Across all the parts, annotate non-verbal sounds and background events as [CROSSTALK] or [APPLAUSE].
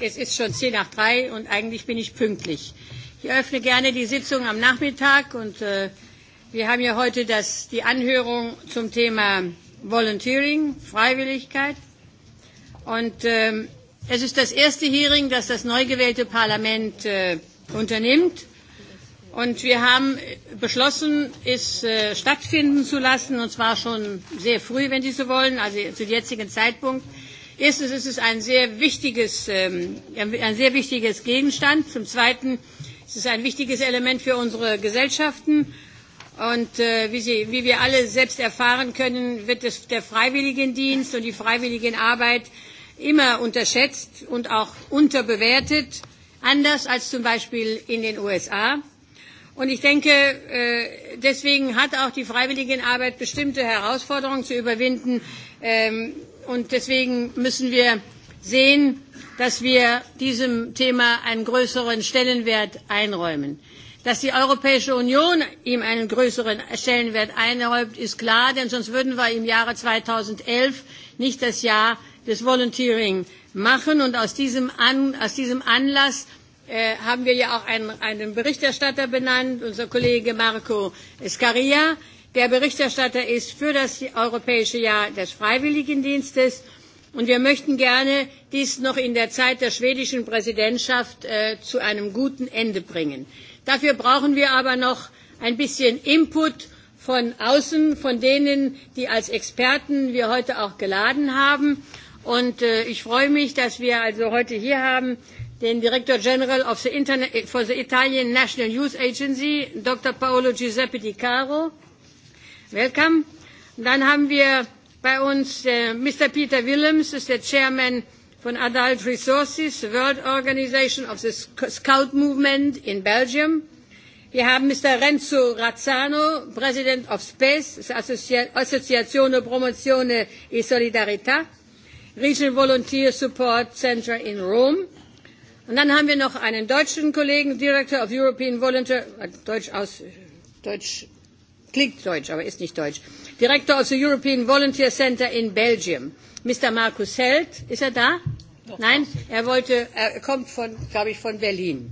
Es ist schon zehn nach drei und eigentlich bin ich pünktlich. Ich eröffne gerne die Sitzung am Nachmittag und äh, wir haben ja heute das, die Anhörung zum Thema Volunteering, Freiwilligkeit. Und äh, es ist das erste Hearing, das das neu gewählte Parlament äh, unternimmt. Und wir haben beschlossen, es äh, stattfinden zu lassen, und zwar schon sehr früh, wenn Sie so wollen, also zu jetzigen Zeitpunkt. Erstens ist es ein sehr wichtiges, ähm, ein sehr wichtiges Gegenstand. Zum Zweiten ist es ein wichtiges Element für unsere Gesellschaften. Und äh, wie, Sie, wie wir alle selbst erfahren können, wird es der Freiwilligendienst und die Freiwilligenarbeit immer unterschätzt und auch unterbewertet, anders als zum Beispiel in den USA. Und ich denke, äh, deswegen hat auch die Freiwilligenarbeit bestimmte Herausforderungen zu überwinden, ähm, Und deswegen müssen wir sehen, dass wir diesem Thema einen größeren Stellenwert einräumen. Dass die Europäische Union ihm einen größeren Stellenwert einräumt, ist klar, denn sonst würden wir im Jahre 2011 nicht das Jahr des Volunteering machen. Und aus diesem, An aus diesem Anlass äh, haben wir ja auch einen, einen Berichterstatter benannt, unser Kollege Marco Scaria, Der Berichterstatter ist für das Europäische Jahr des Freiwilligendienstes. Und wir möchten gerne dies noch in der Zeit der schwedischen Präsidentschaft äh, zu einem guten Ende bringen. Dafür brauchen wir aber noch ein bisschen Input von außen, von denen, die als Experten wir heute auch geladen haben. Und äh, ich freue mich, dass wir also heute hier haben den Director General of the Interna for the Italian National Youth Agency, Dr. Paolo Giuseppe Di Caro, Welcome. Dann haben wir bei uns äh, Mr. Peter Willems, ist der Chairman von Adult Resources, World Organization of the Scout Movement in Belgium. Wir haben Mr. Renzo Razzano, President of Space, Associazione Promozione e Solidarità, Regional Volunteer Support Center in Rome. Und dann haben wir noch einen deutschen Kollegen, Director of European Volunteer, äh, Deutsch aus, äh, Deutsch Klingt deutsch, aber ist nicht deutsch. Director of the European Volunteer Center in Belgium. Mr. Markus Held, ist er da? Doch, Nein, er wollte, er kommt von, glaube ich, von Berlin.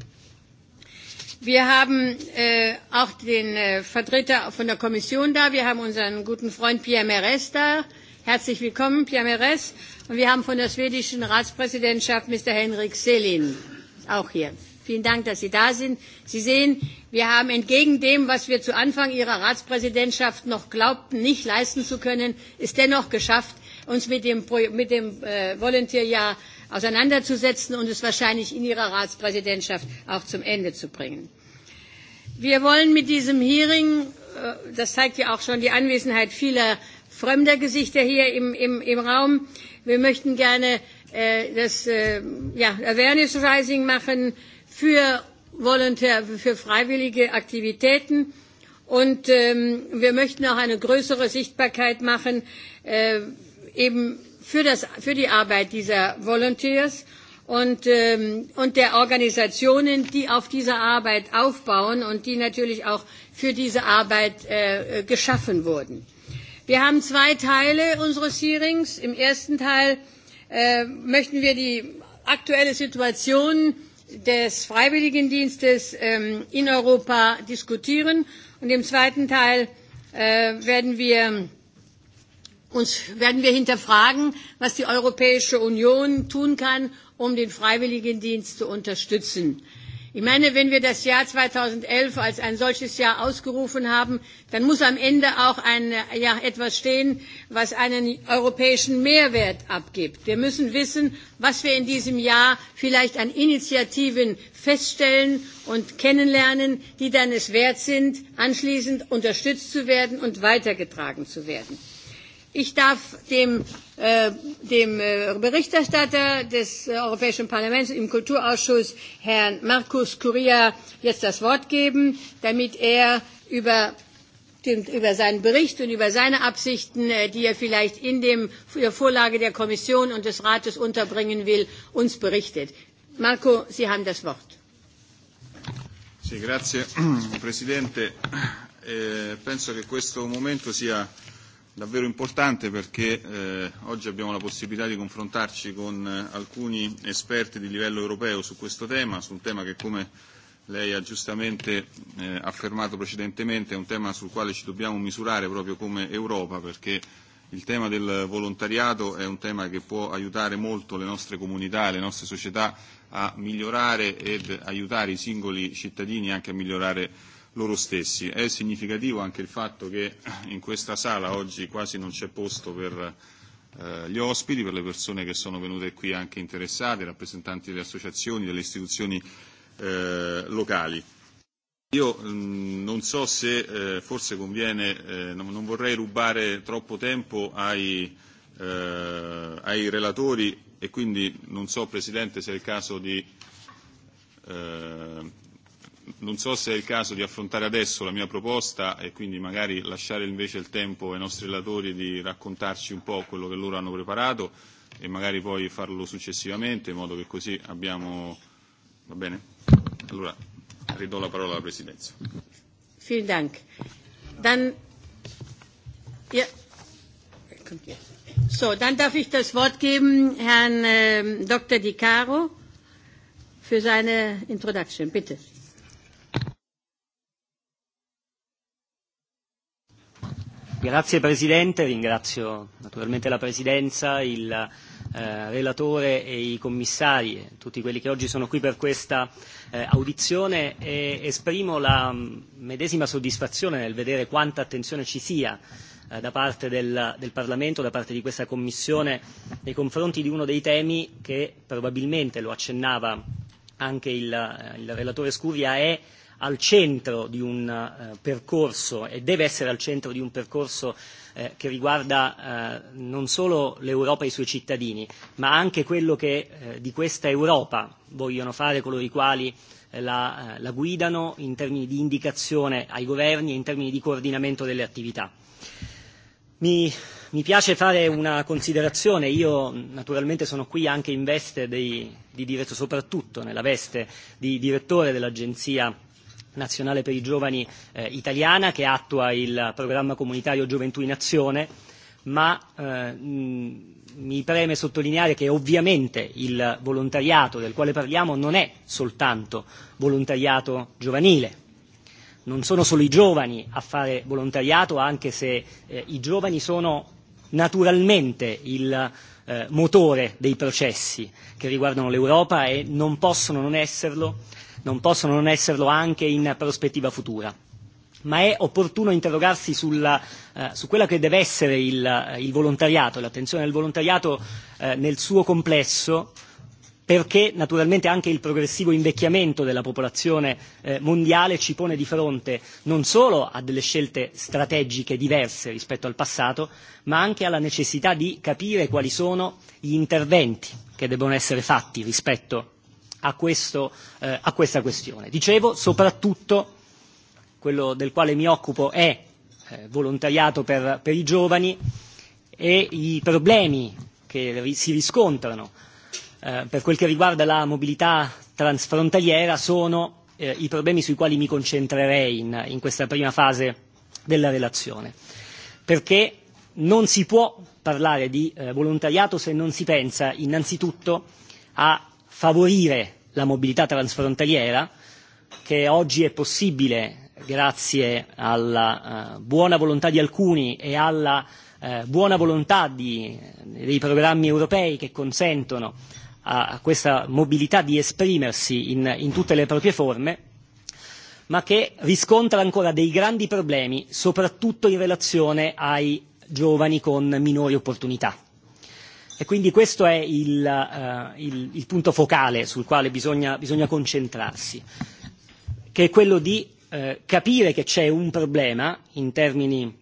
Wir haben äh, auch den äh, Vertreter von der Kommission da. Wir haben unseren guten Freund Pierre Meres da. Herzlich willkommen, Pierre Meres. Und wir haben von der schwedischen Ratspräsidentschaft Mr. Henrik Selin auch hier. Vielen Dank, dass Sie da sind. Sie sehen, Wir haben entgegen dem, was wir zu Anfang Ihrer Ratspräsidentschaft noch glaubten, nicht leisten zu können, es dennoch geschafft, uns mit dem, mit dem äh, Volunteerjahr auseinanderzusetzen und es wahrscheinlich in Ihrer Ratspräsidentschaft auch zum Ende zu bringen. Wir wollen mit diesem Hearing, äh, das zeigt ja auch schon die Anwesenheit vieler fremder Gesichter hier im, im, im Raum, wir möchten gerne äh, das äh, ja, Awareness Rising machen für Volunteer, für freiwillige Aktivitäten. Und ähm, wir möchten auch eine größere Sichtbarkeit machen, äh, eben für, das, für die Arbeit dieser Volunteers und, ähm, und der Organisationen, die auf dieser Arbeit aufbauen und die natürlich auch für diese Arbeit äh, geschaffen wurden. Wir haben zwei Teile unseres Hearings. Im ersten Teil äh, möchten wir die aktuelle Situation äh, des Freiwilligendienstes ähm, in Europa diskutieren. Und im zweiten Teil äh, werden wir uns werden wir hinterfragen, was die Europäische Union tun kann, um den Freiwilligendienst zu unterstützen. Ich meine, wenn wir das Jahr 2011 als ein solches Jahr ausgerufen haben, dann muss am Ende auch ein, ja, etwas stehen, was einen europäischen Mehrwert abgibt. Wir müssen wissen, was wir in diesem Jahr vielleicht an Initiativen feststellen und kennenlernen, die dann es wert sind, anschließend unterstützt zu werden und weitergetragen zu werden. Ich darf dem, äh, dem äh, Berichterstatter des äh, Europäischen Parlaments im Kulturausschuss, Herrn Markus Curia, jetzt das Wort geben, damit er über über seinen Bericht und über seine Absichten, äh, die er vielleicht in dem, der Vorlage der Kommission und des Rates unterbringen will, uns berichtet. Marco, Sie haben das Wort. Sì, grazie [CLEARS THROAT] Presidente. Eh, penso che questo momento sia davvero importante perché eh, oggi abbiamo la possibilità di confrontarci con eh, alcuni esperti di livello europeo su questo tema, su un tema che come lei ha giustamente eh, affermato precedentemente è un tema sul quale ci dobbiamo misurare proprio come Europa perché il tema del volontariato è un tema che può aiutare molto le nostre comunità, le nostre società a migliorare ed aiutare i singoli cittadini anche a migliorare loro stessi. È significativo anche il fatto che in questa sala oggi quasi non c'è posto per eh, gli ospiti, per le persone che sono venute qui anche interessate, rappresentanti delle associazioni, delle istituzioni eh, locali. Io mh, mm, non so se eh, forse conviene, eh, non, non vorrei rubare troppo tempo ai, eh, ai relatori e quindi non so Presidente se è il caso di eh, non so se è il caso di affrontare adesso la mia proposta e quindi magari lasciare invece il tempo ai nostri relatori di raccontarci un po' quello che loro hanno preparato e magari poi farlo successivamente in modo che così abbiamo... Va bene? Allora ridò la parola alla Presidenza. Vielen Dank. Dann, ja, so, dann darf ich das Wort geben Herrn äh, Dr. Di Caro für seine Introduction. Bitte. Grazie Presidente, ringrazio naturalmente la Presidenza, il eh, relatore e i commissari, tutti quelli che oggi sono qui per questa eh, audizione e esprimo la mh, mm, medesima soddisfazione nel vedere quanta attenzione ci sia eh, da parte del, del Parlamento, da parte di questa Commissione, nei confronti di uno dei temi che probabilmente lo accennava anche il, eh, il relatore Scuria è al centro di un eh, percorso e deve essere al centro di un percorso eh, che riguarda eh, non solo l'Europa e i suoi cittadini, ma anche quello che eh, di questa Europa vogliono fare coloro i quali eh, la, eh, la guidano in termini di indicazione ai governi e in termini di coordinamento delle attività. Mi, mi piace fare una considerazione, io naturalmente sono qui anche in veste di, di diretto, soprattutto nella veste di direttore dell'Agenzia nazionale per i giovani eh, italiana che attua il programma comunitario Gioventù in Azione, ma eh, mh, mi preme sottolineare che ovviamente il volontariato del quale parliamo non è soltanto volontariato giovanile. Non sono solo i giovani a fare volontariato, anche se eh, i giovani sono naturalmente il eh, motore dei processi che riguardano l'Europa e non possono non esserlo non possono non esserlo anche in prospettiva futura ma è opportuno interrogarsi sulla, eh, su quella che deve essere il, eh, il volontariato, l'attenzione al volontariato eh, nel suo complesso, perché naturalmente anche il progressivo invecchiamento della popolazione eh, mondiale ci pone di fronte non solo a delle scelte strategiche diverse rispetto al passato, ma anche alla necessità di capire quali sono gli interventi che devono essere fatti rispetto a, questo, eh, a questa questione. Dicevo, soprattutto quello del quale mi occupo è eh, volontariato per, per i giovani e i problemi che si riscontrano eh, per quel che riguarda la mobilità transfrontaliera sono eh, i problemi sui quali mi concentrerei in, in questa prima fase della relazione, perché non si può parlare di eh, volontariato se non si pensa innanzitutto a favorire la mobilità transfrontaliera che oggi è possibile grazie alla eh, buona volontà di alcuni e alla eh, buona volontà di, eh, dei programmi europei che consentono a, a questa mobilità di esprimersi in, in tutte le proprie forme, ma che riscontra ancora dei grandi problemi, soprattutto in relazione ai giovani con minori opportunità E quindi questo è il, eh, il, il punto focale sul quale bisogna, bisogna concentrarsi, che è quello di eh, capire che c'è un problema in termini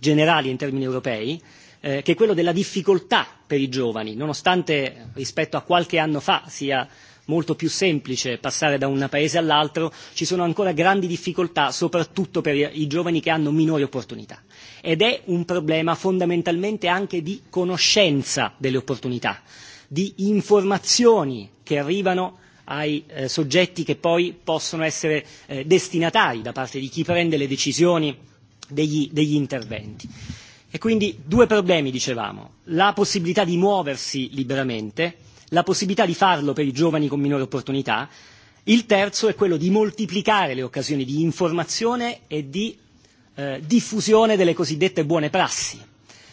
generali, e in termini europei, eh, che è quello della difficoltà per i giovani, nonostante rispetto a qualche anno fa sia molto più semplice passare da un paese all'altro, ci sono ancora grandi difficoltà, soprattutto per i giovani che hanno minori opportunità ed è un problema fondamentalmente anche di conoscenza delle opportunità, di informazioni che arrivano ai eh, soggetti che poi possono essere eh, destinatari da parte di chi prende le decisioni degli, degli interventi. E quindi due problemi, dicevamo, la possibilità di muoversi liberamente, la possibilità di farlo per i giovani con minore opportunità, il terzo è quello di moltiplicare le occasioni di informazione e di Eh, diffusione delle cosiddette buone prassi,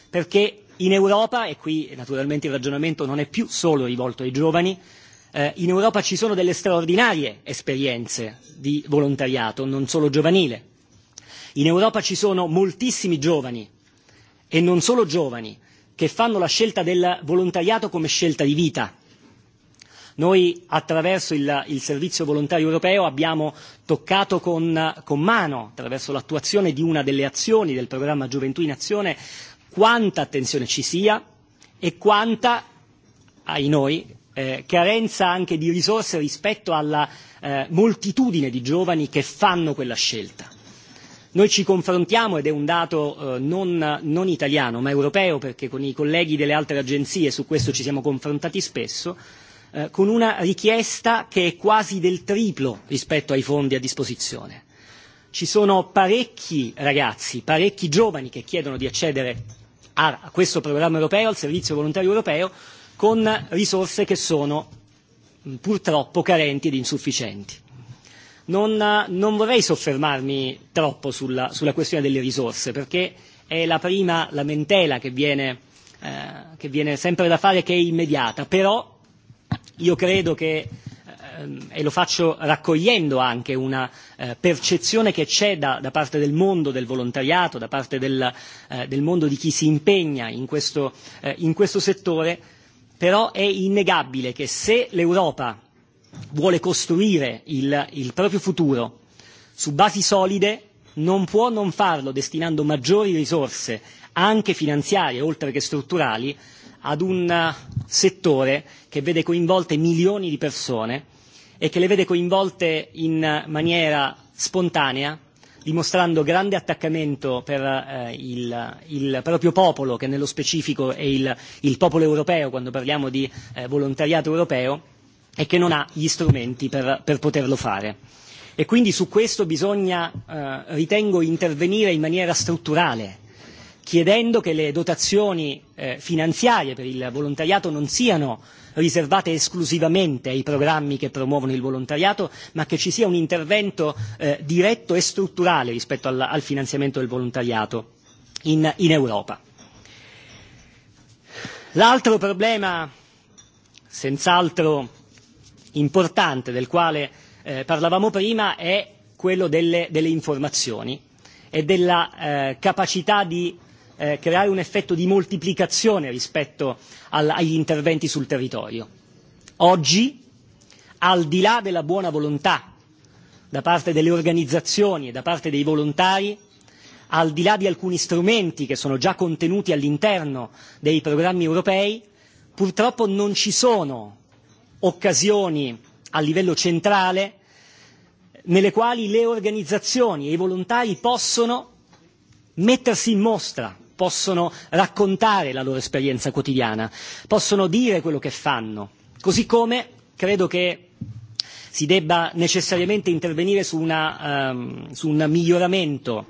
perché in Europa, e qui naturalmente il ragionamento non è più solo rivolto ai giovani, eh, in Europa ci sono delle straordinarie esperienze di volontariato, non solo giovanile. In Europa ci sono moltissimi giovani, e non solo giovani, che fanno la scelta del volontariato come scelta di vita Noi attraverso il, il servizio volontario europeo abbiamo toccato con, con mano, attraverso l'attuazione di una delle azioni del programma Gioventù in Azione, quanta attenzione ci sia e quanta, ai noi, eh, carenza anche di risorse rispetto alla eh, moltitudine di giovani che fanno quella scelta. Noi ci confrontiamo, ed è un dato eh, non, non italiano ma europeo, perché con i colleghi delle altre agenzie su questo ci siamo confrontati spesso, Eh, con una richiesta che è quasi del triplo rispetto ai fondi a disposizione. Ci sono parecchi ragazzi, parecchi giovani che chiedono di accedere a, a questo programma europeo, al servizio volontario europeo, con risorse che sono mm, purtroppo carenti ed insufficienti. Non, non vorrei soffermarmi troppo sulla, sulla questione delle risorse, perché è la prima lamentela che viene, eh, che viene sempre da fare, che è immediata, però io credo che ehm, e lo faccio raccogliendo anche una eh, percezione che c'è da, da parte del mondo del volontariato, da parte del, eh, del mondo di chi si impegna in questo, eh, in questo settore, però è innegabile che se l'Europa vuole costruire il, il proprio futuro su basi solide, non può non farlo destinando maggiori risorse, anche finanziarie oltre che strutturali, ad un eh, settore che vede coinvolte milioni di persone e che le vede coinvolte in eh, maniera spontanea, dimostrando grande attaccamento per eh, il, il proprio popolo, che nello specifico è il, il popolo europeo quando parliamo di eh, volontariato europeo, e che non ha gli strumenti per, per poterlo fare. E quindi su questo bisogna, eh, ritengo, intervenire in maniera strutturale, chiedendo che le dotazioni eh, finanziarie per il volontariato non siano riservate esclusivamente ai programmi che promuovono il volontariato, ma che ci sia un intervento eh, diretto e strutturale rispetto al, al finanziamento del volontariato in, in Europa. L'altro problema, senz'altro importante, del quale eh, parlavamo prima, è quello delle, delle informazioni e della eh, capacità di eh, creare un effetto di moltiplicazione rispetto al, agli interventi sul territorio. Oggi, al di là della buona volontà da parte delle organizzazioni e da parte dei volontari, al di là di alcuni strumenti che sono già contenuti all'interno dei programmi europei, purtroppo non ci sono occasioni a livello centrale nelle quali le organizzazioni e i volontari possono mettersi in mostra, possono raccontare la loro esperienza quotidiana, possono dire quello che fanno. Così come credo che si debba necessariamente intervenire su, una, um, su un miglioramento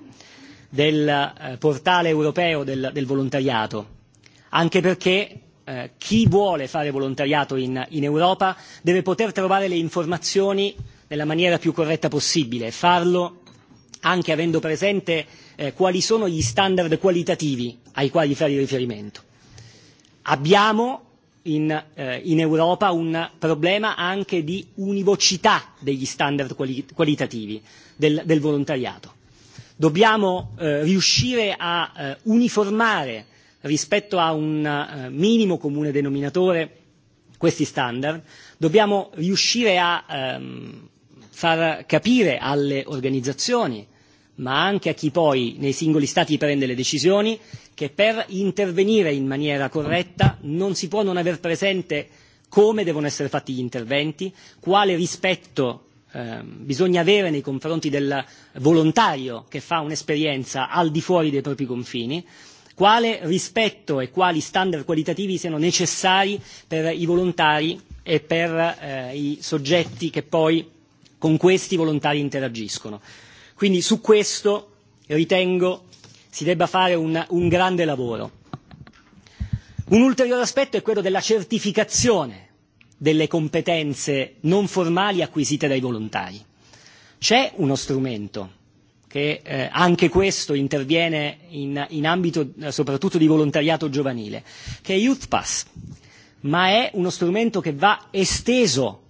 del eh, portale europeo del, del volontariato, anche perché eh, chi vuole fare volontariato in, in Europa deve poter trovare le informazioni nella maniera più corretta possibile, farlo anche avendo presente eh, quali sono gli standard qualitativi ai quali fare riferimento. Abbiamo in, eh, in Europa un problema anche di univocità degli standard quali- qualitativi del, del volontariato. Dobbiamo eh, riuscire a eh, uniformare rispetto a un eh, minimo comune denominatore questi standard, dobbiamo riuscire a ehm, far capire alle organizzazioni ma anche a chi poi nei singoli Stati prende le decisioni, che per intervenire in maniera corretta non si può non aver presente come devono essere fatti gli interventi, quale rispetto eh, bisogna avere nei confronti del volontario che fa un'esperienza al di fuori dei propri confini, quale rispetto e quali standard qualitativi siano necessari per i volontari e per eh, i soggetti che poi con questi volontari interagiscono. Quindi su questo ritengo si debba fare un, un grande lavoro. Un ulteriore aspetto è quello della certificazione delle competenze non formali acquisite dai volontari. C'è uno strumento che eh, anche questo interviene in, in ambito eh, soprattutto di volontariato giovanile, che è Youth Pass, ma è uno strumento che va esteso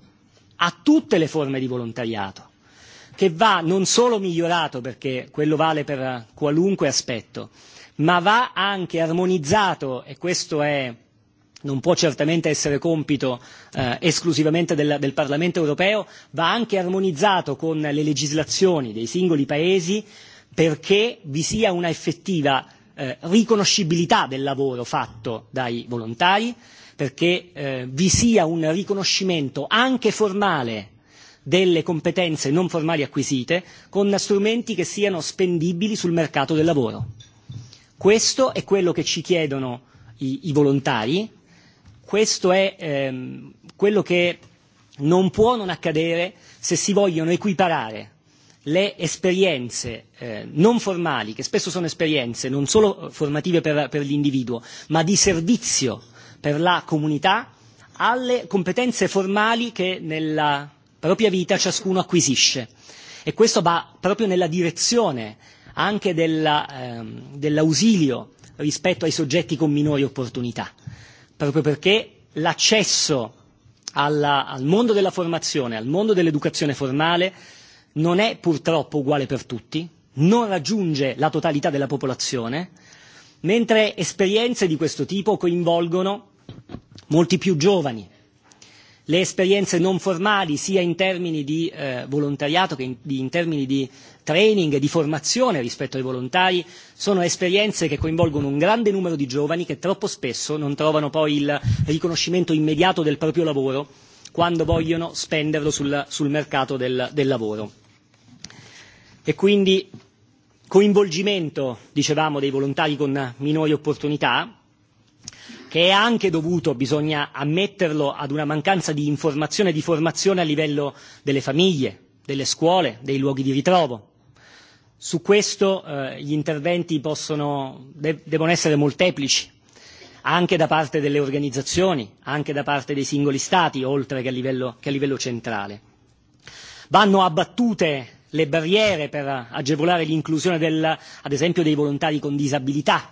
a tutte le forme di volontariato che va non solo migliorato, perché quello vale per qualunque aspetto, ma va anche armonizzato, e questo è non può certamente essere compito eh, esclusivamente del, del Parlamento europeo, va anche armonizzato con le legislazioni dei singoli Paesi perché vi sia una effettiva eh, riconoscibilità del lavoro fatto dai volontari, perché eh, vi sia un riconoscimento anche formale delle competenze non formali acquisite con strumenti che siano spendibili sul mercato del lavoro. Questo è quello che ci chiedono i, i volontari, questo è ehm, quello che non può non accadere se si vogliono equiparare le esperienze eh, non formali, che spesso sono esperienze non solo eh, formative per, per l'individuo, ma di servizio per la comunità, alle competenze formali che nella propria vita ciascuno acquisisce e questo va proprio nella direzione anche della, ehm, dell'ausilio rispetto ai soggetti con minori opportunità, proprio perché l'accesso alla, al mondo della formazione, al mondo dell'educazione formale non è purtroppo uguale per tutti, non raggiunge la totalità della popolazione, mentre esperienze di questo tipo coinvolgono molti più giovani, le esperienze non formali sia in termini di eh, volontariato che in, di, in termini di training e di formazione rispetto ai volontari sono esperienze che coinvolgono un grande numero di giovani che troppo spesso non trovano poi il riconoscimento immediato del proprio lavoro quando vogliono spenderlo sul, sul mercato del, del lavoro. E quindi coinvolgimento, dicevamo, dei volontari con minori opportunità, che è anche dovuto, bisogna ammetterlo, ad una mancanza di informazione e di formazione a livello delle famiglie, delle scuole, dei luoghi di ritrovo. Su questo eh, gli interventi possono, de- devono essere molteplici, anche da parte delle organizzazioni, anche da parte dei singoli Stati, oltre che a livello, che a livello centrale. Vanno abbattute le barriere per agevolare l'inclusione del, ad esempio dei volontari con disabilità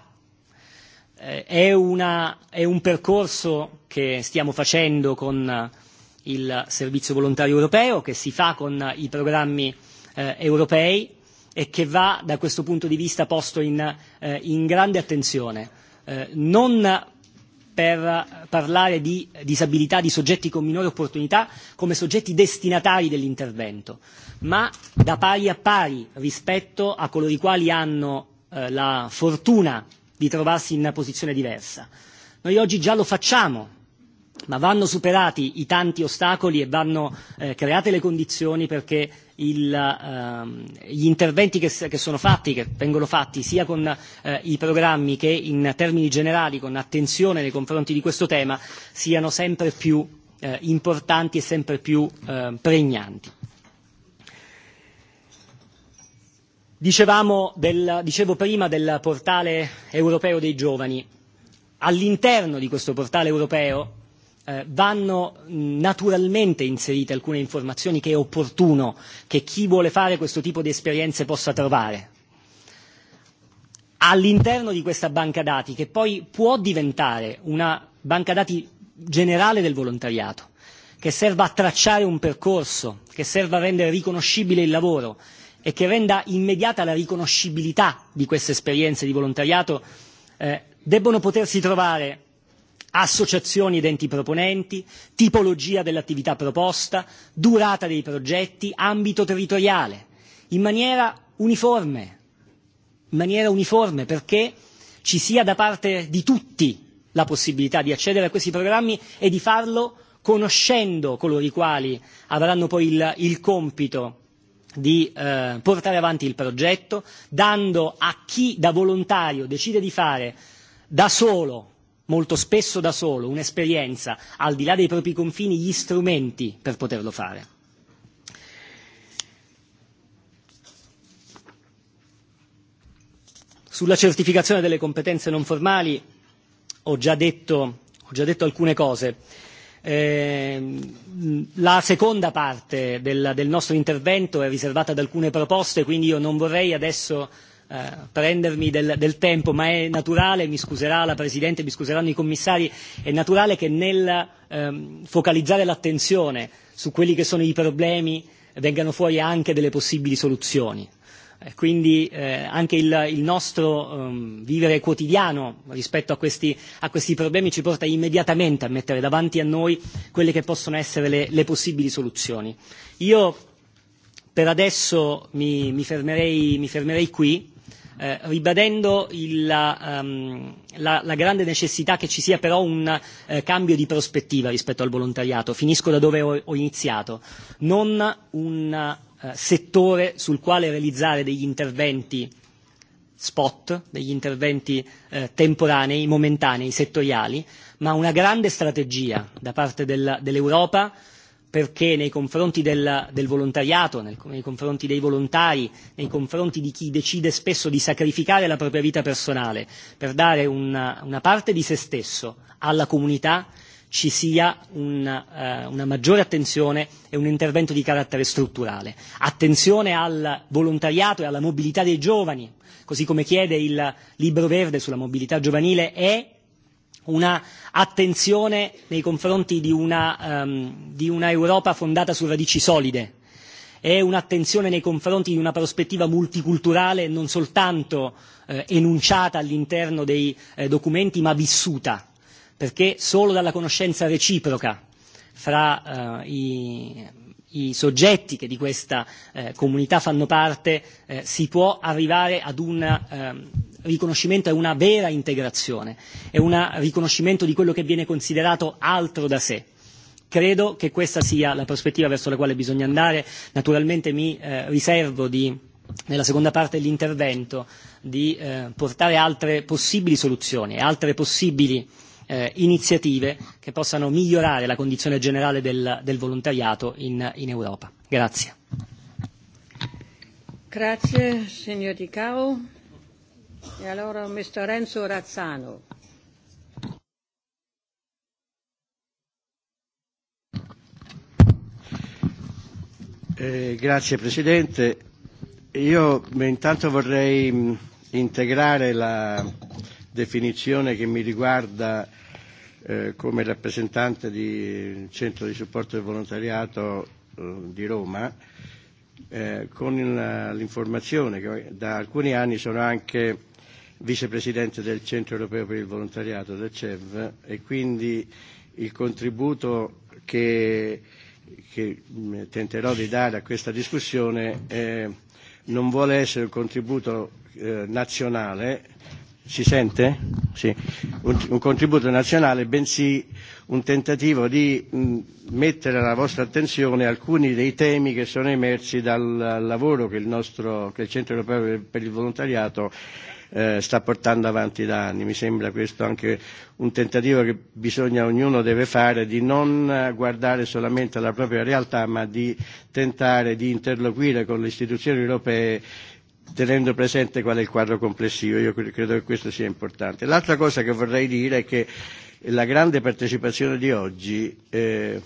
Eh, è, una, è un percorso che stiamo facendo con eh, il servizio volontario europeo, che si fa con eh, i programmi eh, europei e che va da questo punto di vista posto in, eh, in grande attenzione, eh, non per parlare di disabilità di soggetti con minore opportunità come soggetti destinatari dell'intervento, ma da pari a pari rispetto a coloro i quali hanno eh, la fortuna di trovarsi in una posizione diversa. Noi oggi già lo facciamo, ma vanno superati i tanti ostacoli e vanno eh, create le condizioni perché il, ehm, gli interventi che, che sono fatti, che vengono fatti sia con eh, i programmi che in termini generali con attenzione nei confronti di questo tema, siano sempre più eh, importanti e sempre più eh, pregnanti. dicevo prima del portale europeo dei giovani. All'interno di questo portale europeo eh, vanno naturalmente inserite alcune informazioni che è opportuno che chi vuole fare questo tipo di esperienze possa trovare. All'interno di questa banca dati, che poi può diventare una banca dati generale del volontariato, che serva a tracciare un percorso, che serva a rendere riconoscibile il lavoro, e che renda immediata la riconoscibilità di queste esperienze di volontariato, eh, debbono potersi trovare associazioni ed enti proponenti, tipologia dell'attività proposta, durata dei progetti, ambito territoriale, in maniera uniforme, in maniera uniforme perché ci sia da parte di tutti la possibilità di accedere a questi programmi e di farlo conoscendo coloro i quali avranno poi il, il compito di eh, portare avanti il progetto, dando a chi da volontario decide di fare da solo, molto spesso da solo, un'esperienza al di là dei propri confini, gli strumenti per poterlo fare. Sulla certificazione delle competenze non formali ho già detto, ho già detto alcune cose. Ehm, la seconda parte del, del nostro intervento è riservata ad alcune proposte, quindi io non vorrei adesso eh, prendermi del, del tempo, ma è naturale, mi scuserà la Presidente, mi scuseranno i commissari, è naturale che nel ehm, focalizzare l'attenzione su quelli che sono i problemi vengano fuori anche delle possibili soluzioni. Eh, quindi eh, anche il, il nostro um, vivere quotidiano rispetto a questi, a questi problemi ci porta immediatamente a mettere davanti a noi quelle che possono essere le, le possibili soluzioni. Io per adesso mi, mi, fermerei, mi fermerei qui. Eh, ribadendo il, la, um, la, la grande necessità che ci sia però un eh, cambio di prospettiva rispetto al volontariato. Finisco da dove ho, ho iniziato. Non un, Eh, settore sul quale realizzare degli interventi spot, degli interventi eh, temporanei, momentanei, settoriali, ma una grande strategia da parte del, dell'Europa perché nei confronti del, del volontariato, nel, nei confronti dei volontari, nei confronti di chi decide spesso di sacrificare la propria vita personale per dare una, una parte di se stesso alla comunità, ci sia una, eh, una maggiore attenzione e un intervento di carattere strutturale. Attenzione al volontariato e alla mobilità dei giovani, così come chiede il libro verde sulla mobilità giovanile e una attenzione nei confronti di una, um, di una Europa fondata su radici solide e un'attenzione nei confronti di una prospettiva multiculturale non soltanto eh, enunciata all'interno dei eh, documenti ma vissuta perché solo dalla conoscenza reciproca fra eh, i, i soggetti che di questa eh, comunità fanno parte eh, si può arrivare ad un eh, riconoscimento e una vera integrazione, è un riconoscimento di quello che viene considerato altro da sé. Credo che questa sia la prospettiva verso la quale bisogna andare. Naturalmente mi eh, riservo di, nella seconda parte dell'intervento di eh, portare altre possibili soluzioni, altre possibili eh, eh, iniziative che possano migliorare la condizione generale del, del volontariato in, in Europa. Grazie. Grazie signor Di Cao. E allora Mr. Renzo Razzano. Eh, grazie Presidente. Io intanto vorrei integrare la, definizione che mi riguarda eh, come rappresentante di Centro di Supporto del Volontariato eh, di Roma, eh, con l'informazione che da alcuni anni sono anche vicepresidente del Centro Europeo per il Volontariato, del CEV, e quindi il contributo che, che tenterò di dare a questa discussione eh, non vuole essere un contributo eh, nazionale, Si sente? Sì. Un, un contributo nazionale, bensì un tentativo di mh, mettere alla vostra attenzione alcuni dei temi che sono emersi dal lavoro che il, nostro, che il Centro Europeo per il Volontariato eh, sta portando avanti da anni. Mi sembra questo anche un tentativo che bisogna, ognuno deve fare di non guardare solamente alla propria realtà, ma di tentare di interloquire con le istituzioni europee tenendo presente qual è il quadro complessivo. Io credo che questo sia importante. L'altra cosa che vorrei dire è che la grande partecipazione di oggi eh,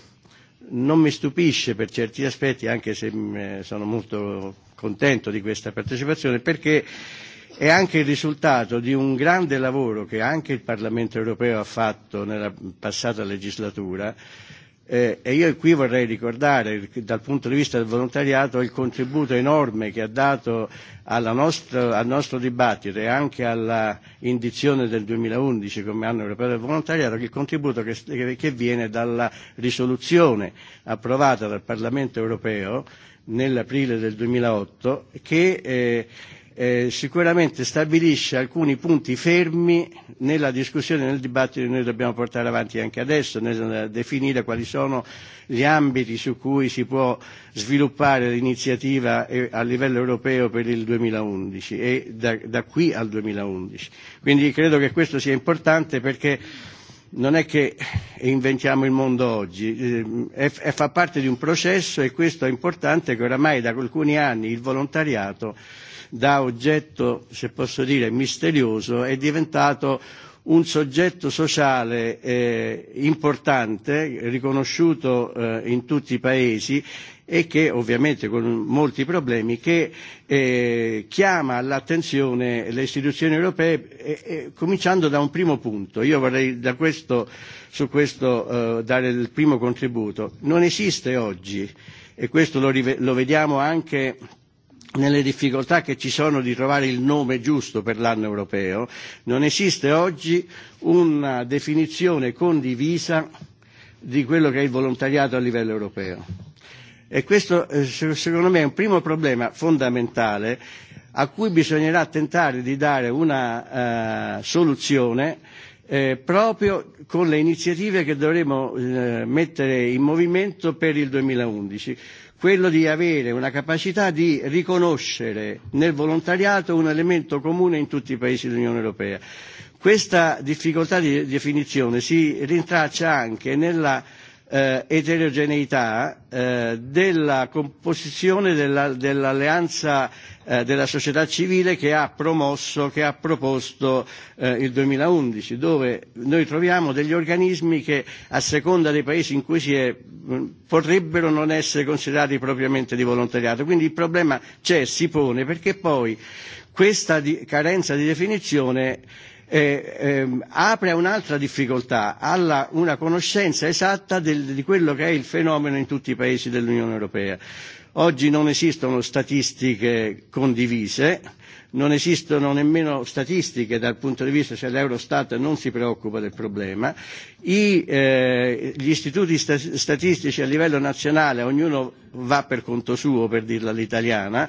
non mi stupisce per certi aspetti, anche se mm, eh, sono molto contento di questa partecipazione, perché è anche il risultato di un grande lavoro che anche il Parlamento europeo ha fatto nella passata legislatura, Eh, e io qui vorrei ricordare dal punto di vista del volontariato il contributo enorme che ha dato alla nostro, al nostro dibattito e anche all'indizione del 2011 come anno europeo del volontariato, il contributo che, che viene dalla risoluzione approvata dal Parlamento europeo nell'aprile del 2008 che eh, eh, sicuramente stabilisce alcuni punti fermi nella discussione, nel dibattito che noi dobbiamo portare avanti anche adesso, nel definire quali sono gli ambiti su cui si può sviluppare l'iniziativa eh, a livello europeo per il 2011 e da, da qui al 2011. Quindi credo che questo sia importante perché non è che inventiamo il mondo oggi, eh, è, è, fa parte di un processo e questo è importante che oramai da alcuni anni il volontariato da oggetto, se posso dire, misterioso, è diventato un soggetto sociale eh, importante, riconosciuto eh, in tutti i paesi e che ovviamente con molti problemi, che eh, chiama all'attenzione le istituzioni europee eh, eh, cominciando da un primo punto. Io vorrei da questo, su questo eh, dare il primo contributo. Non esiste oggi, e questo lo, lo vediamo anche nelle difficoltà che ci sono di trovare il nome giusto per l'anno europeo, non esiste oggi una definizione condivisa di quello che è il volontariato a livello europeo. E questo eh, secondo me è un primo problema fondamentale a cui bisognerà tentare di dare una uh, soluzione eh, proprio con le iniziative che dovremo eh, mettere in movimento per il 2011 quello di avere una capacità di riconoscere nel volontariato un elemento comune in tutti i paesi dell'Unione Europea. Questa difficoltà di definizione si rintraccia anche nella eh, eterogeneità eh, della composizione della, dell'alleanza eh, della società civile che ha promosso, che ha proposto eh, il 2011, dove noi troviamo degli organismi che a seconda dei paesi in cui si è potrebbero non essere considerati propriamente di volontariato. Quindi il problema c'è, si pone, perché poi questa di, carenza di definizione eh, apre a un'altra difficoltà, alla una conoscenza esatta del, di quello che è il fenomeno in tutti i paesi dell'Unione Europea. Oggi non esistono statistiche condivise, non esistono nemmeno statistiche dal punto di vista, cioè l'Eurostat non si preoccupa del problema, I, eh, gli istituti sta- statistici a livello nazionale, ognuno va per conto suo, per dirla all'italiana,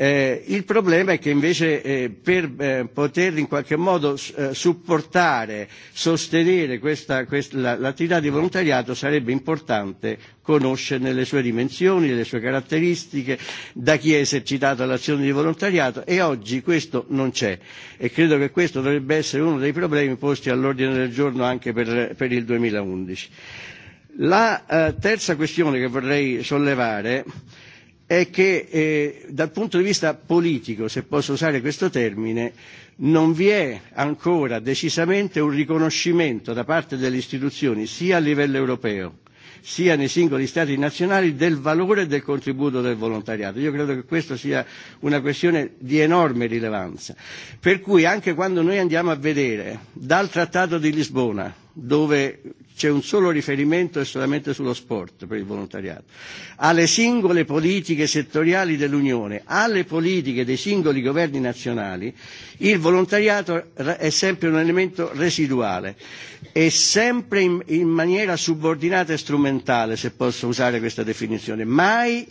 Eh, il problema è che invece eh, per eh, poter in qualche modo eh, supportare, sostenere questa, questa, la, l'attività di volontariato sarebbe importante conoscerne le sue dimensioni, le sue caratteristiche, da chi è esercitata l'azione di volontariato e oggi questo non c'è e credo che questo dovrebbe essere uno dei problemi posti all'ordine del giorno anche per, per il 2011. La eh, terza questione che vorrei sollevare è che eh, dal punto di vista politico, se posso usare questo termine, non vi è ancora decisamente un riconoscimento da parte delle istituzioni, sia a livello europeo sia nei singoli Stati nazionali, del valore del contributo del volontariato. Io credo che questa sia una questione di enorme rilevanza. Per cui anche quando noi andiamo a vedere dal Trattato di Lisbona, dove C'è un solo riferimento e solamente sullo sport per il volontariato. Alle singole politiche settoriali dell'Unione, alle politiche dei singoli governi nazionali, il volontariato è sempre un elemento residuale e sempre in, in maniera subordinata e strumentale, se posso usare questa definizione, mai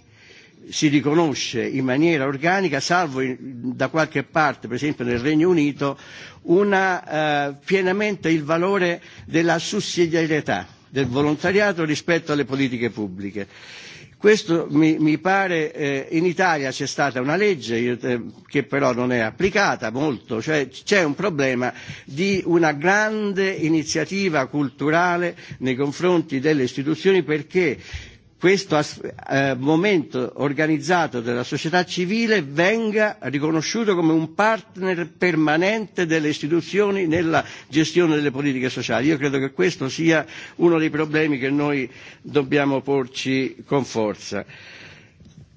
si riconosce in maniera organica, salvo in, da qualche parte, per esempio nel Regno Unito, una, eh, pienamente il valore della sussidiarietà del volontariato rispetto alle politiche pubbliche. Questo mi, mi pare, eh, in Italia c'è stata una legge io, eh, che però non è applicata molto, cioè c'è un problema di una grande iniziativa culturale nei confronti delle istituzioni perché questo eh, momento organizzato della società civile venga riconosciuto come un partner permanente delle istituzioni nella gestione delle politiche sociali. Io credo che questo sia uno dei problemi che noi dobbiamo porci con forza.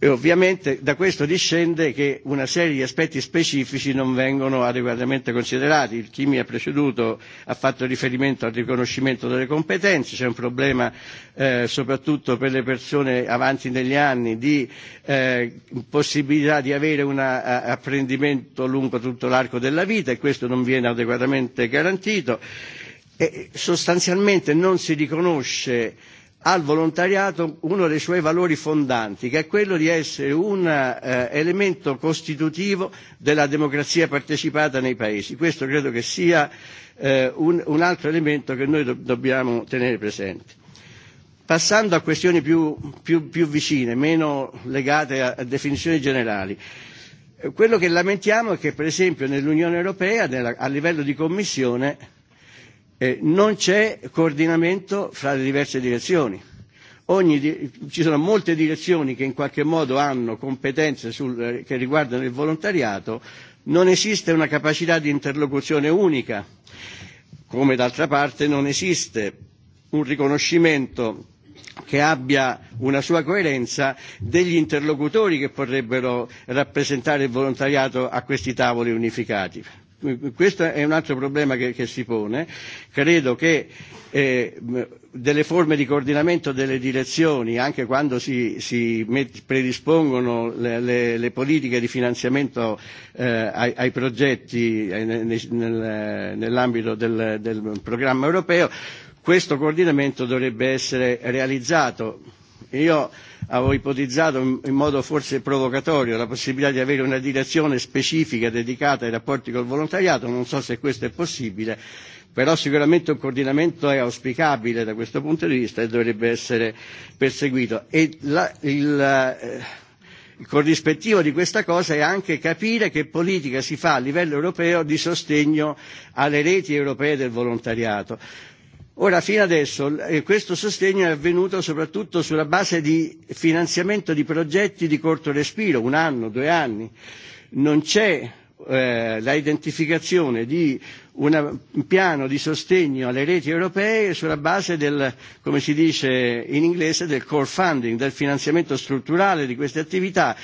E ovviamente da questo discende che una serie di aspetti specifici non vengono adeguatamente considerati. Chi mi ha preceduto ha fatto riferimento al riconoscimento delle competenze, c'è un problema eh, soprattutto per le persone avanti negli anni di eh, possibilità di avere un eh, apprendimento lungo tutto l'arco della vita e questo non viene adeguatamente garantito. E sostanzialmente non si riconosce eh, al volontariato uno dei suoi valori fondanti, che è quello di essere un eh, elemento costitutivo della democrazia partecipata nei paesi. Questo credo che sia eh, un, un altro elemento che noi do- dobbiamo tenere presente. Passando a questioni più, più, più vicine, meno legate a, a definizioni generali, eh, quello che lamentiamo è che, per esempio, nell'Unione Europea, nella, a livello di Commissione, Eh, non c'è coordinamento fra le diverse direzioni. Ogni, ci sono molte direzioni che in qualche modo hanno competenze sul, eh, che riguardano il volontariato, non esiste una capacità di interlocuzione unica, come d'altra parte non esiste un riconoscimento che abbia una sua coerenza degli interlocutori che potrebbero rappresentare il volontariato a questi tavoli unificati questo è un altro problema che, che si pone. Credo che eh, delle forme di coordinamento delle direzioni, anche quando si, si met, predispongono le, le, le politiche di finanziamento eh, ai, ai progetti eh, nel, nel, nell'ambito del, del programma europeo, questo coordinamento dovrebbe essere realizzato. Io avevo ipotizzato in modo forse provocatorio la possibilità di avere una direzione specifica dedicata ai rapporti col volontariato, non so se questo è possibile, però sicuramente un coordinamento è auspicabile da questo punto di vista e dovrebbe essere perseguito. E la, il, eh, il corrispettivo di questa cosa è anche capire che politica si fa a livello europeo di sostegno alle reti europee del volontariato. Ora, fino adesso eh, questo sostegno è avvenuto soprattutto sulla base di finanziamento di progetti di corto respiro, un anno, due anni. Non c'è eh, la di un piano di sostegno alle reti europee sulla base del, come si dice in inglese, del core funding, del finanziamento strutturale di queste attività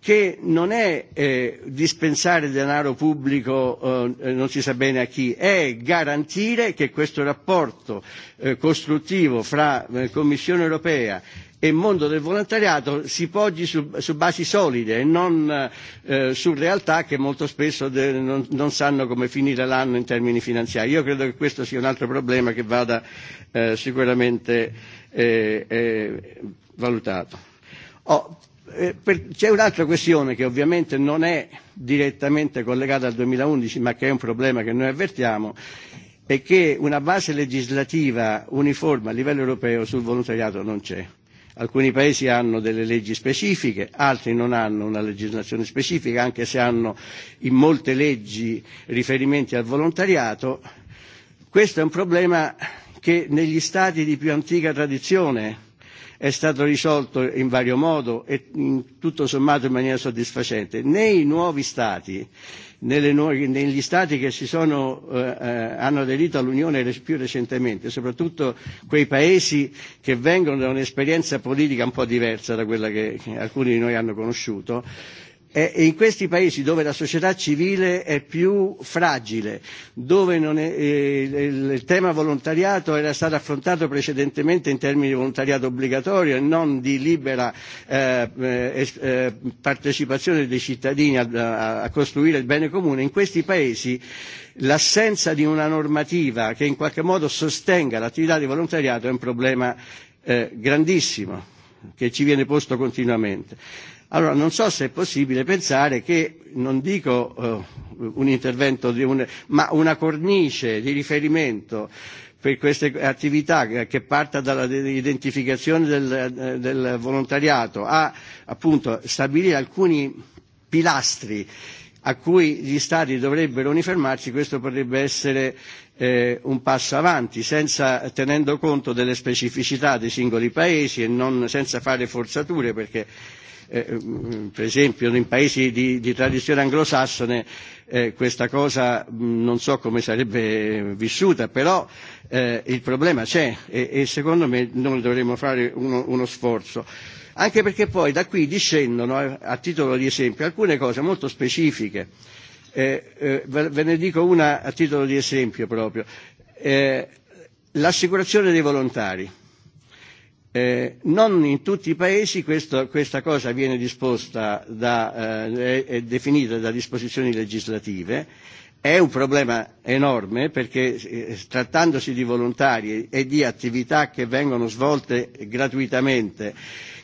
che non è eh, dispensare denaro pubblico eh, eh, non si sa bene a chi, è garantire che questo rapporto eh, costruttivo fra eh, Commissione europea e mondo del volontariato si poggi su, su basi solide e non eh, su realtà che molto spesso de, non, non sanno come finire l'anno in termini finanziari. Io credo che questo sia un altro problema che vada eh, sicuramente eh, eh, valutato. Oh, Eh, c'è un'altra questione che ovviamente non è direttamente collegata al 2011, ma che è un problema che noi avvertiamo, è che una base legislativa uniforme a livello europeo sul volontariato non c'è. Alcuni paesi hanno delle leggi specifiche, altri non hanno una legislazione specifica, anche se hanno in molte leggi riferimenti al volontariato. Questo è un problema che negli stati di più antica tradizione è stato risolto in vario modo e in, tutto sommato in maniera soddisfacente. Nei nuovi Stati, nelle nuove, negli Stati che si sono, eh, eh hanno aderito all'Unione più recentemente, soprattutto quei Paesi che vengono da un'esperienza politica un po' diversa da quella che alcuni di noi hanno conosciuto, E in questi paesi dove la società civile è più fragile, dove non è, eh, il il tema volontariato era stato affrontato precedentemente in termini di volontariato obbligatorio e non di libera eh, eh, eh, partecipazione dei cittadini a, a, a costruire il bene comune, in questi paesi l'assenza di una normativa che in qualche modo sostenga l'attività di volontariato è un problema eh, grandissimo che ci viene posto continuamente Allora non so se è possibile pensare che, non dico eh, un intervento, di un, ma una cornice di riferimento per queste attività che parta dall'identificazione del, eh, del volontariato a appunto stabilire alcuni pilastri a cui gli Stati dovrebbero uniformarsi, questo potrebbe essere eh, un passo avanti, senza, tenendo conto delle specificità dei singoli Paesi e non, senza fare forzature, perché Eh, eh, per esempio in paesi di, di tradizione anglosassone eh, questa cosa mh, mm, non so come sarebbe vissuta, però eh, il problema c'è e, e secondo me noi dovremmo fare uno, uno sforzo. Anche perché poi da qui discendono, a, eh, a titolo di esempio, alcune cose molto specifiche. Eh, eh, ve ne dico una a titolo di esempio proprio. Eh, l'assicurazione dei volontari Eh, non in tutti i paesi questo, questa cosa viene disposta da, eh, è definita da disposizioni legislative. È un problema enorme perché eh, trattandosi di volontari e di attività che vengono svolte gratuitamente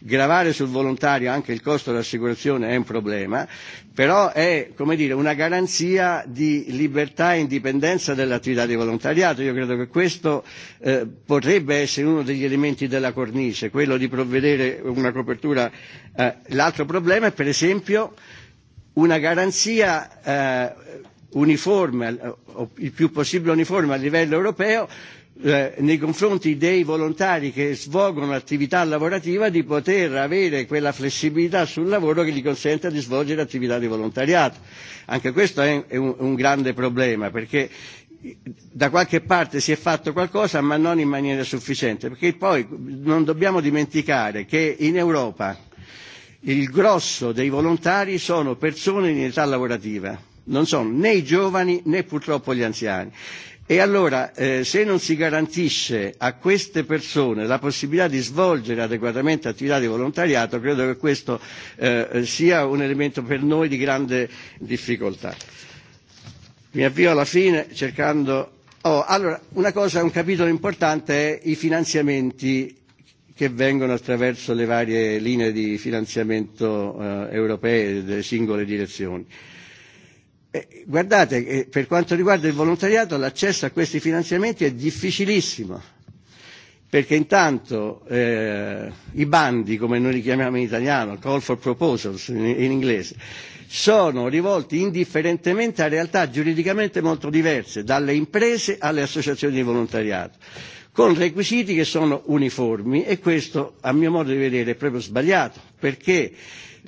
Gravare sul volontario anche il costo dell'assicurazione è un problema, però è come dire, una garanzia di libertà e indipendenza dell'attività di volontariato. Io credo che questo eh, potrebbe essere uno degli elementi della cornice, quello di provvedere una copertura. Eh, l'altro problema è per esempio una garanzia eh, uniforme, il più possibile uniforme a livello europeo Eh, nei confronti dei volontari che svolgono attività lavorativa di poter avere quella flessibilità sul lavoro che gli consenta di svolgere attività di volontariato. Anche questo è un, un grande problema perché da qualche parte si è fatto qualcosa ma non in maniera sufficiente perché poi non dobbiamo dimenticare che in Europa il grosso dei volontari sono persone in età lavorativa non sono né i giovani né purtroppo gli anziani E allora, eh, se non si garantisce a queste persone la possibilità di svolgere adeguatamente attività di volontariato, credo che questo eh, sia un elemento per noi di grande difficoltà. Mi avvio alla fine cercando. Oh, allora, una cosa, un capitolo importante è i finanziamenti che vengono attraverso le varie linee di finanziamento eh, europee delle singole direzioni. Eh, Eh, guardate, eh, per quanto riguarda il volontariato, l'accesso a questi finanziamenti è difficilissimo, perché intanto eh, i bandi, come noi li chiamiamo in italiano, call for proposals in, in inglese, sono rivolti indifferentemente a realtà giuridicamente molto diverse, dalle imprese alle associazioni di volontariato con requisiti che sono uniformi e questo, a mio modo di vedere, è proprio sbagliato, perché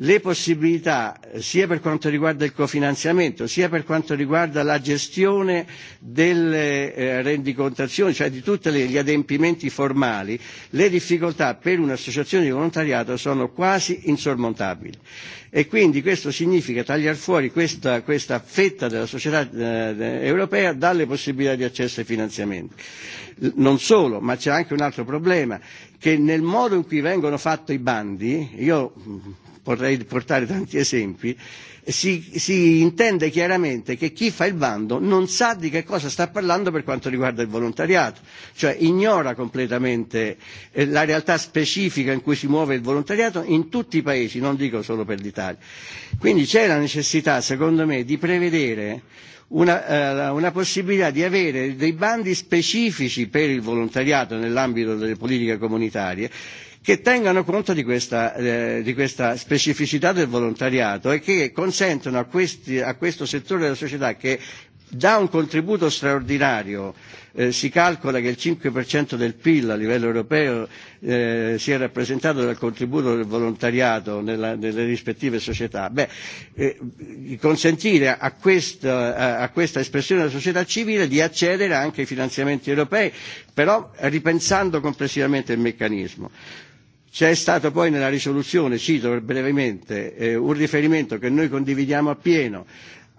le possibilità sia per quanto riguarda il cofinanziamento sia per quanto riguarda la gestione delle eh, rendicontazioni, cioè di tutti gli adempimenti formali, le difficoltà per un'associazione di volontariato sono quasi insormontabili. E quindi questo significa tagliare fuori questa, questa fetta della società eh, europea dalle possibilità di accesso ai finanziamenti. Non solo, ma c'è anche un altro problema, che nel modo in cui vengono fatti i bandi, io vorrei portare tanti esempi, si, si intende chiaramente che chi fa il bando non sa di che cosa sta parlando per quanto riguarda il volontariato, cioè ignora completamente eh, la realtà specifica in cui si muove il volontariato in tutti i paesi, non dico solo per l'Italia. Quindi c'è la necessità, secondo me, di prevedere una, eh, una possibilità di avere dei bandi specifici per il volontariato nell'ambito delle politiche comunitarie che tengano conto di questa, eh, di questa specificità del volontariato e che consentano a, questi, a questo settore della società che dà un contributo straordinario. Eh, si calcola che il 5% del PIL a livello europeo eh, sia rappresentato dal contributo del volontariato nella, nelle rispettive società. Beh, eh, consentire a questo, a, a questa espressione della società civile di accedere anche ai finanziamenti europei, però ripensando complessivamente il meccanismo. C'è stato poi nella risoluzione, cito brevemente, eh, un riferimento che noi condividiamo appieno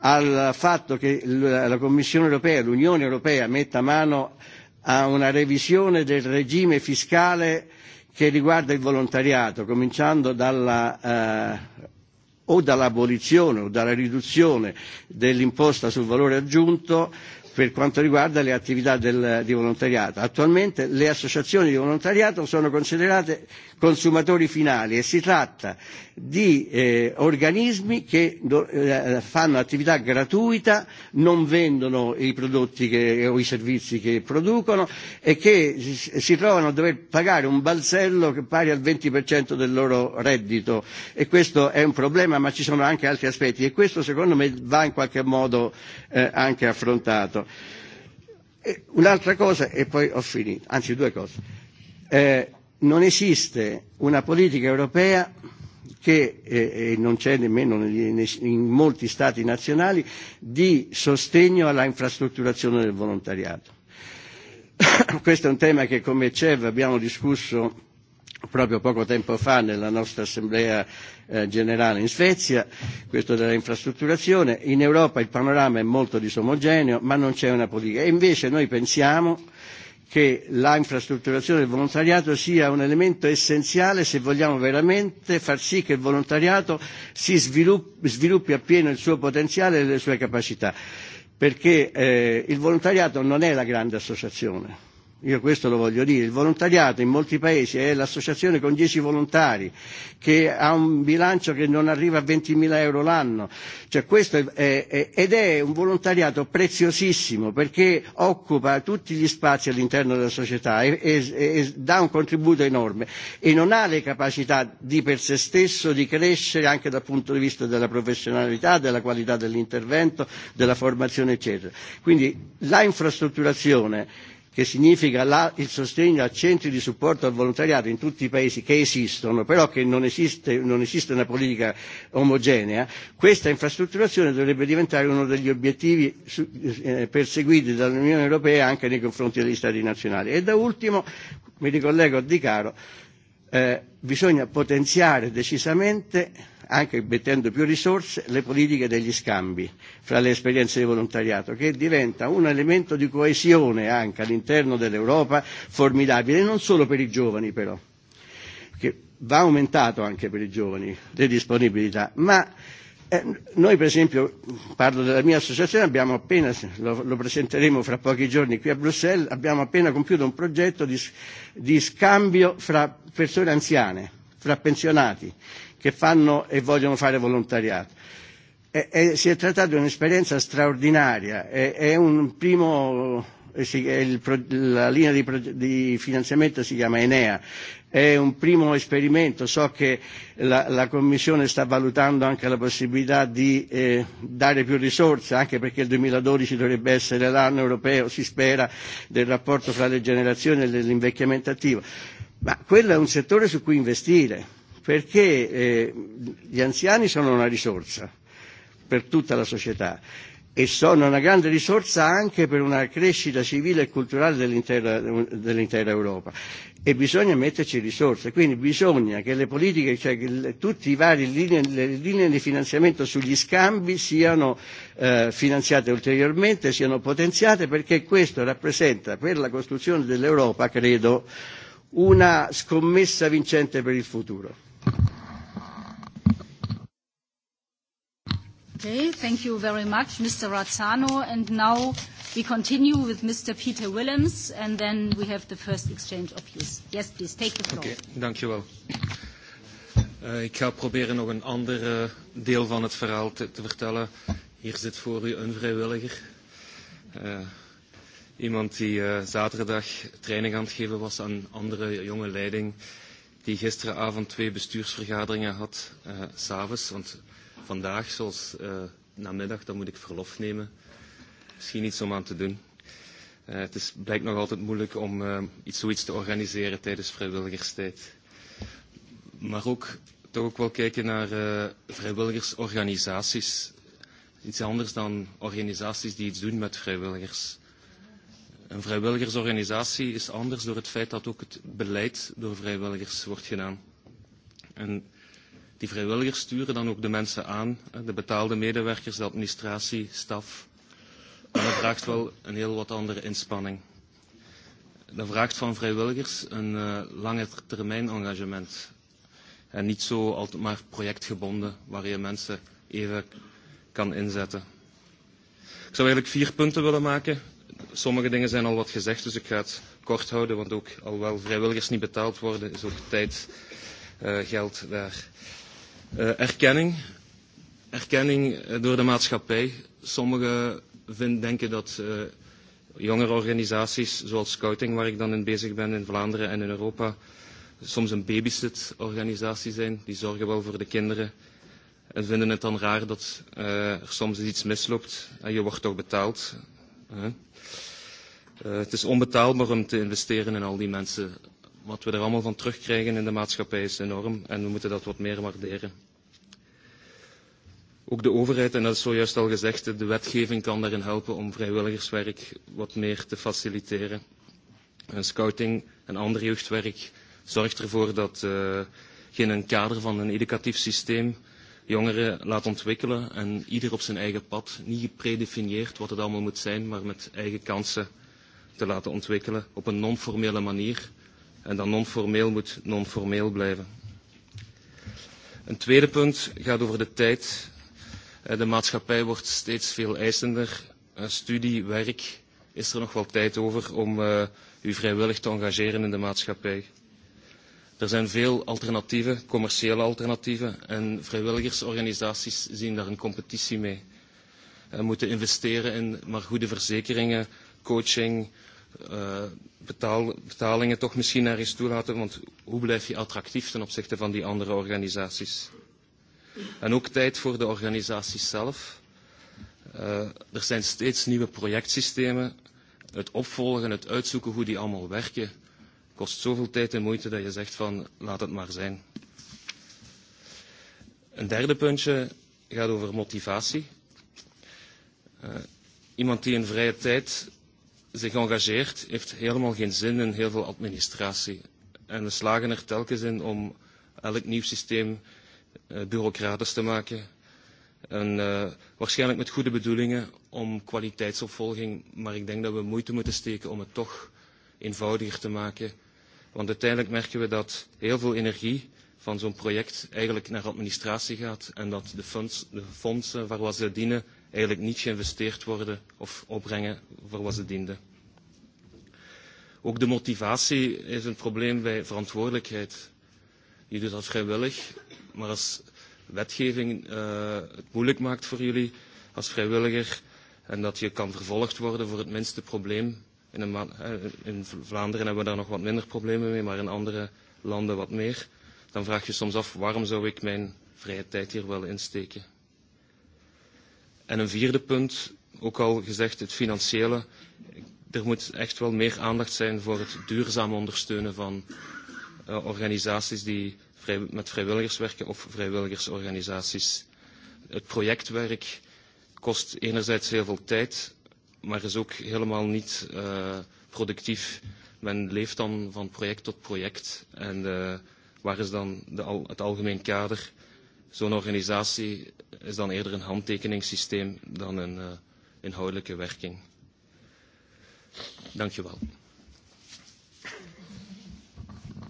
al fatto che la Commissione europea, l'Unione europea metta mano a una revisione del regime fiscale che riguarda il volontariato, cominciando dalla, eh, o dall'abolizione o dalla riduzione dell'imposta sul valore aggiunto per quanto riguarda le attività del, di volontariato. Attualmente le associazioni di volontariato sono considerate consumatori finali e si tratta di eh, organismi che do, eh, fanno attività gratuita, non vendono i prodotti che, o i servizi che producono e che si, si trovano a dover pagare un balzello che pari al 20% del loro reddito e questo è un problema ma ci sono anche altri aspetti e questo secondo me va in qualche modo eh, anche affrontato. Eh, un'altra cosa e poi ho finito, anzi due cose. Eh, non esiste una politica europea che eh, e non c'è nemmeno in molti Stati nazionali di sostegno alla infrastrutturazione del volontariato. [COUGHS] Questo è un tema che come CEV abbiamo discusso proprio poco tempo fa nella nostra assemblea eh, generale in Svezia, questo della infrastrutturazione. In Europa il panorama è molto disomogeneo, ma non c'è una politica. E invece noi pensiamo che la infrastrutturazione del volontariato sia un elemento essenziale se vogliamo veramente far sì che il volontariato si sviluppi, sviluppi appieno il suo potenziale e le sue capacità, perché eh, il volontariato non è la grande associazione Io questo lo voglio dire. Il volontariato in molti paesi è l'associazione con 10 volontari che ha un bilancio che non arriva a 20.000 euro l'anno. Cioè questo è, è, ed è un volontariato preziosissimo perché occupa tutti gli spazi all'interno della società e, e, e, e dà un contributo enorme e non ha le capacità di per se stesso di crescere anche dal punto di vista della professionalità, della qualità dell'intervento, della formazione eccetera. Quindi la infrastrutturazione che significa la, il sostegno a centri di supporto al volontariato in tutti i paesi che esistono, però che non esiste, non esiste una politica omogenea, questa infrastrutturazione dovrebbe diventare uno degli obiettivi su, eh, perseguiti dall'Unione Europea anche nei confronti degli Stati nazionali. E da ultimo, mi ricollego a Di Caro, eh, bisogna potenziare decisamente anche mettendo più risorse, le politiche degli scambi fra le esperienze di volontariato, che diventa un elemento di coesione anche all'interno dell'Europa formidabile, non solo per i giovani però, che va aumentato anche per i giovani le disponibilità, ma Eh, noi per esempio, parlo della mia associazione, abbiamo appena, lo, lo presenteremo fra pochi giorni qui a Bruxelles, abbiamo appena compiuto un progetto di, di scambio fra persone anziane, fra pensionati, che fanno e vogliono fare volontariato. E, e si è trattato di un'esperienza straordinaria, è, è un primo eh, è il, la linea di, di finanziamento si chiama Enea, è un primo esperimento, so che la, la Commissione sta valutando anche la possibilità di eh, dare più risorse, anche perché il 2012 dovrebbe essere l'anno europeo, si spera, del rapporto fra le generazioni e dell'invecchiamento attivo, ma quello è un settore su cui investire perché eh, gli anziani sono una risorsa per tutta la società e sono una grande risorsa anche per una crescita civile e culturale dell'intera, dell'intera Europa e bisogna metterci risorse, quindi bisogna che le politiche, cioè che le, tutte linee, le linee di finanziamento sugli scambi siano eh, finanziate ulteriormente, siano potenziate perché questo rappresenta per la costruzione dell'Europa, credo, una scommessa vincente per il futuro. Okay, thank you very much, Mr. Razzano. now we continue with Mr. Peter Willems, and then we have the first exchange of views. Yes, please, take the floor. Oké, okay, dankjewel. Uh, eh, ik ga proberen nog een ander uh, deel van het verhaal te, te vertellen. Hier zit voor u een vrijwilliger. Eh, iemand die zaterdag training aan het geven was aan andere jonge leiding die gisteravond twee bestuursvergaderingen had, uh, s'avonds. Want vandaag, zoals uh, namiddag, dan moet ik verlof nemen. Misschien iets om aan te doen. Uh, het is, blijkt nog altijd moeilijk om uh, iets, zoiets te organiseren tijdens vrijwilligerstijd. Maar ook toch ook wel kijken naar uh, vrijwilligersorganisaties. Iets anders dan organisaties die iets doen met vrijwilligers. Een vrijwilligersorganisatie is anders door het feit dat ook het beleid door vrijwilligers wordt gedaan. En die vrijwilligers sturen dan ook de mensen aan, de betaalde medewerkers, de administratie, staf. En dat vraagt wel een heel wat andere inspanning. Dat vraagt van vrijwilligers een uh, eh, lange termijn engagement. En niet zo altijd maar projectgebonden, waar je mensen even kan inzetten. Ik zou eigenlijk vier punten willen maken sommige dingen zijn al wat gezegd, dus ik ga het kort houden, want ook alhoewel vrijwilligers niet betaald worden, is ook tijd uh, geld daar. Uh, eh, erkenning. Erkenning eh, door de maatschappij. Sommigen vind, denken dat uh, jongere organisaties zoals Scouting, waar ik dan in bezig ben in Vlaanderen en in Europa, soms een babysit-organisatie zijn. Die zorgen wel voor de kinderen en vinden het dan raar dat uh, er soms iets misloopt en je wordt toch betaald. Uh. Uh, het is onbetaalbaar om te investeren in al die mensen. Wat we er allemaal van terugkrijgen in de maatschappij is enorm en we moeten dat wat meer waarderen. Ook de overheid, en dat is zojuist al gezegd, de wetgeving kan daarin helpen om vrijwilligerswerk wat meer te faciliteren. En scouting en ander jeugdwerk zorgt ervoor dat uh, eh, je in een kader van een educatief systeem jongeren laat ontwikkelen en ieder op zijn eigen pad, niet gepredefinieerd wat het allemaal moet zijn, maar met eigen kansen te laten ontwikkelen op een non-formele manier. En dat non-formeel moet non-formeel blijven. Een tweede punt gaat over de tijd. Eh, de maatschappij wordt steeds veel eisender. Eh, Studie, werk, is er nog wel tijd over om uh, u vrijwillig te engageren in de maatschappij. Er zijn veel alternatieven, commerciële alternatieven, en vrijwilligersorganisaties zien daar een competitie mee. We moeten investeren in maar goede verzekeringen, coaching, uh, betaal, betalingen toch misschien naar eens toe laten. Want hoe blijf je attractief ten opzichte van die andere organisaties? En ook tijd voor de organisaties zelf. Uh, er zijn steeds nieuwe projectsystemen. Het opvolgen, het uitzoeken hoe die allemaal werken, kost zoveel tijd en moeite dat je zegt van laat het maar zijn. Een derde puntje gaat over motivatie. Uh, iemand die in vrije tijd zich engageert, heeft helemaal geen zin in heel veel administratie. En we slagen er telkens in om elk nieuw systeem eh, bureaucratisch te maken. En, uh, waarschijnlijk met goede bedoelingen om kwaliteitsopvolging, maar ik denk dat we moeite moeten steken om het toch eenvoudiger te maken. Want uiteindelijk merken we dat heel veel energie van zo'n project eigenlijk naar administratie gaat en dat de, funds, de fondsen waar we ze dienen eigenlijk niet geïnvesteerd worden of opbrengen voor wat ze dienden. Ook de motivatie is een probleem bij verantwoordelijkheid. Je doet dat vrijwillig, maar als wetgeving uh, het moeilijk maakt voor jullie als vrijwilliger en dat je kan vervolgd worden voor het minste probleem. In, een eh, in Vlaanderen hebben we daar nog wat minder problemen mee, maar in andere landen wat meer. Dan vraag je soms af waarom zou ik mijn vrije tijd hier willen insteken. En een vierde punt, ook al gezegd, het financiële. Er moet echt wel meer aandacht zijn voor het duurzaam ondersteunen van uh, organisaties die vrij, met vrijwilligers werken of vrijwilligersorganisaties. Het projectwerk kost enerzijds heel veel tijd, maar is ook helemaal niet uh, productief. Men leeft dan van project tot project. En uh, waar is dan de, al, het algemeen kader Zo'n organisatie is dan eerder een handtekeningssysteem dan een uh, inhoudelijke werking. Dank je wel.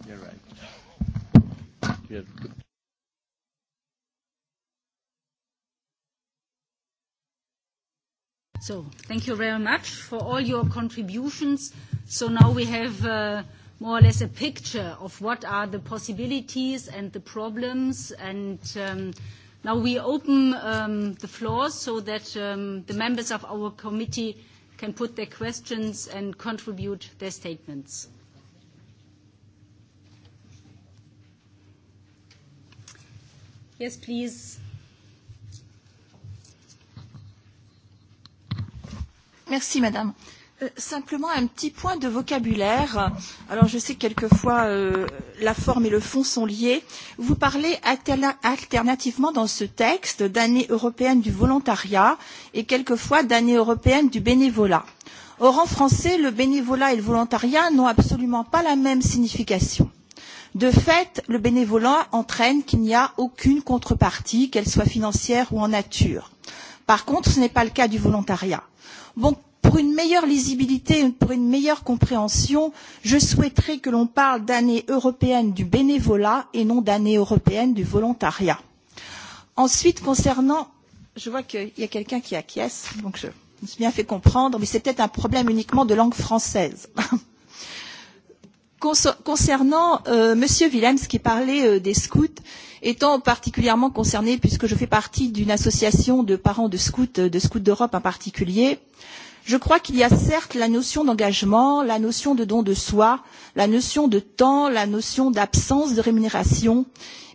You're right. You're So, thank you very much for all your contributions. So now we have uh, more or less a picture of what are the possibilities and the problems. And um, now we open um, the floor so that um, the members of our committee can put their questions and contribute their statements. Yes, please. Merci, madame. Euh, simplement un petit point de vocabulaire. Alors je sais que quelquefois euh, la forme et le fond sont liés. Vous parlez alterna alternativement dans ce texte d'année européenne du volontariat et quelquefois d'année européenne du bénévolat. Or en français, le bénévolat et le volontariat n'ont absolument pas la même signification. De fait, le bénévolat entraîne qu'il n'y a aucune contrepartie, qu'elle soit financière ou en nature. Par contre, ce n'est pas le cas du volontariat. Bon, pour une meilleure lisibilité, pour une meilleure compréhension, je souhaiterais que l'on parle d'année européenne du bénévolat et non d'année européenne du volontariat. Ensuite, concernant, je vois qu'il y a quelqu'un qui acquiesce, donc je me suis bien fait comprendre, mais c'est peut-être un problème uniquement de langue française. Concernant euh, Monsieur Willems qui parlait euh, des scouts, étant particulièrement concernée puisque je fais partie d'une association de parents de scouts, euh, de scouts d'Europe en particulier, euh, je crois qu'il y a certes la notion d'engagement la notion de don de soi la notion de temps la notion d'absence de rémunération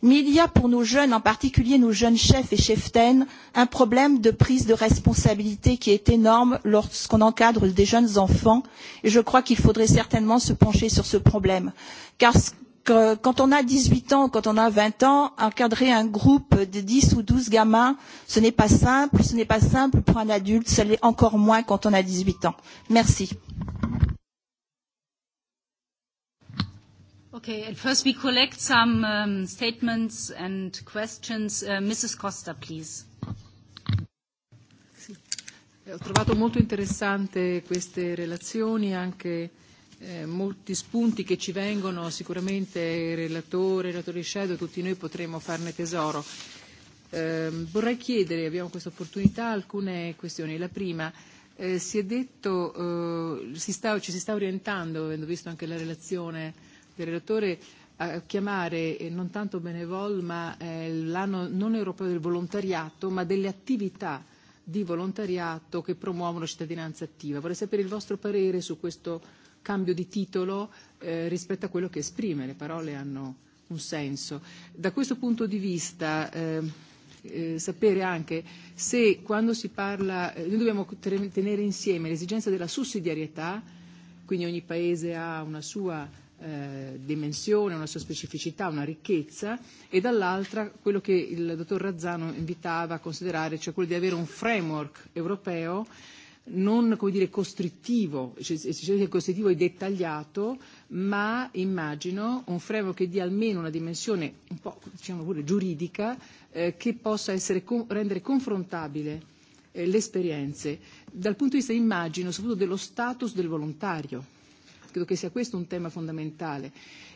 mais il y a pour nos jeunes en particulier nos jeunes chefs et cheftaines un problème de prise de responsabilité qui est énorme lorsqu'on encadre des jeunes enfants et je crois qu'il faudrait certainement se pencher sur ce problème car ce quand on a 18 ans, quand on a 20 ans, encadrer un groupe de 10 ou 12 gamins, ce n'est pas simple. Ce n'est pas simple pour un adulte. Ça l'est encore moins quand on a 18 ans. Merci. Okay, and first we collect some um, statements and questions. Uh, Mrs. Costa, please. Eh, ho trovato molto interessante queste relazioni, anche Eh, molti spunti che ci vengono, sicuramente il relatore, il relatore Shadow, tutti noi potremo farne tesoro. Eh, vorrei chiedere, abbiamo questa opportunità, alcune questioni. La prima, eh, si è detto, eh, si sta, ci si sta orientando, avendo visto anche la relazione del relatore, a chiamare eh, non tanto Benevol ma eh, l'anno non europeo del volontariato, ma delle attività di volontariato che promuovono cittadinanza attiva. Vorrei sapere il vostro parere su questo cambio di titolo eh, rispetto a quello che esprime, le parole hanno un senso. Da questo punto di vista eh, eh, sapere anche se quando si parla, eh, noi dobbiamo tenere insieme l'esigenza della sussidiarietà, quindi ogni paese ha una sua eh, dimensione, una sua specificità, una ricchezza, e dall'altra quello che il dottor Razzano invitava a considerare, cioè quello di avere un framework europeo eh, non come dire, costrittivo, cioè, cioè costrittivo e dettagliato, ma immagino un framework che dia almeno una dimensione un po' diciamo pure giuridica eh, che possa essere, rendere confrontabile eh, le esperienze dal punto di vista immagino soprattutto dello status del volontario. Credo che sia questo un tema fondamentale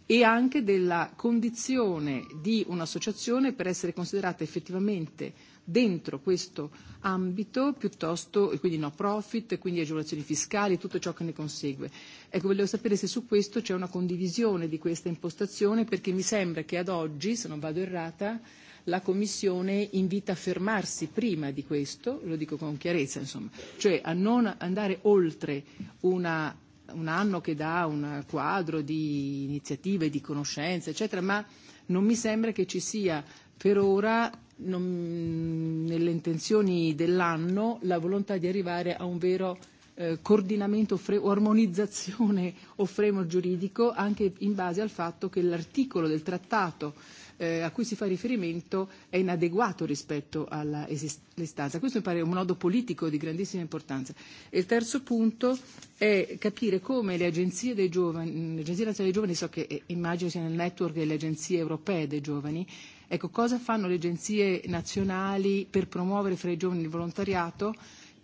e anche della condizione di un'associazione per essere considerata effettivamente dentro questo ambito piuttosto, e quindi no profit, e quindi agevolazioni fiscali e tutto ciò che ne consegue. Ecco, volevo sapere se su questo c'è una condivisione di questa impostazione perché mi sembra che ad oggi, se non vado errata, la Commissione invita a fermarsi prima di questo, lo dico con chiarezza, insomma, cioè a non andare oltre una un anno che dà un quadro di iniziative, di conoscenze, eccetera, ma non mi sembra che ci sia per ora non, nelle intenzioni dell'anno la volontà di arrivare a un vero eh, coordinamento fre- o armonizzazione o framework giuridico anche in base al fatto che l'articolo del trattato eh, a cui si fa riferimento è inadeguato rispetto all'istanza. Questo mi pare un nodo politico di grandissima importanza. E il terzo punto è capire come le agenzie dei giovani, l'Agenzia Nazionale dei Giovani, so che eh, immagino sia nel network delle agenzie europee dei giovani, Ecco, cosa fanno le agenzie nazionali per promuovere fra i giovani il volontariato?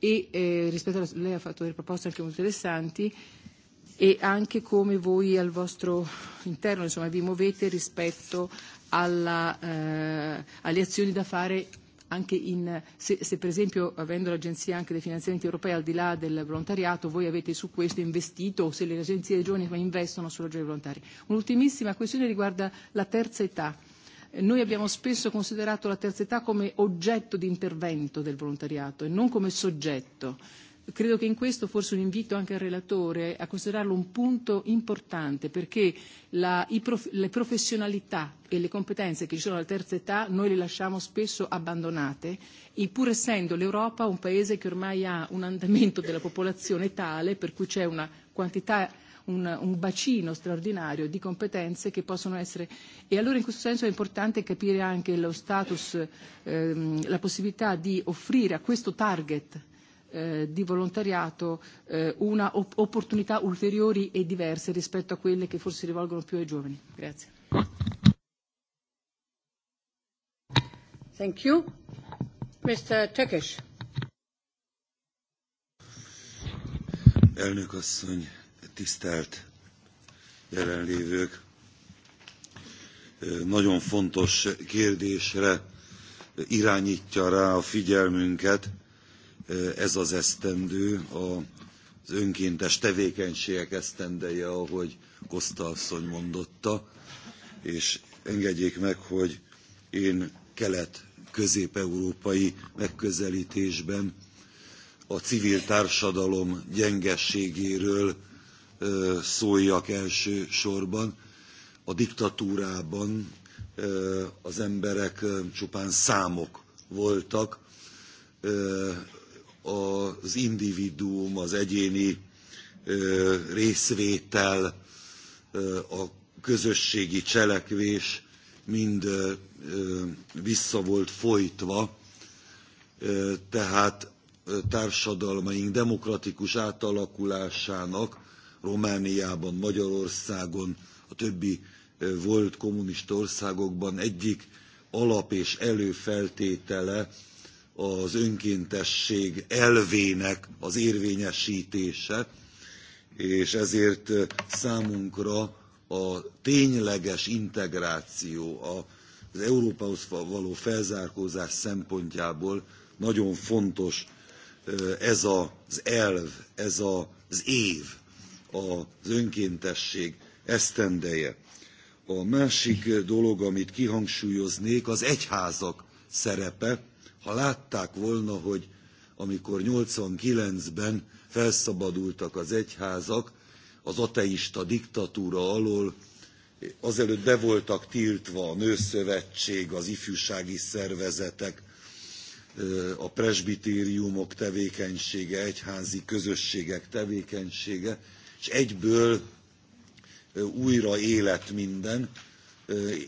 E eh, rispetto a lei ha fatto delle proposte anche molto interessanti e anche come voi al vostro interno insomma, vi muovete rispetto alla, eh, alle azioni da fare anche in, se, se per esempio avendo l'agenzia anche dei finanziamenti europei al di là del volontariato voi avete su questo investito o se le agenzie dei giovani investono sulla giovani volontari. Un'ultimissima questione riguarda la terza età E noi abbiamo spesso considerato la terza età come oggetto di intervento del volontariato e non come soggetto. Credo che in questo forse un invito anche al relatore a considerarlo un punto importante perché la, i prof, le professionalità e le competenze che ci sono alla terza età noi le lasciamo spesso abbandonate, e pur essendo l'Europa un paese che ormai ha un andamento della popolazione tale per cui c'è una quantità un, un bacino straordinario di competenze che possono essere e allora in questo senso è importante capire anche lo status, ehm, la possibilità di offrire a questo target eh, di volontariato eh, una op- opportunità ulteriori e diverse rispetto a quelle che forse rivolgono più ai giovani. Grazie. Thank you. Mr. Turkish. Elnök asszony, tisztelt jelenlévők! Nagyon fontos kérdésre irányítja rá a figyelmünket ez az esztendő, az önkéntes tevékenységek esztendeje, ahogy Koszta asszony mondotta, és engedjék meg, hogy én kelet-közép-európai megközelítésben a civil társadalom gyengességéről szóljak első sorban. A diktatúrában az emberek csupán számok voltak, az individuum, az egyéni részvétel, a közösségi cselekvés mind vissza volt folytva, tehát társadalmaink demokratikus átalakulásának Romániában, Magyarországon, a többi volt kommunista országokban egyik alap és előfeltétele az önkéntesség elvének az érvényesítése, és ezért számunkra a tényleges integráció, az Európához való felzárkózás szempontjából nagyon fontos ez az elv, ez az év, az önkéntesség esztendeje. A másik dolog, amit kihangsúlyoznék, az egyházak szerepe. Ha látták volna, hogy amikor 89-ben felszabadultak az egyházak az ateista diktatúra alól, azelőtt be voltak tiltva a nőszövetség, az ifjúsági szervezetek, a presbitériumok tevékenysége, egyházi közösségek tevékenysége, és egyből újra élet minden.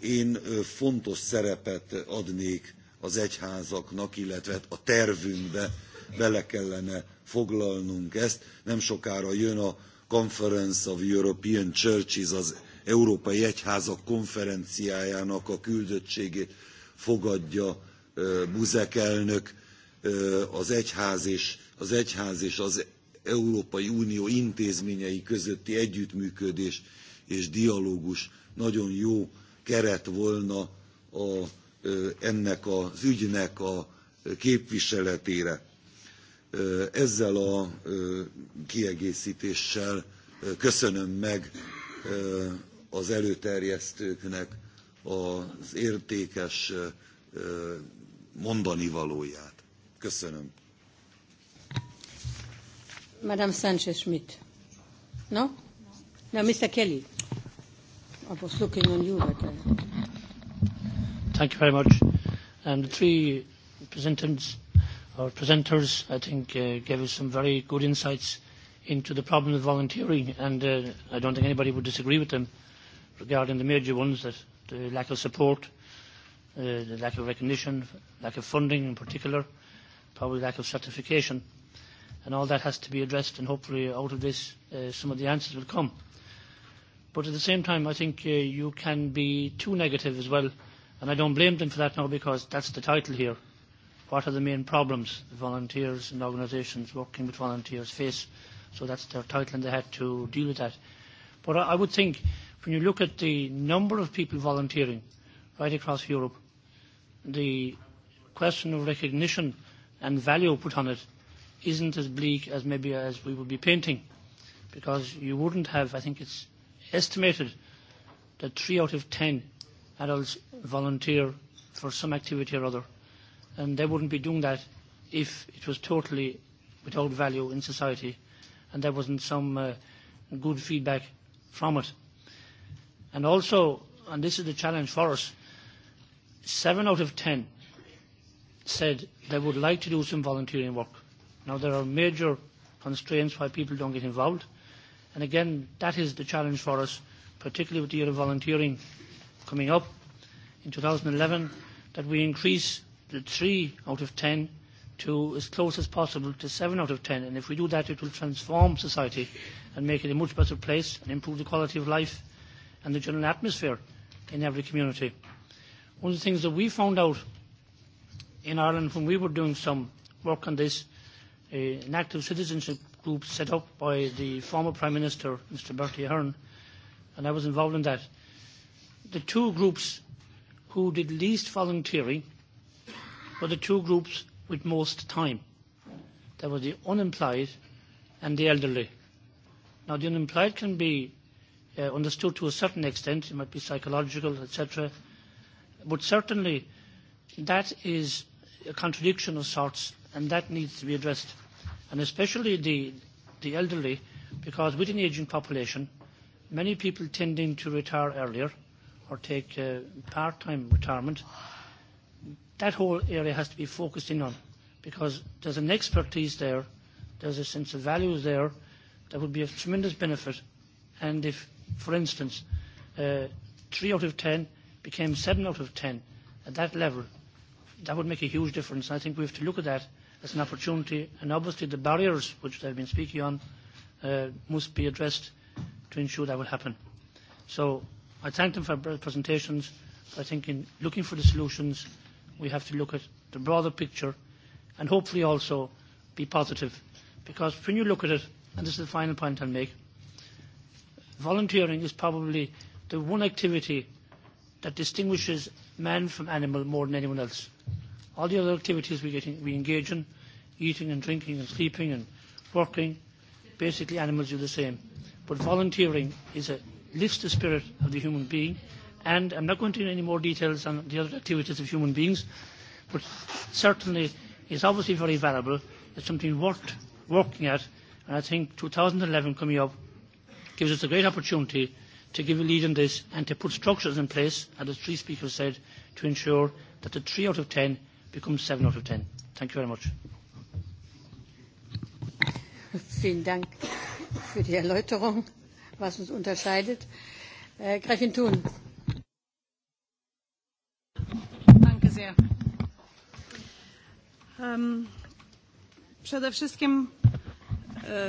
Én fontos szerepet adnék az egyházaknak, illetve hát a tervünkbe bele kellene foglalnunk ezt. Nem sokára jön a Conference of European Churches, az Európai Egyházak konferenciájának a küldöttségét fogadja Buzek elnök, az egyház és az, egyház és az Európai Unió intézményei közötti együttműködés és dialógus nagyon jó keret volna a, ennek az ügynek a képviseletére. Ezzel a kiegészítéssel köszönöm meg az előterjesztőknek az értékes mondani valóját. Köszönöm. Madame Sanchez-Schmidt. No? No, Mr. Kelly. I was looking on you. But, uh... Thank you very much. And um, the three presenters, or presenters I think, uh, gave us some very good insights into the problem of volunteering, and uh, I don't think anybody would disagree with them regarding the major ones, that the lack of support, uh, the lack of recognition, lack of funding in particular, probably lack of certification and all that has to be addressed, and hopefully out of this uh, some of the answers will come. But at the same time, I think uh, you can be too negative as well, and I don't blame them for that now because that's the title here. What are the main problems the volunteers and organisations working with volunteers face? So that's their title, and they had to deal with that. But I, would think when you look at the number of people volunteering right across Europe, the question of recognition and value put on it, isn't as bleak as maybe as we would be painting, because you wouldn't have, I think it's estimated that three out of ten adults volunteer for some activity or other, and they wouldn't be doing that if it was totally without value in society and there wasn't some uh, good feedback from it. And also, and this is the challenge for us, seven out of ten said they would like to do some volunteering work. Now, there are major constraints why people don't get involved. And again, that is the challenge for us, particularly with the year of volunteering coming up in 2011, that we increase the three out of ten to as close as possible to seven out of ten. And if we do that, it will transform society and make it a much better place and improve the quality of life and the general atmosphere in every community. One of the things that we found out in Ireland when we were doing some work on this an active citizenship group set up by the former Prime Minister, Mr Bertie Ahern, and I was involved in that. The two groups who did least volunteering were the two groups with most time. There were the unemployed and the elderly. Now, the unemployed can be uh, understood to a certain extent, it might be psychological, etc. But certainly, that is a contradiction of sorts, and that needs to be addressed and especially the, the elderly, because with an ageing population, many people tending to retire earlier or take uh, part-time retirement. That whole area has to be focused in on because there's an expertise there, there's a sense of values there that would be of tremendous benefit. And if, for instance, uh, three out of ten became seven out of ten at that level, that would make a huge difference. I think we have to look at that as an opportunity. And obviously the barriers which I've been speaking on uh, must be addressed to ensure that will happen. So I thank them for their presentations. But I think in looking for the solutions, we have to look at the broader picture and hopefully also be positive. Because when you look at it, and this is the final point I'll make, volunteering is probably the one activity that distinguishes man from animal more than anyone else all the other activities we, get in, we engage in, eating and drinking and sleeping and working, basically animals do the same. But volunteering is a, lifts the spirit of the human being. And I'm not going to any more details on the other activities of human beings, but certainly it's obviously very valuable. It's something worth working at. And I think 2011 coming up gives us a great opportunity to give a lead in this and to put structures in place, as the three speakers said, to ensure that the three out of ten becomes seven out of ten. Thank you very much. Vielen Dank für die Erläuterung, was uns unterscheidet. Äh, Gräfin Thun. Danke sehr. Ähm, przede wszystkim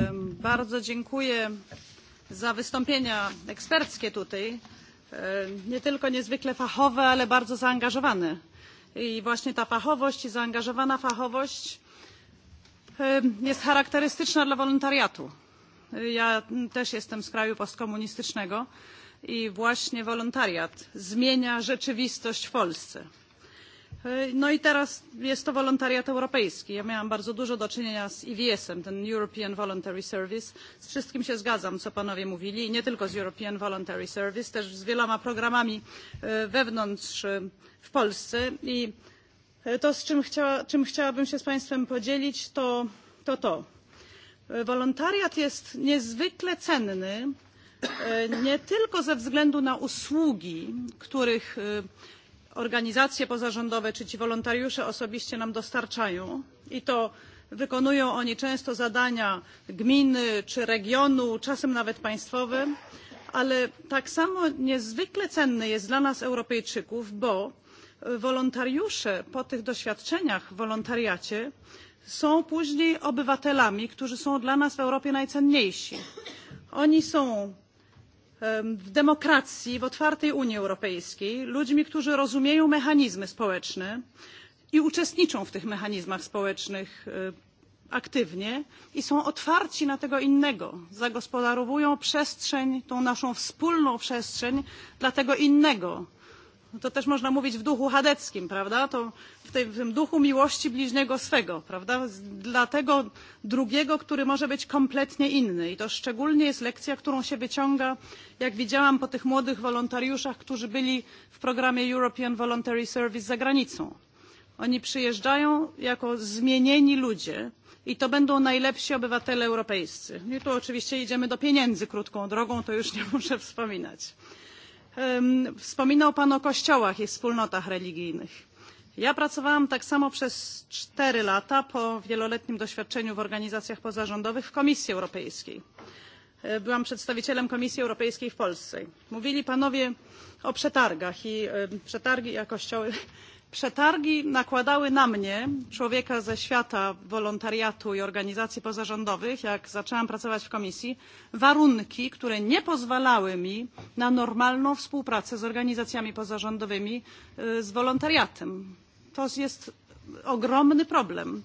ähm, bardzo dziękuję za wystąpienia eksperckie tutaj, um, nie tylko niezwykle fachowe, ale bardzo zaangażowane i właśnie ta fachowość i zaangażowana fachowość jest charakterystyczna dla wolontariatu. Ja też jestem z kraju postkomunistycznego i właśnie wolontariat zmienia rzeczywistość w Polsce E, no i teraz jest to wolontariat europejski. Ja miałam bardzo dużo do czynienia z EVS-em, ten European Voluntary Service. Z wszystkim się zgadzam, co panowie mówili, i nie tylko z European Voluntary Service, też z wieloma programami e, wewnątrz e, w Polsce. I to, z czym, chciała, czym chciałabym się z państwem podzielić, to to. to. Wolontariat jest niezwykle cenny, nie tylko ze względu na usługi, których organizacje pozarządowe czy ci wolontariusze osobiście nam dostarczają i to wykonują oni często zadania gminy czy regionu czasem nawet państwowe ale tak samo niezwykle cenny jest dla nas europejczyków bo wolontariusze po tych doświadczeniach w wolontariacie są później obywatelami którzy są dla nas w europie najcenniejsi. oni są w demokracji w otwartej unii europejskiej ludźmi którzy rozumieją mechanizmy społeczne i uczestniczą w tych mechanizmach społecznych e, aktywnie i są otwarci na tego innego zagospodarowują przestrzeń tę naszą wspólną przestrzeń dla tego innego to też można mówić w duchu hadeckim, prawda? To w, tej, w tym duchu miłości bliźniego swego, prawda? Dla tego drugiego, który może być kompletnie inny. I to szczególnie jest lekcja, którą się wyciąga, jak widziałam po tych młodych wolontariuszach, którzy byli w programie European Voluntary Service za granicą. Oni przyjeżdżają jako zmienieni ludzie, i to będą najlepsi obywatele europejscy. I tu oczywiście idziemy do pieniędzy krótką drogą, to już nie [LAUGHS] muszę wspominać. Wspominał Pan o kościołach i wspólnotach religijnych. Ja pracowałam tak samo przez cztery lata po wieloletnim doświadczeniu w organizacjach pozarządowych w Komisji Europejskiej. E, byłam przedstawicielem Komisji Europejskiej w Polsce. Mówili panowie o przetargach i e, przetargi a kościoły Przetargi nakładały na mnie, człowieka ze świata wolontariatu i organizacji pozarządowych, jak zaczęłam pracować w komisji, warunki, które nie pozwalały mi na normalną współpracę z organizacjami pozarządowymi, z wolontariatem. To jest ogromny problem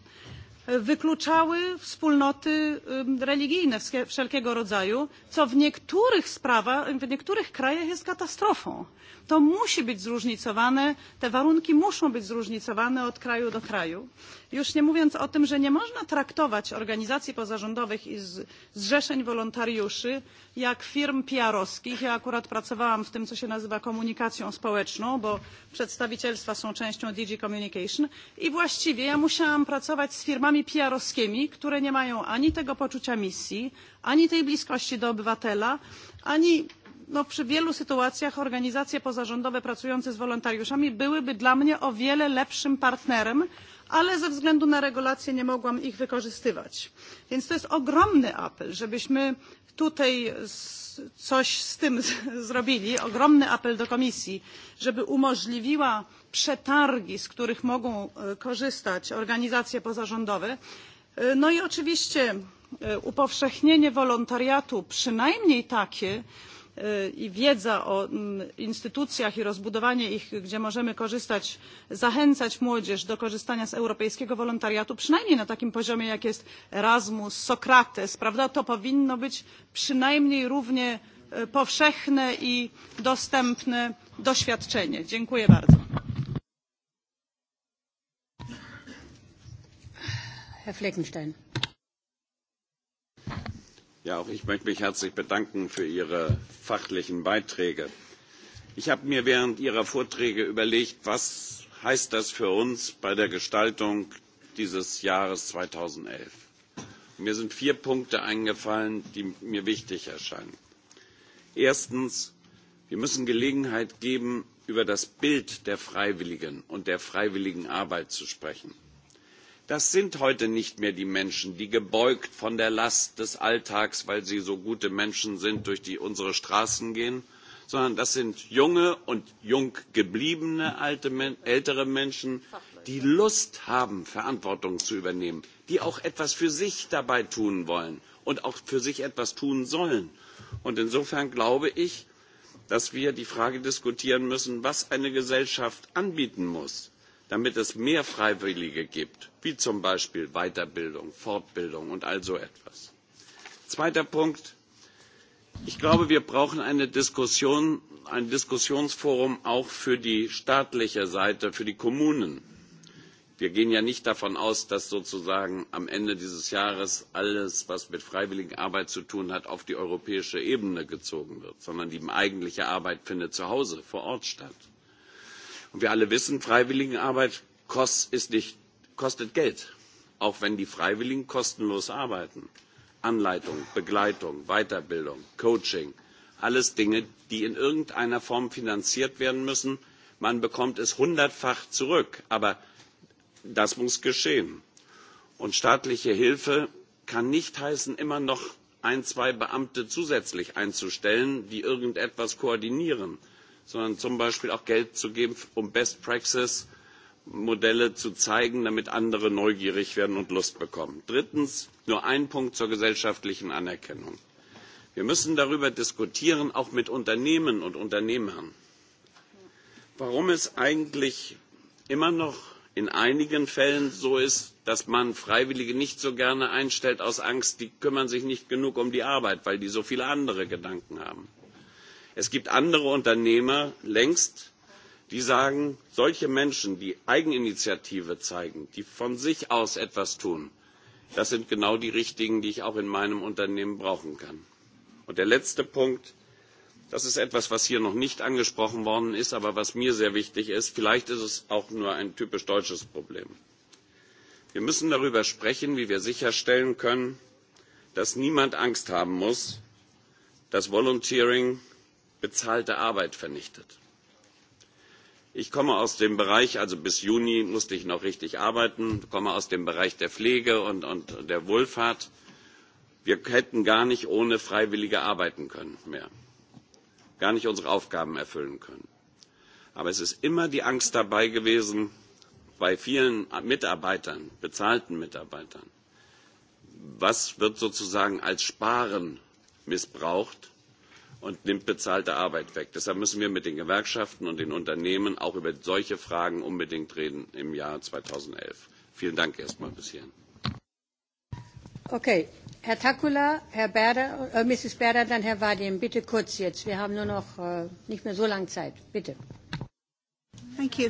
wykluczały wspólnoty religijne wszelkiego rodzaju co w niektórych sprawach w niektórych krajach jest katastrofą. to musi być zróżnicowane te warunki muszą być zróżnicowane od kraju do kraju. Już nie mówiąc o tym, że nie można traktować organizacji pozarządowych i zrzeszeń wolontariuszy jak firm PR-owskich. Ja akurat pracowałam w tym, co się nazywa komunikacją społeczną, bo przedstawicielstwa są częścią DG Communication i właściwie ja musiałam pracować z firmami PR-owskimi, które nie mają ani tego poczucia misji, ani tej bliskości do obywatela, ani no, przy wielu sytuacjach organizacje pozarządowe pracujące z wolontariuszami byłyby dla mnie o wiele lepszym partnerem ale ze względu na regulacje nie mogłam ich wykorzystywać. Więc to jest ogromny apel, żebyśmy tutaj coś z tym zrobili. Ogromny apel do Komisji, żeby umożliwiła przetargi, z których mogą e, korzystać organizacje pozarządowe. E, no i oczywiście e, upowszechnienie wolontariatu, przynajmniej takie, i wiedza o mm, instytucjach i rozbudowanie ich, gdzie możemy korzystać, zachęcać młodzież do korzystania z europejskiego wolontariatu, przynajmniej na takim poziomie, jak jest Erasmus, Sokrates, prawda? To powinno być przynajmniej równie e, powszechne i dostępne doświadczenie. Dziękuję bardzo. Herr Fleckenstein. Ja, auch ich möchte mich herzlich bedanken für Ihre fachlichen Beiträge. Ich habe mir während Ihrer Vorträge überlegt, was heißt das für uns bei der Gestaltung dieses Jahres 2011? Und mir sind vier Punkte eingefallen, die mir wichtig erscheinen. Erstens, wir müssen Gelegenheit geben, über das Bild der Freiwilligen und der freiwilligen Arbeit zu sprechen das sind heute nicht mehr die Menschen, die gebeugt von der Last des Alltags, weil sie so gute Menschen sind, durch unsere Straßen gehen, sondern das sind junge und jung gebliebene ältere Menschen, die Lust haben, Verantwortung zu übernehmen, die auch etwas für sich dabei tun wollen und auch für sich etwas tun sollen. Und insofern glaube ich, dass wir die Frage diskutieren müssen, was eine Gesellschaft anbieten muss damit es mehr Freiwillige gibt, wie zum Beispiel Weiterbildung, Fortbildung und all so etwas. Zweiter Punkt. Ich glaube, wir brauchen ein Diskussionsforum auch für die staatliche Seite, für die Kommunen. Wir gehen ja nicht davon aus, dass sozusagen am Ende dieses Jahres alles, was mit Freiwilligenarbeit zu tun hat, auf die europäische Ebene gezogen wird, sondern die eigentliche Arbeit findet zu Hause, vor Ort statt Und wir alle wissen, Freiwilligenarbeit kost, ist nicht, kostet Geld, auch wenn die Freiwilligen kostenlos arbeiten. Anleitung, Begleitung, Weiterbildung, Coaching, alles Dinge, die in irgendeiner Form finanziert werden müssen. Man bekommt es hundertfach zurück, aber das muss geschehen. Und staatliche Hilfe kann nicht heißen, immer noch ein, zwei Beamte zusätzlich einzustellen, die irgendetwas koordinieren sondern zum Beispiel auch Geld zu geben, um Best Practice Modelle zu zeigen, damit andere neugierig werden und Lust bekommen. Drittens nur ein Punkt zur gesellschaftlichen Anerkennung. Wir müssen darüber diskutieren, auch mit Unternehmen und Unternehmern, warum es eigentlich immer noch in einigen Fällen so ist, dass man Freiwillige nicht so gerne einstellt aus Angst, die kümmern sich nicht genug um die Arbeit, weil die so viele andere Gedanken haben. Es gibt andere Unternehmer längst, die sagen, solche Menschen, die Eigeninitiative zeigen, die von sich aus etwas tun, das sind genau die richtigen, die ich auch in meinem Unternehmen brauchen kann. Und der letzte Punkt, das ist etwas, was hier noch nicht angesprochen worden ist, aber was mir sehr wichtig ist. Vielleicht ist es auch nur ein typisch deutsches Problem. Wir müssen darüber sprechen, wie wir sicherstellen können, dass niemand Angst haben muss, dass Volunteering bezahlte Arbeit vernichtet. Ich komme aus dem Bereich, also bis Juni musste ich noch richtig arbeiten, komme aus dem Bereich der Pflege und, und der Wohlfahrt. Wir hätten gar nicht ohne Freiwillige arbeiten können mehr, gar nicht unsere Aufgaben erfüllen können. Aber es ist immer die Angst dabei gewesen, bei vielen Mitarbeitern, bezahlten Mitarbeitern, was wird sozusagen als Sparen missbraucht, und nimmt bezahlte Arbeit weg. Deshalb müssen wir mit den Gewerkschaften und den Unternehmen auch über solche Fragen unbedingt reden im Jahr 2011. Vielen Dank erstmal bis hierhin. Okay, Herr Takula, Herr Berder, äh, Mrs. Berder, dann Herr Vadim, bitte kurz jetzt. Wir haben nur noch äh, nicht mehr so lange Zeit. Bitte. Thank you.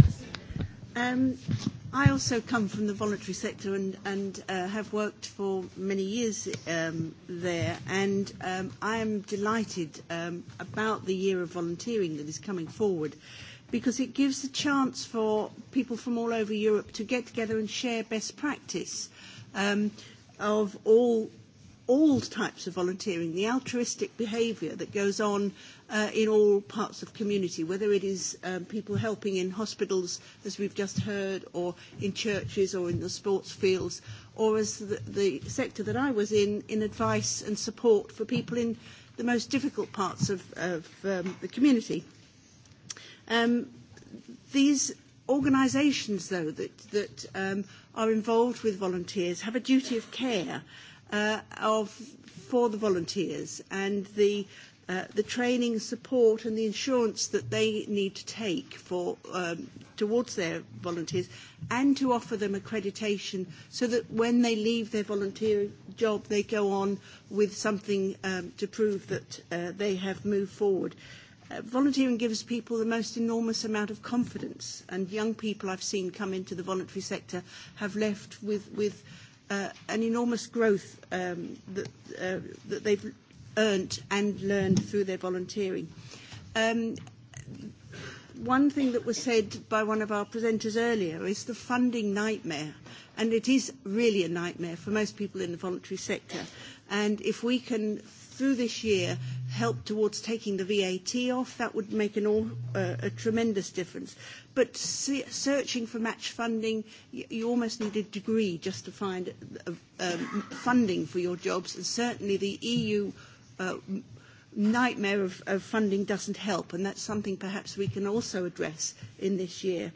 Um, I also come from the voluntary sector and, and uh, have worked for many years um, there, and um, I am delighted um, about the year of volunteering that is coming forward because it gives a chance for people from all over Europe to get together and share best practice um, of all all types of volunteering, the altruistic behaviour that goes on uh, in all parts of community, whether it is um, people helping in hospitals, as we've just heard, or in churches or in the sports fields, or as the, the sector that I was in, in advice and support for people in the most difficult parts of, of um, the community. Um, these organisations, though, that, that um, are involved with volunteers have a duty of care uh, of, for the volunteers, and the uh, Uh, the training support and the insurance that they need to take for, um, towards their volunteers and to offer them accreditation so that when they leave their volunteer job they go on with something um, to prove that uh, they have moved forward. Uh, volunteering gives people the most enormous amount of confidence and young people I've seen come into the voluntary sector have left with, with uh, an enormous growth um, that, uh, that they've earned and learned through their volunteering. Um, one thing that was said by one of our presenters earlier is the funding nightmare. And it is really a nightmare for most people in the voluntary sector. And if we can, through this year, help towards taking the VAT off, that would make an all, uh, a tremendous difference. But see, searching for match funding, you, you almost need a degree just to find uh, um, funding for your jobs. And certainly the EU uh, nightmare of, of funding doesn't help, and that's something perhaps we can also address in this year.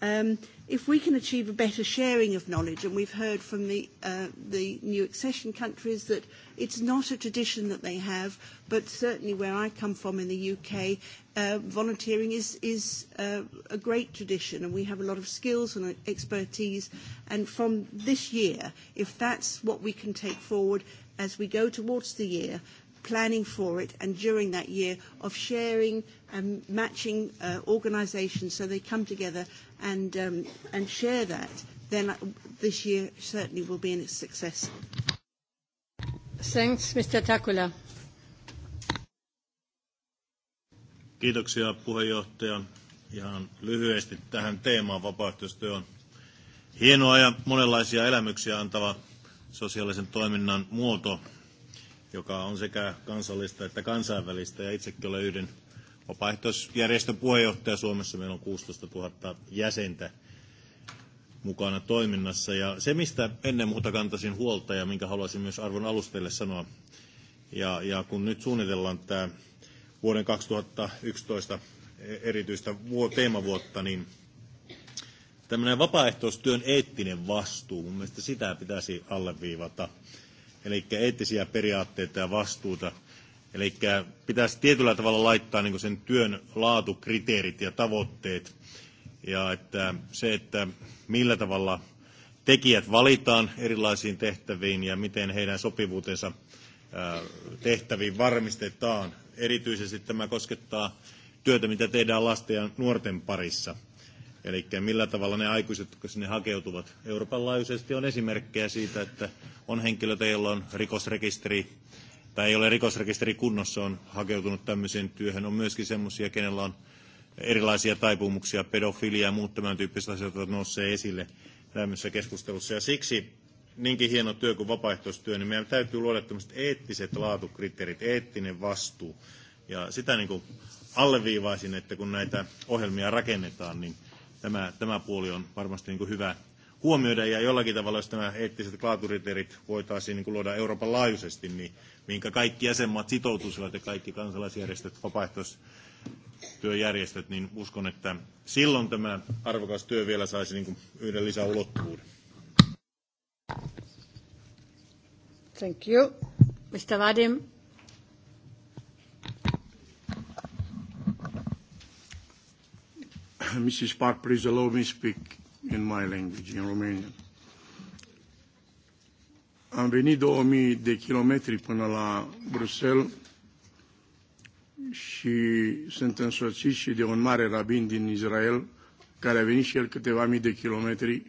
Um, if we can achieve a better sharing of knowledge, and we've heard from the, uh, the new accession countries that it's not a tradition that they have, but certainly where I come from in the UK, uh, volunteering is, is uh, a great tradition, and we have a lot of skills and expertise. And from this year, if that's what we can take forward as we go towards the year, planning for it and during that year of sharing and matching uh, organisations so they come together and, um, and share that, then uh, this year certainly will be a success. Thanks, Mr. Takula. Kiitoksia puheenjohtaja. Ihan lyhyesti tähän teemaan vapaaehtoistyö on hienoa ja monenlaisia elämyksiä antava sosiaalisen toiminnan muoto joka on sekä kansallista että kansainvälistä. Ja itsekin olen yhden vapaaehtoisjärjestön puheenjohtaja Suomessa. Meillä on 16 000 jäsentä mukana toiminnassa. Ja se, mistä ennen muuta kantaisin huolta ja minkä haluaisin myös arvon alustajille sanoa, ja, ja kun nyt suunnitellaan tämä vuoden 2011 erityistä teemavuotta, niin tämmöinen vapaaehtoistyön eettinen vastuu, mun mielestä sitä pitäisi alleviivata eli eettisiä periaatteita ja vastuuta. Eli pitäisi tietyllä tavalla laittaa niin sen työn laatukriteerit ja tavoitteet. Ja että se, että millä tavalla tekijät valitaan erilaisiin tehtäviin ja miten heidän sopivuutensa tehtäviin varmistetaan. Erityisesti tämä koskettaa työtä, mitä tehdään lasten ja nuorten parissa – Eli millä tavalla ne aikuiset, jotka sinne hakeutuvat Euroopan laajuisesti, on esimerkkejä siitä, että on henkilöitä, joilla on rikosrekisteri tai ei ole rikosrekisteri kunnossa, on hakeutunut tämmöiseen työhön. On myöskin semmoisia, kenellä on erilaisia taipumuksia, pedofilia ja muut tämän tyyppiset asiat jotka nousee esille tämmöisessä keskustelussa. Ja siksi niinkin hieno työ kuin vapaaehtoistyö, niin meidän täytyy luoda tämmöiset eettiset laatukriteerit, eettinen vastuu. Ja sitä niin kuin alleviivaisin, että kun näitä ohjelmia rakennetaan, niin – tämä, tämä puoli on varmasti niin kuin hyvä huomioida. Ja jollakin tavalla, jos nämä eettiset laaturiteerit voitaisiin niin kuin luoda Euroopan laajuisesti, niin minkä kaikki jäsenmaat sitoutuisivat ja kaikki kansalaisjärjestöt, vapaaehtoistyöjärjestöt, niin uskon, että silloin tämä arvokas työ vielä saisi niin kuin yhden lisäulottuvuuden. Thank you. Mr. Vadim. Mrs. Park, please allow me speak în my language, în România. Am venit 2000 de kilometri până la Bruxelles și sunt însoțit și de un mare rabin din Israel, care a venit și el câteva mii de kilometri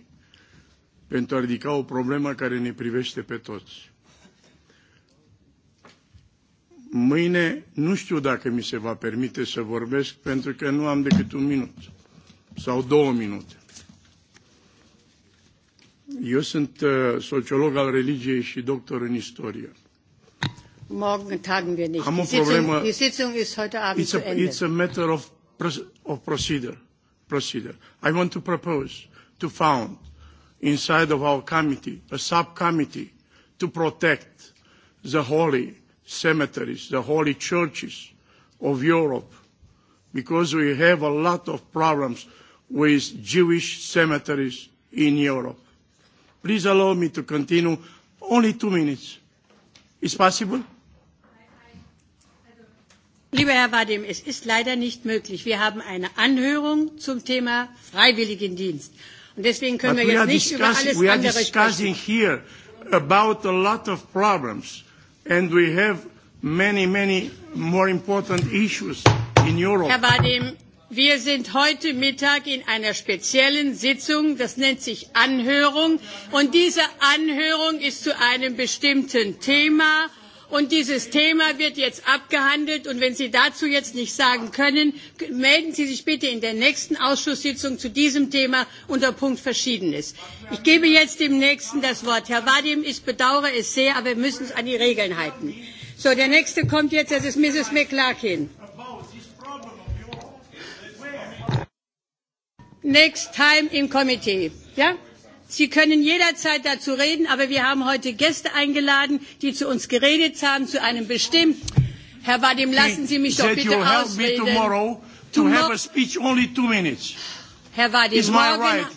pentru a ridica o problemă care ne privește pe toți. Mâine nu știu dacă mi se va permite să vorbesc, pentru că nu am decât un minut sau două minute. Eu sunt uh, sociolog al religiei și doctor în istorie. Morgen tagen wir nicht. Am o problemă. Die Sitzung ist heute Abend it's a, zu Ende. It's a matter of, of procedure, procedure. I want to propose to found inside of our committee a subcommittee to protect the holy cemeteries, the holy churches of Europe, because we have a lot of problems with Jewish cemeteries in Europe. Please allow me to continue only two minutes. Is possible? Lieber Herr Vadim, es ist leider nicht möglich. Wir haben eine Anhörung zum Thema Freiwilligendienst. Und deswegen können But wir jetzt nicht über alles we are andere discussing sprechen. Here about a lot of problems and we have many, many more important issues in Europe. Herr Vadim, Wir sind heute Mittag in einer speziellen Sitzung, das nennt sich Anhörung. Und diese Anhörung ist zu einem bestimmten Thema. Und dieses Thema wird jetzt abgehandelt. Und wenn Sie dazu jetzt nicht sagen können, melden Sie sich bitte in der nächsten Ausschusssitzung zu diesem Thema unter Punkt Verschiedenes. Ich gebe jetzt dem Nächsten das Wort. Herr Vadim, ich bedauere es sehr, aber wir müssen uns an die Regeln halten. So, der Nächste kommt jetzt, das ist Mrs. McLarkin. next time im Committee. Ja? Sie können jederzeit dazu reden, aber wir haben heute Gäste eingeladen, die zu uns geredet haben, zu einem bestimmten. Herr Vadim, lassen Sie mich doch bitte ausreden. Herr Vadim, morgen,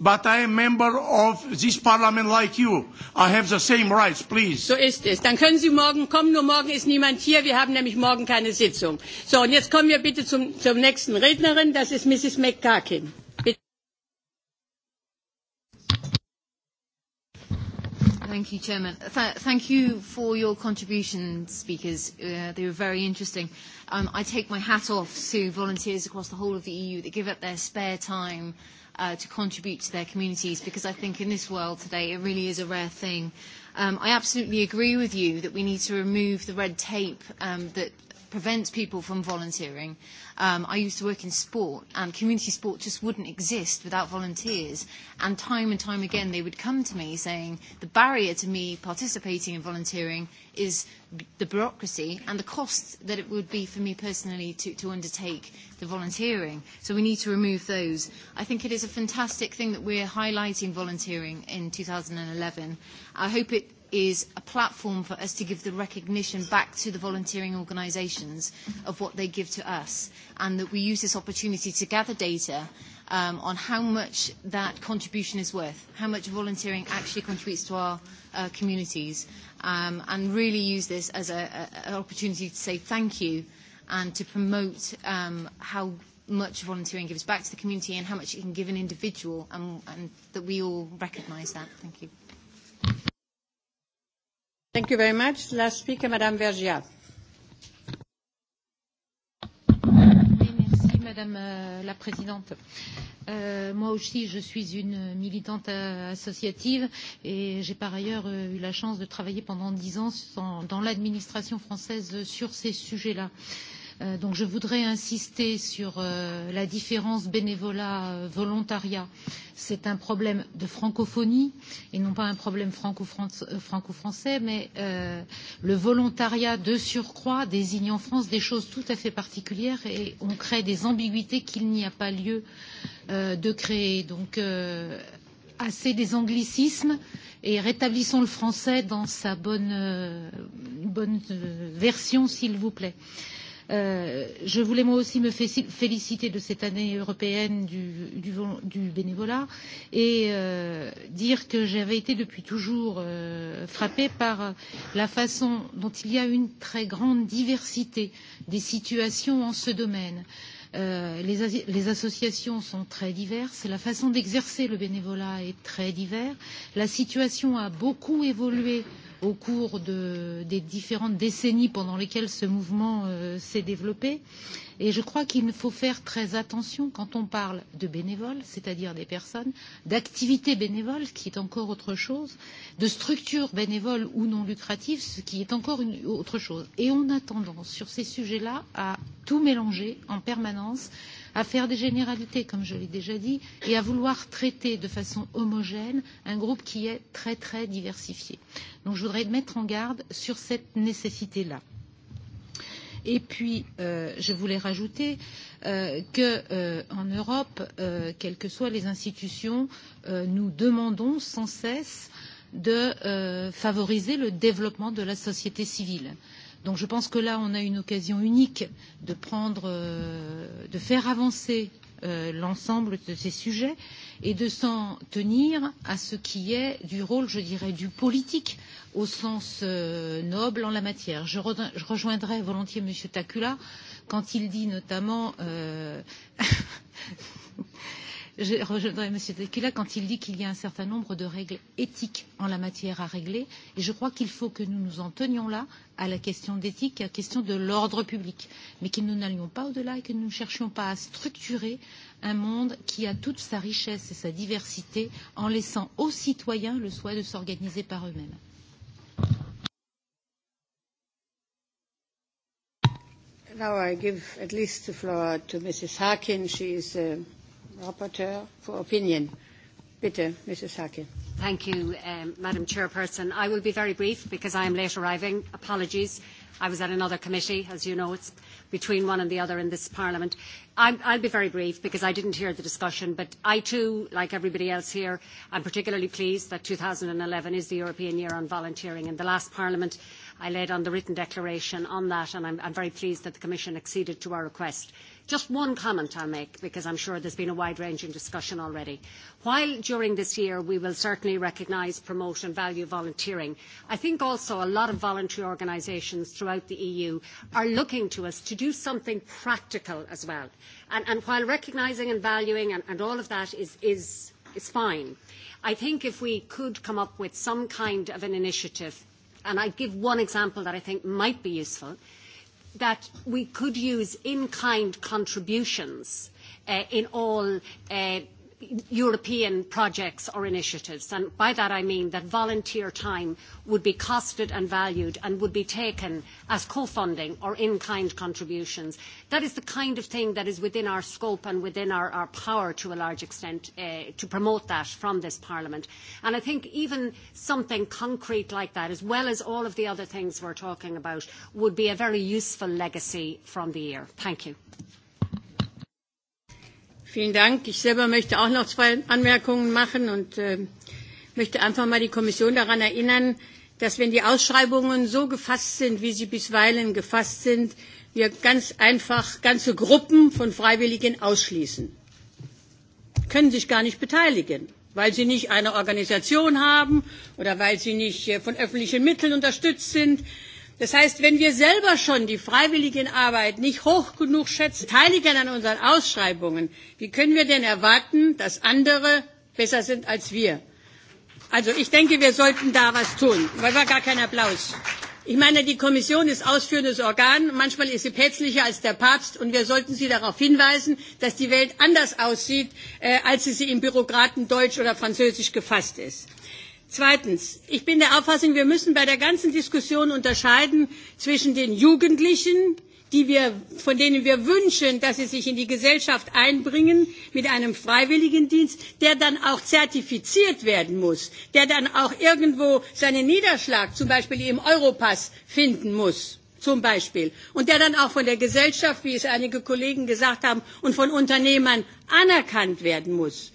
But I am member of this parliament like you. I have the same rights, please. So ist es. Dann können Sie morgen kommen, nur morgen ist niemand hier. Wir haben nämlich morgen keine Sitzung. So, und jetzt kommen wir bitte zum, zum nächsten Rednerin. Das ist Mrs. McCarkin. Thank you, Chairman. Th thank you for your contribution, speakers. Uh, they were very interesting. Um, I take my hat off to volunteers across the whole of the EU that give up their spare time uh, to contribute to their communities because I think in this world today it really is a rare thing. Um, I absolutely agree with you that we need to remove the red tape um, that prevents people from volunteering Um, I used to work in sport, and community sport just wouldn't exist without volunteers. And time and time again, they would come to me saying the barrier to me participating in volunteering is the bureaucracy and the cost that it would be for me personally to, to undertake the volunteering. So we need to remove those. I think it is a fantastic thing that we're highlighting volunteering in 2011. I hope it is a platform for us to give the recognition back to the volunteering organisations of what they give to us, and that we use this opportunity to gather data um, on how much that contribution is worth, how much volunteering actually contributes to our uh, communities, um, and really use this as a, a, an opportunity to say thank you and to promote um, how much volunteering gives back to the community and how much it can give an individual, and, um, and that we all recognise that. Thank you. Thank you very much. Last speaker, Madame Vergia. Oui, merci, Madame euh, la Présidente. Euh, moi aussi, je suis une militante euh, associative et j'ai par ailleurs euh, eu la chance de travailler pendant dix ans sans, dans l'administration française sur ces sujets-là. Euh, Euh, donc je voudrais insister sur euh, la différence bénévolat volontariat. C'est un problème de francophonie et non pas un problème euh, franco-français, mais euh, le volontariat de surcroît désigne en France des choses tout à fait particulières et on crée des ambiguïtés qu'il n'y a pas lieu euh, de créer. Donc euh, assez des anglicismes et rétablissons le français dans sa bonne, euh, bonne euh, version, s'il vous plaît. Euh, Euh, je voulais moi aussi me féliciter de cette année européenne du, du, du bénévolat et euh, dire que j'avais été depuis toujours euh, frappée par la façon dont il y a une très grande diversité des situations en ce domaine. Euh, les, les associations sont très diverses, la façon d'exercer le bénévolat est très diverse, la situation a beaucoup évolué euh, au cours de, des différentes décennies pendant lesquelles ce mouvement euh, s'est développé. Et je crois qu'il faut faire très attention quand on parle de bénévoles, c'est-à-dire des personnes, d'activités bénévoles, ce qui est encore autre chose, de structures bénévoles ou non lucratives, ce qui est encore une autre chose. Et on a tendance sur ces sujets-là à tout mélanger en permanence à faire des généralités, comme je l'ai déjà dit, et à vouloir traiter de façon homogène un groupe qui est très très diversifié. Donc je voudrais mettre en garde sur cette nécessité-là. Et puis, euh, je voulais rajouter euh, qu'en euh, Europe, euh, quelles que soient les institutions, euh, nous demandons sans cesse de euh, favoriser le développement de la société civile. Euh, Donc je pense que là, on a une occasion unique de prendre, euh, de faire avancer euh, l'ensemble de ces sujets et de s'en tenir à ce qui est du rôle, je dirais, du politique au sens euh, noble en la matière. Je, je rejoindrai volontiers M. Takula quand il dit notamment euh, [LAUGHS] Je rejoindrai M. Tequila quand il dit qu'il y a un certain nombre de règles éthiques en la matière à régler. Et je crois qu'il faut que nous nous en tenions là à la question d'éthique, à la question de l'ordre public, mais que nous n'allions pas au-delà et que nous ne cherchions pas à structurer un monde qui a toute sa richesse et sa diversité en laissant aux citoyens le soin de s'organiser par eux-mêmes. Now I give at least the floor to Mrs. Harkin. She is a uh Rapporteur for Opinion. Bitte, Mrs. Hake. Thank you, um, Madam Chairperson. I will be very brief because I am late arriving. Apologies. I was at another committee, as you know, it's between one and the other in this Parliament. I'm, I'll be very brief because I didn't hear the discussion, but I too, like everybody else here, am particularly pleased that 2011 is the European Year on Volunteering. In the last Parliament, I laid on the written declaration on that, and I'm, very pleased that the Commission acceded to our request. Just one comment I'll make, because I'm sure there's been a wide-ranging discussion already. While during this year we will certainly recognise, promote and value volunteering, I think also a lot of voluntary organisations throughout the EU are looking to us to do something practical as well. And, while recognising and valuing and, and all of that is, is, is fine, I think if we could come up with some kind of an initiative And I give one example that I think might be useful, that we could use in-kind contributions uh, in all uh, European projects or initiatives. And by that I mean that volunteer time would be costed and valued and would be taken as co-funding or in-kind contributions. That is the kind of thing that is within our scope and within our, our power to a large extent uh, to promote that from this Parliament. And I think even something concrete like that, as well as all of the other things we're talking about, would be a very useful legacy from the year. Thank you. Vielen Dank. Ich selber möchte auch noch zwei Anmerkungen machen und äh, möchte einfach mal die Kommission daran erinnern, dass wenn die Ausschreibungen so gefasst sind, wie sie bisweilen gefasst sind, wir ganz einfach ganze Gruppen von Freiwilligen ausschließen. Können sich gar nicht beteiligen, weil sie nicht eine Organisation haben oder weil sie nicht äh, von öffentlichen Mitteln unterstützt sind. Das heißt, wenn wir selber schon die freiwilligen Arbeit nicht hoch genug schätzen, Teiligen an unseren Ausschreibungen, wie können wir denn erwarten, dass andere besser sind als wir? Also ich denke, wir sollten da was tun. Weil war gar kein Applaus. Ich meine, die Kommission ist ausführendes Organ, manchmal ist sie päpstlicher als der Papst und wir sollten sie darauf hinweisen, dass die Welt anders aussieht, äh, als sie sie im Bürokraten Deutsch oder Französisch gefasst ist. Zweitens. Ich bin der Auffassung, wir müssen bei der ganzen Diskussion unterscheiden zwischen den Jugendlichen, die wir, von denen wir wünschen, dass sie sich in die Gesellschaft einbringen mit einem Freiwilligendienst, der dann auch zertifiziert werden muss, der dann auch irgendwo seinen Niederschlag, zum Beispiel im Europass, finden muss zum Beispiel, und der dann auch von der Gesellschaft, wie es einige Kollegen gesagt haben, und von Unternehmern anerkannt werden muss.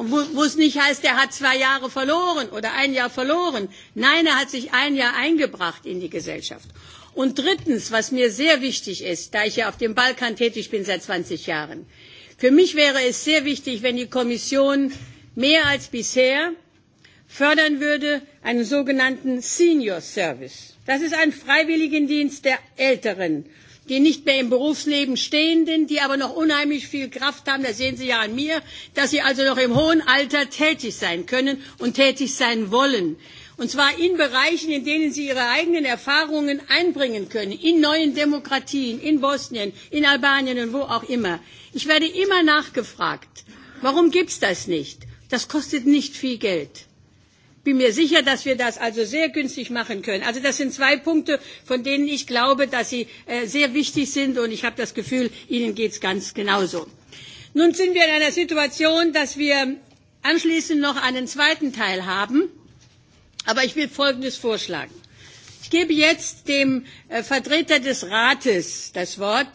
Und wo, wo es nicht heißt, er hat zwei Jahre verloren oder ein Jahr verloren. Nein, er hat sich ein Jahr eingebracht in die Gesellschaft. Und drittens, was mir sehr wichtig ist, da ich ja auf dem Balkan tätig bin seit 20 Jahren. Für mich wäre es sehr wichtig, wenn die Kommission mehr als bisher fördern würde, einen sogenannten Senior Service. Das ist ein Freiwilligendienst der Älteren die nicht mehr im Berufsleben stehenden, die aber noch unheimlich viel Kraft haben, das sehen Sie ja an mir, dass sie also noch im hohen Alter tätig sein können und tätig sein wollen. Und zwar in Bereichen, in denen sie ihre eigenen Erfahrungen einbringen können, in neuen Demokratien, in Bosnien, in Albanien und wo auch immer. Ich werde immer nachgefragt, warum gibt es das nicht? Das kostet nicht viel Geld bin mir sicher, dass wir das also sehr günstig machen können. Also das sind zwei Punkte, von denen ich glaube, dass sie äh, sehr wichtig sind und ich habe das Gefühl, Ihnen geht es ganz genauso. Nun sind wir in einer Situation, dass wir anschließend noch einen zweiten Teil haben, aber ich will Folgendes vorschlagen. Ich gebe jetzt dem äh, Vertreter des Rates das Wort,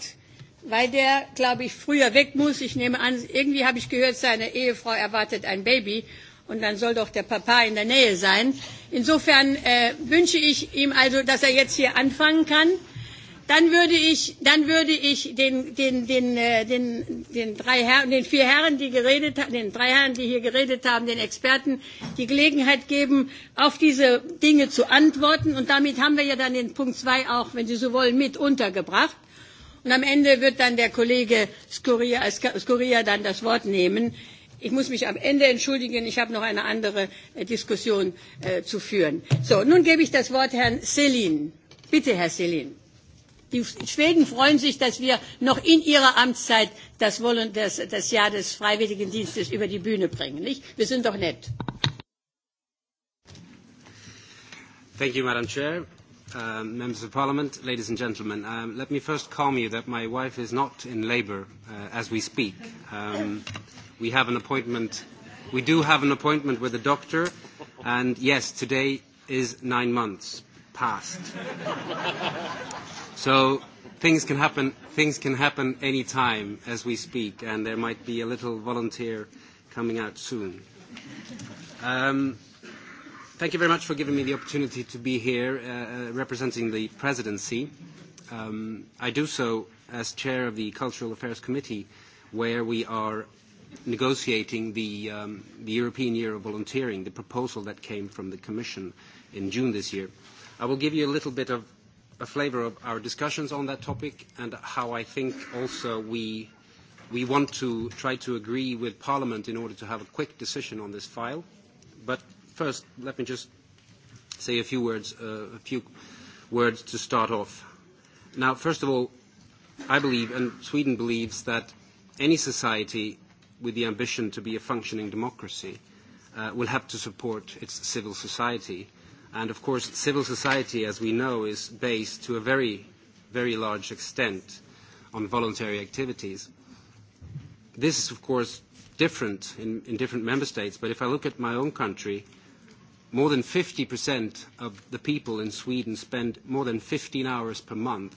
weil der, glaube ich, früher weg muss. Ich nehme an, irgendwie habe ich gehört, seine Ehefrau erwartet ein Baby und dann soll doch der Papa in der Nähe sein. Insofern äh, wünsche ich ihm also, dass er jetzt hier anfangen kann. Dann würde ich, dann würde ich den, den, den, äh, den, den, drei Herren, den vier Herren, die geredet haben, den drei Herren, die hier geredet haben, den Experten die Gelegenheit geben, auf diese Dinge zu antworten. Und damit haben wir ja dann den Punkt zwei auch, wenn Sie so wollen, mit untergebracht. Und am Ende wird dann der Kollege Skuria, Skuria dann das Wort nehmen Ich muss mich am Ende entschuldigen, ich habe noch eine andere äh, Diskussion äh, zu führen. So, nun gebe ich das Wort Herrn Selin. Bitte, Herr Selin. Die Schweden freuen sich, dass wir noch in ihrer Amtszeit das, das, das Jahr des Freiwilligendienstes über die Bühne bringen. Nicht? Wir sind doch nett. Thank you, Madam Chair. Uh, members of Parliament, ladies and gentlemen, um, let me first calm you that my wife is not in labour uh, as we speak. Um, we have an appointment. We do have an appointment with a doctor, and yes, today is nine months past. so things can happen. Things can happen any time as we speak, and there might be a little volunteer coming out soon. Um, thank you very much for giving me the opportunity to be here uh, uh representing the presidency. Um, I do so as chair of the Cultural Affairs Committee, where we are negotiating the, um, the European Year of Volunteering, the proposal that came from the Commission in June this year. I will give you a little bit of a flavor of our discussions on that topic and how I think also we, we want to try to agree with Parliament in order to have a quick decision on this file. But first, let me just say a few words, uh, a few words to start off. Now, first of all, I believe, and Sweden believes, that any society with the ambition to be a functioning democracy, uh, will have to support its civil society. And of course, civil society, as we know, is based to a very, very large extent on voluntary activities. This is, of course, different in, in different member states, but if I look at my own country, more than 50% of the people in Sweden spend more than 15 hours per month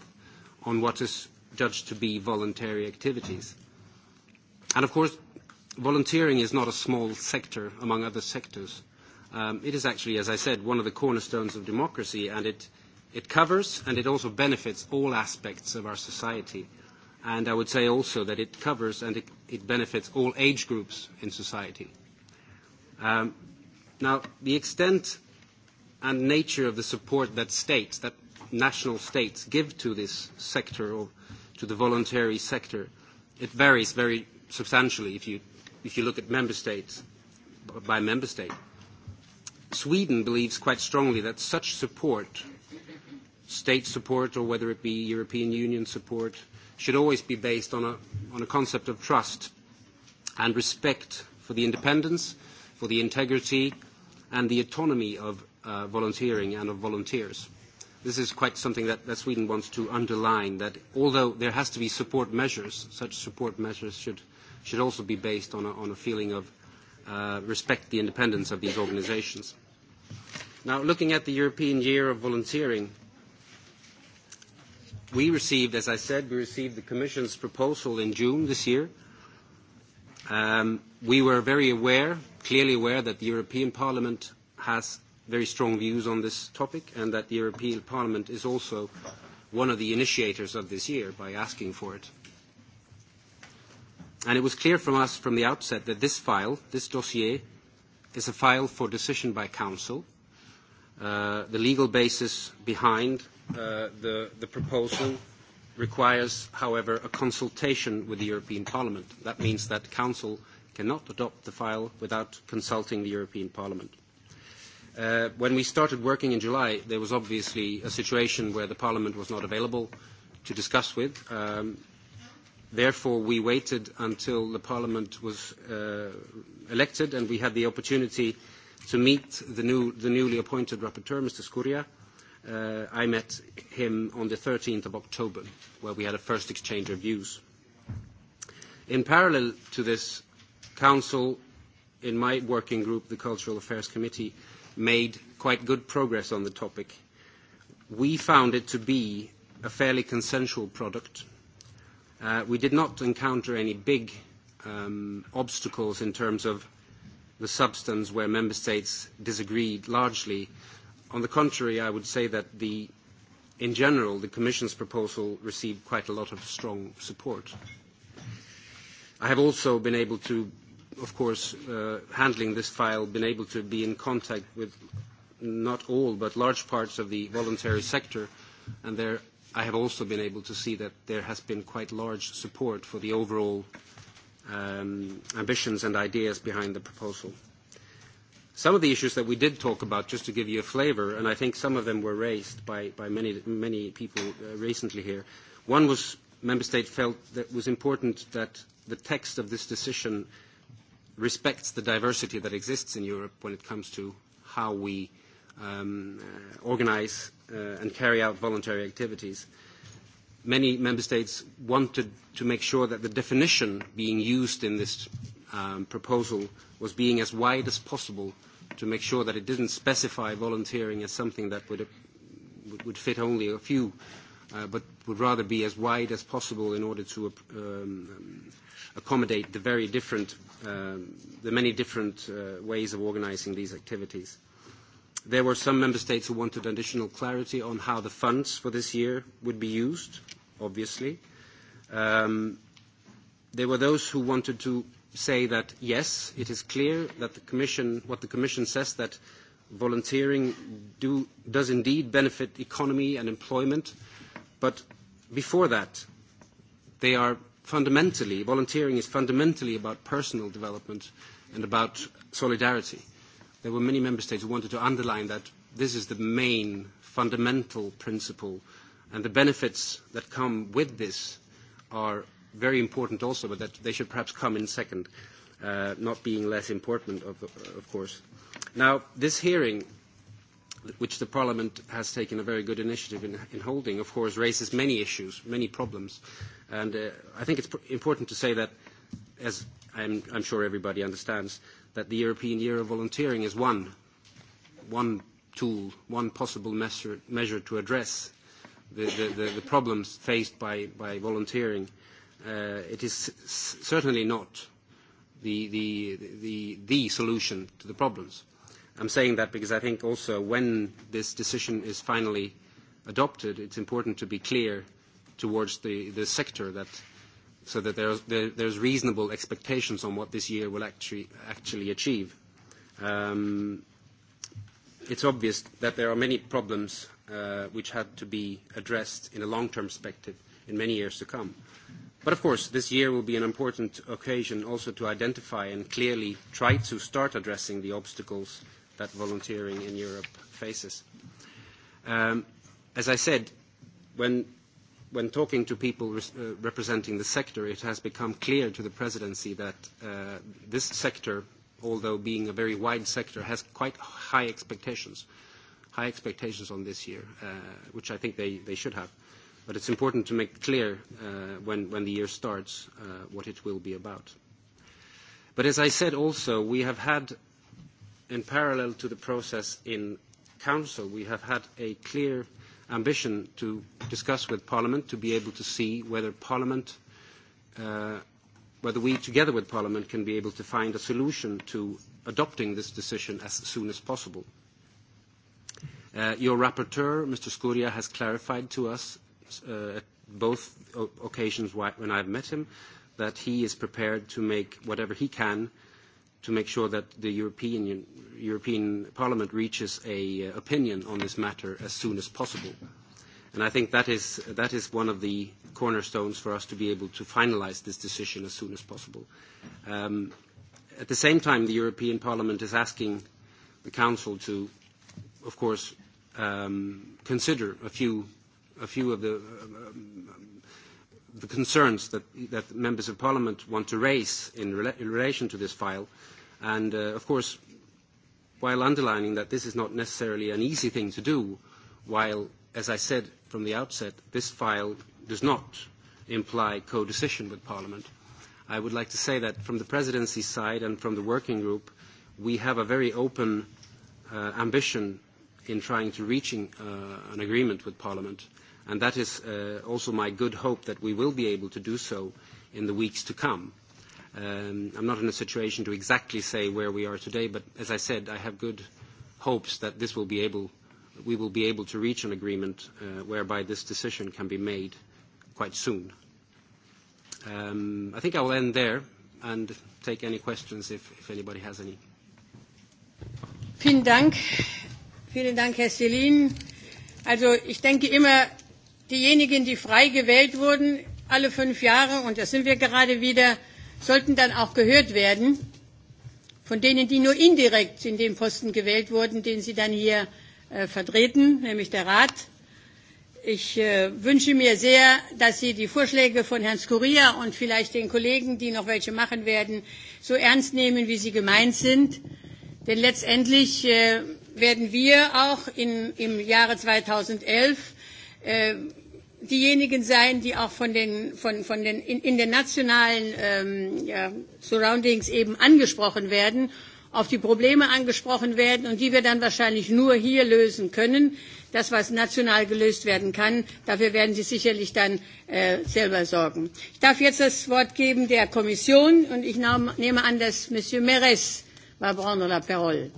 on what is judged to be voluntary activities. And of course, volunteering is not a small sector among other sectors. Um, it is actually, as I said, one of the cornerstones of democracy, and it, it covers and it also benefits all aspects of our society. And I would say also that it covers and it, it benefits all age groups in society. Um, now, the extent and nature of the support that states, that national states, give to this sector or to the voluntary sector, it varies very substantially if you if you look at member states by member state. Sweden believes quite strongly that such support, state support or whether it be European Union support, should always be based on a, on a concept of trust and respect for the independence, for the integrity and the autonomy of uh, volunteering and of volunteers. This is quite something that, that Sweden wants to underline, that although there has to be support measures, such support measures should – should also be based on a, on a feeling of uh, respect the independence of these organizations. Now, looking at the European Year of Volunteering, we received, as I said, we received the Commission's proposal in June this year. Um, we were very aware, clearly aware, that the European Parliament has very strong views on this topic and that the European Parliament is also one of the initiators of this year by asking for it. And it was clear from us from the outset that this file, this dossier, is a file for decision by Council. Uh, the legal basis behind uh, the, the proposal requires, however, a consultation with the European Parliament. That means that Council cannot adopt the file without consulting the European Parliament. Uh, when we started working in July, there was obviously a situation where the Parliament was not available to discuss with. Um, Therefore, we waited until the parliament was uh, elected, and we had the opportunity to meet the, new, the newly appointed rapporteur, Mr. Scuria. Uh, I met him on the 13th of October, where we had a first exchange of views. In parallel to this, Council, in my working group, the Cultural Affairs Committee, made quite good progress on the topic. We found it to be a fairly consensual product Uh, we did not encounter any big um, obstacles in terms of the substance where member states disagreed largely. On the contrary, I would say that in general, the Commission's proposal received quite a lot of strong support. I have also been able to, of course, uh, handling this file, been able to be in contact with not all, but large parts of the voluntary sector, and their I have also been able to see that there has been quite large support for the overall um, ambitions and ideas behind the proposal. Some of the issues that we did talk about, just to give you a flavor, and I think some of them were raised by, by many, many people uh, recently here. One was Member State felt that it was important that the text of this decision respects the diversity that exists in Europe when it comes to how we um, uh, organize uh, and carry out voluntary activities. Many member states wanted to make sure that the definition being used in this um, proposal was being as wide as possible to make sure that it didn't specify volunteering as something that would, would fit only a few, uh, but would rather be as wide as possible in order to um, accommodate the very different, um, the many different uh, ways of organizing these activities. There were some member states who wanted additional clarity on how the funds for this year would be used, obviously. Um, there were those who wanted to say that, yes, it is clear that the Commission, what the Commission says, that volunteering do, does indeed benefit economy and employment. But before that, they are fundamentally, volunteering is fundamentally about personal development and about solidarity there were many member states who wanted to underline that this is the main fundamental principle, and the benefits that come with this are very important also, but that they should perhaps come in second, uh, not being less important, of, of course. Now, this hearing, which the Parliament has taken a very good initiative in, in holding, of course, raises many issues, many problems, and uh, I think it's important to say that, as I'm, I'm sure everybody understands, uh, that the European Year of Volunteering is one, one tool, one possible measure, measure to address the, the, the, the problems faced by, by volunteering. Uh, it is certainly not the, the, the, the solution to the problems. I'm saying that because I think also when this decision is finally adopted, it's important to be clear towards the, the sector that so that there's, there, there's reasonable expectations on what this year will actually, actually achieve. Um, it's obvious that there are many problems uh, which had to be addressed in a long-term perspective in many years to come. But of course, this year will be an important occasion also to identify and clearly try to start addressing the obstacles that volunteering in Europe faces. Um, as I said, when when talking to people uh, representing the sector, it has become clear to the presidency that uh, this sector, although being a very wide sector, has quite high expectations, high expectations on this year, uh, which I think they, they should have. But it's important to make clear uh, when, when the year starts uh, what it will be about. But as I said also, we have had, in parallel to the process in Council, we have had a clear uh, ambition to discuss with Parliament to be able to see whether Parliament, uh, whether we together with Parliament can be able to find a solution to adopting this decision as soon as possible. Uh, your rapporteur, Mr. Scoria, has clarified to us uh, at both occasions when I've met him that he is prepared to make whatever he can uh, to make sure that the European, European Parliament reaches an uh, opinion on this matter as soon as possible. And I think that is, that is one of the cornerstones for us to be able to finalize this decision as soon as possible. Um, at the same time, the European Parliament is asking the Council to, of course, um, consider a few, a few of the um, the concerns that, that members of parliament want to raise in, rela in relation to this file. And uh, of course, while underlining that this is not necessarily an easy thing to do, while, as I said from the outset, this file does not imply co-decision with parliament, I would like to say that from the presidency side and from the working group, we have a very open uh, ambition in trying to reach uh, an agreement with parliament and that is uh, also my good hope that we will be able to do so in the weeks to come. Um, I'm not in a situation to exactly say where we are today, but as I said, I have good hopes that this will be able, we will be able to reach an agreement uh, whereby this decision can be made quite soon. Um, I think I will end there and take any questions if, if anybody has any. Vielen Dank. Vielen Dank, Herr Selin. Also ich denke immer, diejenigen, die frei gewählt wurden, alle fünf Jahre, und das sind wir gerade wieder, sollten dann auch gehört werden, von denen, die nur indirekt in den Posten gewählt wurden, den sie dann hier äh, vertreten, nämlich der Rat. Ich äh, wünsche mir sehr, dass Sie die Vorschläge von Herrn Scoria und vielleicht den Kollegen, die noch welche machen werden, so ernst nehmen, wie sie gemeint sind. Denn letztendlich äh, werden wir auch in, im Jahre 2011 äh, diejenigen sein, die auch von den, von, von den, in, in den nationalen ähm, ja, Surroundings eben angesprochen werden, auf die Probleme angesprochen werden und die wir dann wahrscheinlich nur hier lösen können. Das, was national gelöst werden kann, dafür werden Sie sicherlich dann äh, selber sorgen. Ich darf jetzt das Wort geben der Kommission und ich nahm, nehme an, dass Monsieur Meres va prendre la parole.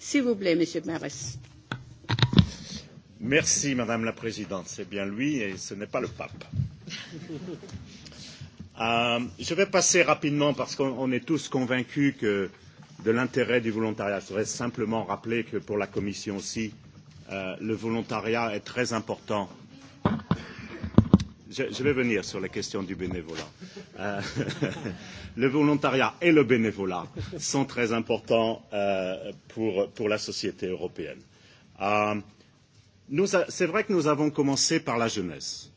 S'il vous plaît, Monsieur Meres. Merci, Madame la Présidente. C'est bien lui et ce n'est pas le pape. [LAUGHS] euh, je vais passer rapidement parce qu'on est tous convaincus que de l'intérêt du volontariat. Je voudrais simplement rappeler que pour la Commission aussi, euh, le volontariat est très important. Je, je vais venir sur la question du bénévolat. Euh, [LAUGHS] le volontariat et le bénévolat sont très importants euh, pour, pour la société européenne. Euh, c'est vrai que nous avons commencé par la jeunesse.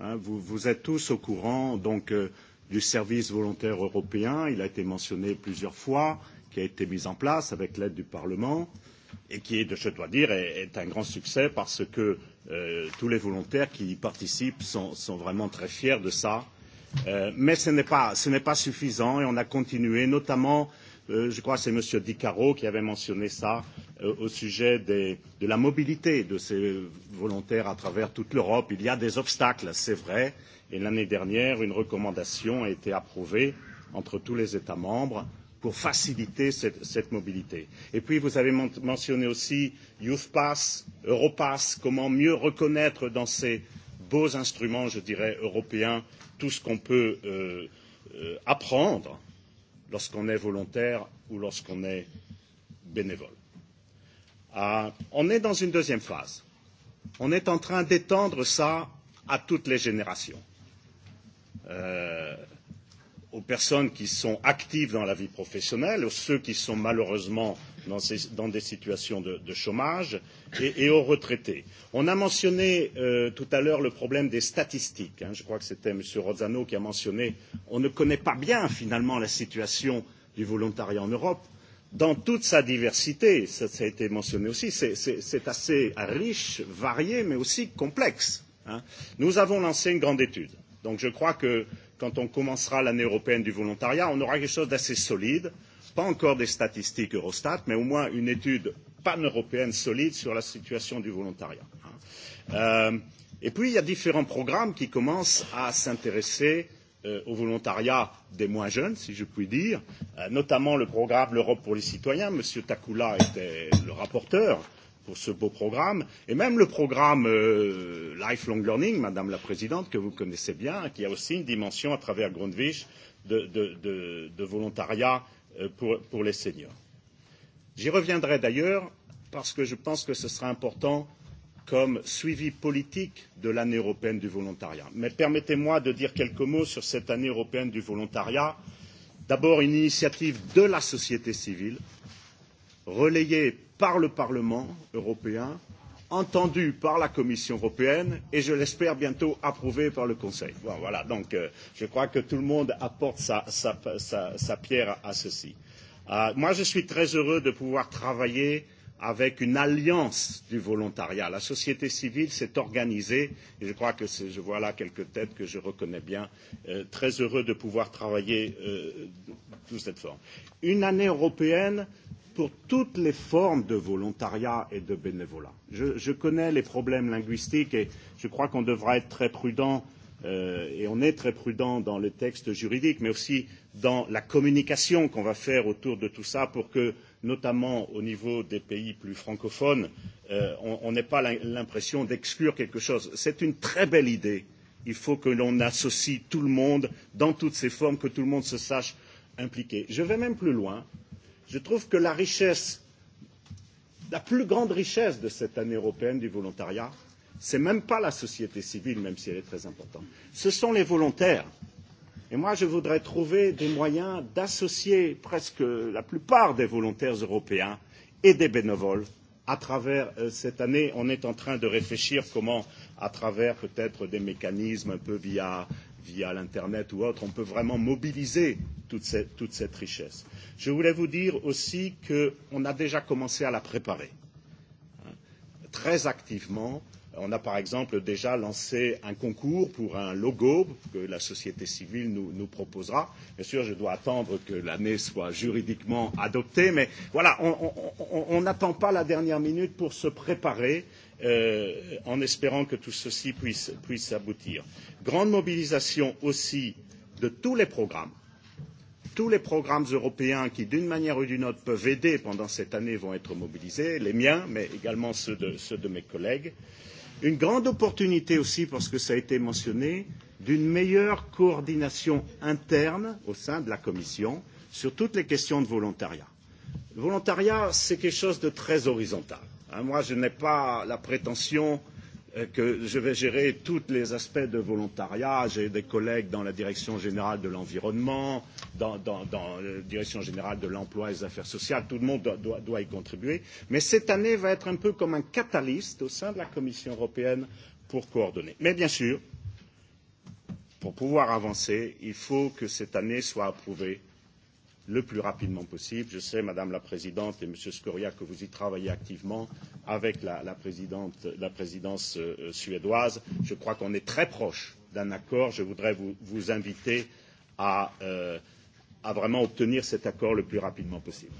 Hein, vous, vous êtes tous au courant donc euh, du service volontaire européen, il a été mentionné plusieurs fois, qui a été mis en place avec l'aide du Parlement et qui, est, je dois dire, est, est un grand succès parce que euh, tous les volontaires qui y participent sont, sont vraiment très fiers de ça. Euh, mais ce n'est pas, pas suffisant et on a continué, notamment, euh, je crois que c'est M. Di Caro qui avait mentionné ça, Euh, au sujet des, de la mobilité de ces volontaires à travers toute l'Europe. Il y a des obstacles, c'est vrai, et l'année dernière, une recommandation a été approuvée entre tous les États membres pour faciliter cette, cette mobilité. Et puis, vous avez mentionné aussi Youth Pass, Europass, comment mieux reconnaître dans ces beaux instruments, je dirais, européens, tout ce qu'on peut euh, euh, apprendre lorsqu'on est volontaire ou lorsqu'on est bénévole. Euh, on est dans une deuxième phase. On est en train d'étendre ça à toutes les générations, euh, aux personnes qui sont actives dans la vie professionnelle, aux ceux qui sont malheureusement dans, ces, dans des situations de, de chômage et, et aux retraités. On a mentionné euh, tout à l'heure le problème des statistiques. Hein, je crois que c'était M. Rozzano qui a mentionné on ne connaît pas bien finalement la situation du volontariat en Europe dans toute sa diversité, ça, ça a été mentionné aussi, c'est assez riche, varié, mais aussi complexe. Hein. Nous avons lancé une grande étude. Donc je crois que quand on commencera l'année européenne du volontariat, on aura quelque chose d'assez solide, pas encore des statistiques Eurostat, mais au moins une étude pan-européenne solide sur la situation du volontariat. Hein. Euh, et puis il y a différents programmes qui commencent à s'intéresser euh, euh, au volontariat des moins jeunes, si je puis dire, euh, notamment le programme L'Europe pour les citoyens. Monsieur Takula était le rapporteur pour ce beau programme, et même le programme euh, Lifelong Learning, Madame la Présidente, que vous connaissez bien, qui a aussi une dimension à travers Grundwisch de, de, de, de volontariat euh, pour, pour les seniors. J'y reviendrai d'ailleurs parce que je pense que ce sera important comme suivi politique de l'année européenne du volontariat. Mais permettez-moi de dire quelques mots sur cette année européenne du volontariat. D'abord, une initiative de la société civile, relayée par le Parlement européen, entendue par la Commission européenne et, je l'espère, bientôt approuvée par le Conseil. Bon, voilà, donc euh, je crois que tout le monde apporte sa, sa, sa, sa pierre à ceci. Euh, moi, je suis très heureux de pouvoir travailler euh, avec une alliance du volontariat. La société civile s'est organisée et je crois que je vois là quelques têtes que je reconnais bien, euh, très heureux de pouvoir travailler euh, sous cette forme. Une année européenne pour toutes les formes de volontariat et de bénévolat. Je, je connais les problèmes linguistiques et je crois qu'on devra être très prudent euh, et on est très prudent dans le texte juridique, mais aussi dans la communication qu'on va faire autour de tout ça pour que euh, notamment au niveau des pays plus francophones, euh, on n'ait pas l'impression d'exclure quelque chose. C'est une très belle idée. Il faut que l'on associe tout le monde dans toutes ses formes, que tout le monde se sache impliqué. Je vais même plus loin. Je trouve que la richesse, la plus grande richesse de cette année européenne du volontariat, ce n'est même pas la société civile, même si elle est très importante. Ce sont les volontaires Et moi, je voudrais trouver des moyens d'associer presque la plupart des volontaires européens et des bénévoles à travers euh, cette année, on est en train de réfléchir comment, à travers peut-être des mécanismes un peu via, via l'Internet ou autre, on peut vraiment mobiliser toute cette, toute cette richesse. Je voulais vous dire aussi qu'on a déjà commencé à la préparer très activement On a par exemple déjà lancé un concours pour un logo que la société civile nous, nous proposera. Bien sûr, je dois attendre que l'année soit juridiquement adoptée, mais voilà, on n'attend pas la dernière minute pour se préparer euh, en espérant que tout ceci puisse, puisse aboutir. Grande mobilisation aussi de tous les programmes. Tous les programmes européens qui, d'une manière ou d'une autre, peuvent aider pendant cette année vont être mobilisés, les miens, mais également ceux de, ceux de mes collègues. Une grande opportunité aussi, parce que ça a été mentionné, d'une meilleure coordination interne au sein de la Commission sur toutes les questions de volontariat. Le volontariat, c'est quelque chose de très horizontal. Hein, moi, je n'ai pas la prétention euh, Euh, que je vais gérer tous les aspects de volontariat. J'ai des collègues dans la direction générale de l'environnement, dans, dans, dans la direction générale de l'emploi et des affaires sociales. Tout le monde doit, doit, doit y contribuer. Mais cette année va être un peu comme un catalyste au sein de la Commission européenne pour coordonner. Mais bien sûr, pour pouvoir avancer, il faut que cette année soit approuvée le plus rapidement possible. Je sais, Madame la Présidente et Monsieur Scoria, que vous y travaillez activement avec la, la, présidente, la présidence euh, euh, suédoise. Je crois qu'on est très proche d'un accord. Je voudrais vous, vous inviter à, euh, à vraiment obtenir cet accord le plus rapidement possible.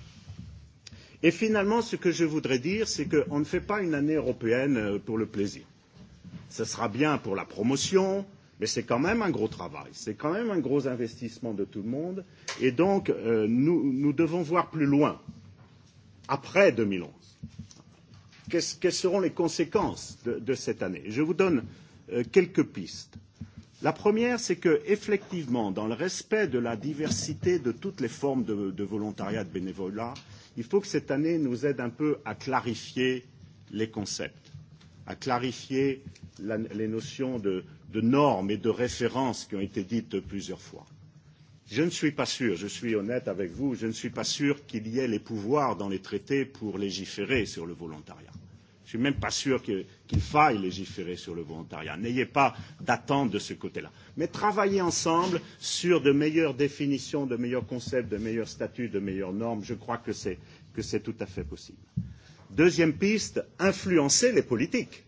Et finalement, ce que je voudrais dire, c'est qu'on ne fait pas une année européenne euh, pour le plaisir. Ce sera bien pour la promotion, Mais c'est quand même un gros travail, c'est quand même un gros investissement de tout le monde. Et donc, euh, nous, nous devons voir plus loin, après 2011. Qu quelles seront les conséquences de, de cette année Je vous donne euh, quelques pistes. La première, c'est que, effectivement, dans le respect de la diversité de toutes les formes de, de volontariat de bénévolat, il faut que cette année nous aide un peu à clarifier les concepts, à clarifier la, les notions de, de normes et de références qui ont été dites plusieurs fois. Je ne suis pas sûr, je suis honnête avec vous, je ne suis pas sûr qu'il y ait les pouvoirs dans les traités pour légiférer sur le volontariat. Je ne suis même pas sûr qu'il qu faille légiférer sur le volontariat. N'ayez pas d'attente de ce côté-là. Mais travaillez ensemble sur de meilleures définitions, de meilleurs concepts, de meilleurs statuts, de meilleures normes. Je crois que c'est tout à fait possible. Deuxième piste, influencer les politiques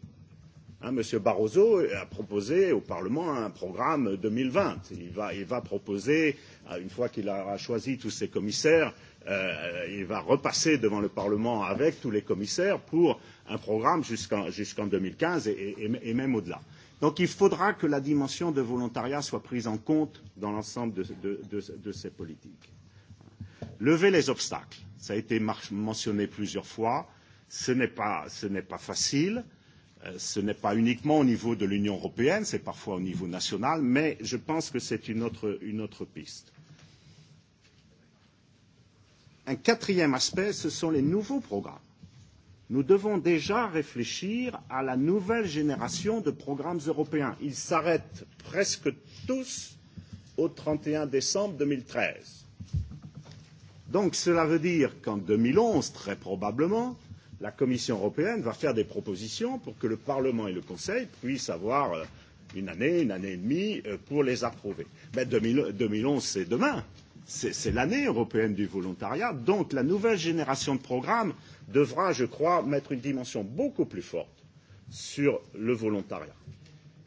Hein, M. Barroso a proposé au Parlement un programme 2020. Il va, il va proposer, euh, une fois qu'il aura choisi tous ses commissaires, euh, il va repasser devant le Parlement avec tous les commissaires pour un programme jusqu'en jusqu 2015 et, et, et même au-delà. Donc il faudra que la dimension de volontariat soit prise en compte dans l'ensemble de, de, de, de ces politiques. Lever les obstacles, ça a été mentionné plusieurs fois, ce n'est pas, pas facile. Euh, Euh, ce n'est pas uniquement au niveau de l'Union européenne, c'est parfois au niveau national, mais je pense que c'est une autre, une autre piste. Un quatrième aspect, ce sont les nouveaux programmes. Nous devons déjà réfléchir à la nouvelle génération de programmes européens. Ils s'arrêtent presque tous au 31 décembre 2013. Donc cela veut dire qu'en 2011, très probablement, la Commission européenne va faire des propositions pour que le Parlement et le Conseil puissent avoir euh, une année, une année et demie euh, pour les approuver. Mais 2000, 2011, c'est demain. C'est l'année européenne du volontariat. Donc la nouvelle génération de programmes devra, je crois, mettre une dimension beaucoup plus forte sur le volontariat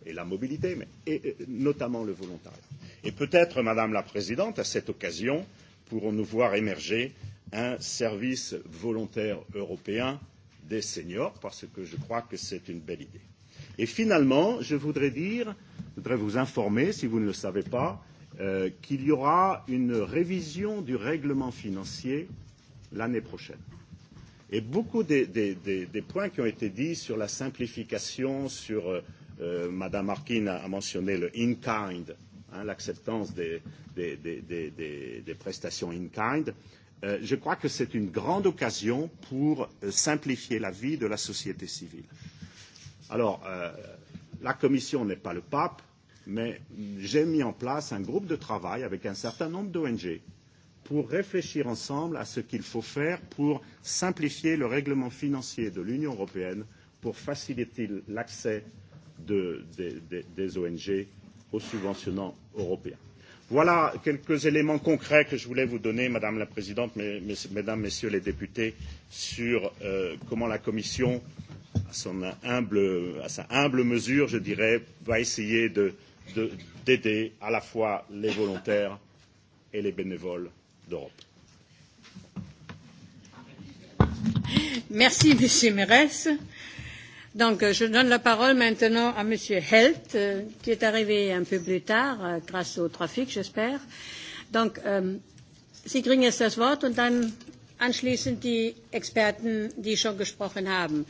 et la mobilité, mais et, et, notamment le volontariat. Et peut-être, Madame la Présidente, à cette occasion, pourrons-nous voir émerger un service volontaire européen des seniors, parce que je crois que c'est une belle idée. Et finalement, je voudrais dire, je voudrais vous informer, si vous ne le savez pas, euh, qu'il y aura une révision du règlement financier l'année prochaine. Et beaucoup des, des, des, des points qui ont été dits sur la simplification, sur euh, euh Madame Arkin a, a mentionné le in kind, hein, l'acceptance des, des, des, des, des, des prestations in kind, Euh, je crois que c'est une grande occasion pour euh, simplifier la vie de la société civile. Alors, euh, la Commission n'est pas le pape, mais j'ai mis en place un groupe de travail avec un certain nombre d'ONG pour réfléchir ensemble à ce qu'il faut faire pour simplifier le règlement financier de l'Union européenne pour faciliter l'accès de, de, de, des ONG aux subventionnements européens. Voilà quelques éléments concrets que je voulais vous donner, Madame la Présidente, mes, mes, Mesdames, Messieurs les députés, sur euh, comment la Commission, à, son humble, à sa humble mesure, je dirais, va essayer d'aider à la fois les volontaires et les bénévoles d'Europe. Merci, Monsieur Mérès. Donc, euh, je donne la parole maintenant à Monsieur Helt, euh, qui est arrivé un peu plus tard, euh, grâce au Traffic, j'espère. Donc, ähm, Sie kriegen jetzt das Wort und dann anschließend die Experten, die schon gesprochen haben.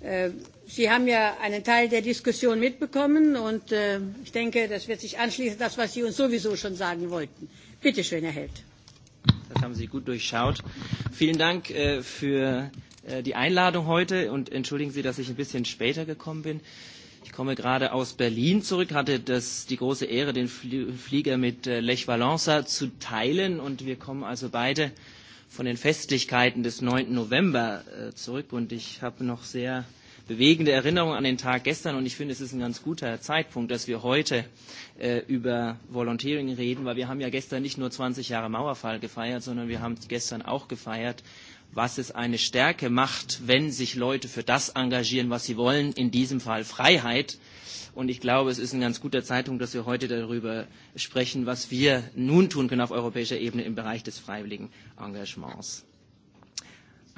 Äh, Sie haben ja einen Teil der Diskussion mitbekommen und äh, ich denke, das wird sich anschließen, das, was Sie uns sowieso schon sagen wollten. Bitte schön, Herr Held. Das haben Sie gut durchschaut. Vielen Dank äh, für Äh, die Einladung heute und entschuldigen Sie, dass ich ein bisschen später gekommen bin. Ich komme gerade aus Berlin zurück, hatte das, die große Ehre, den Flieger mit äh, Lech Walesa zu teilen und wir kommen also beide von den Festlichkeiten des 9. November äh, zurück und ich habe noch sehr bewegende Erinnerungen an den Tag gestern und ich finde, es ist ein ganz guter Zeitpunkt, dass wir heute äh, über Volunteering reden, weil wir haben ja gestern nicht nur 20 Jahre Mauerfall gefeiert, sondern wir haben gestern auch gefeiert, was es eine Stärke macht, wenn sich Leute für das engagieren, was sie wollen, in diesem Fall Freiheit. Und ich glaube, es ist ein ganz guter Zeitpunkt, dass wir heute darüber sprechen, was wir nun tun können auf europäischer Ebene im Bereich des freiwilligen Engagements.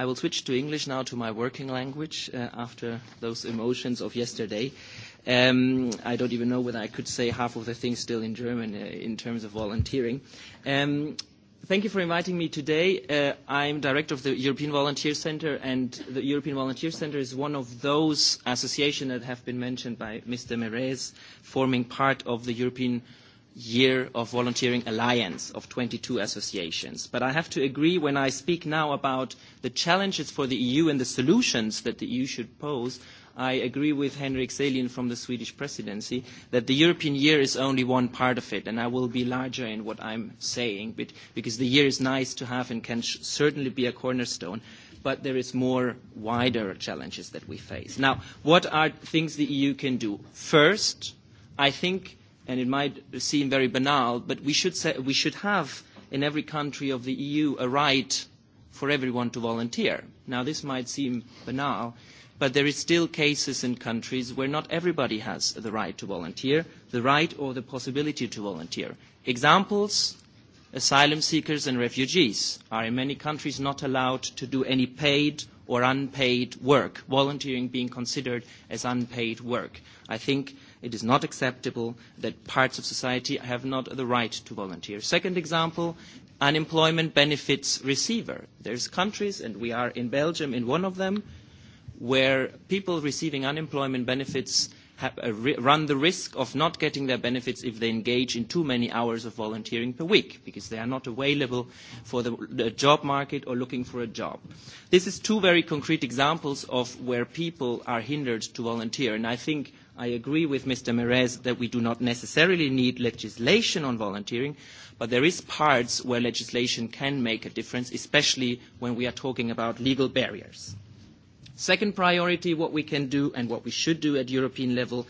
I will switch to English now to my working language uh, after those emotions of yesterday. Um, I don't even know whether I could say half of the things still in German uh, in terms of volunteering. Um, Thank you for inviting me today. Uh, I'm director of the European Volunteer Center, and the European Volunteer Center is one of those associations that have been mentioned by Mr. Merez, forming part of the European Year of Volunteering Alliance of 22 associations. But I have to agree when I speak now about the challenges for the EU and the solutions that the EU should pose, I agree with Henrik Salin from the Swedish presidency that the European year is only one part of it, and I will be larger in what I'm saying, but, because the year is nice to have and can certainly be a cornerstone, but there is more wider challenges that we face. Now, what are things the EU can do? First, I think, and it might seem very banal, but we should, say, we should have in every country of the EU a right for everyone to volunteer. Now, this might seem banal, but there are still cases in countries where not everybody has the right to volunteer, the right or the possibility to volunteer. Examples, asylum seekers and refugees are in many countries not allowed to do any paid or unpaid work, volunteering being considered as unpaid work. I think it is not acceptable that parts of society have not the right to volunteer. Second example, unemployment benefits receiver. There's countries, and we are in Belgium in one of them, where people receiving unemployment benefits have, uh, run the risk of not getting their benefits if they engage in too many hours of volunteering per week because they are not available for the, the job market or looking for a job. This is two very concrete examples of where people are hindered to volunteer, and I think I agree with Mr. Merez that we do not necessarily need legislation on volunteering, but there is parts where legislation can make a difference, especially when we are talking about legal barriers. Second priority, what we can do and what we should do at European level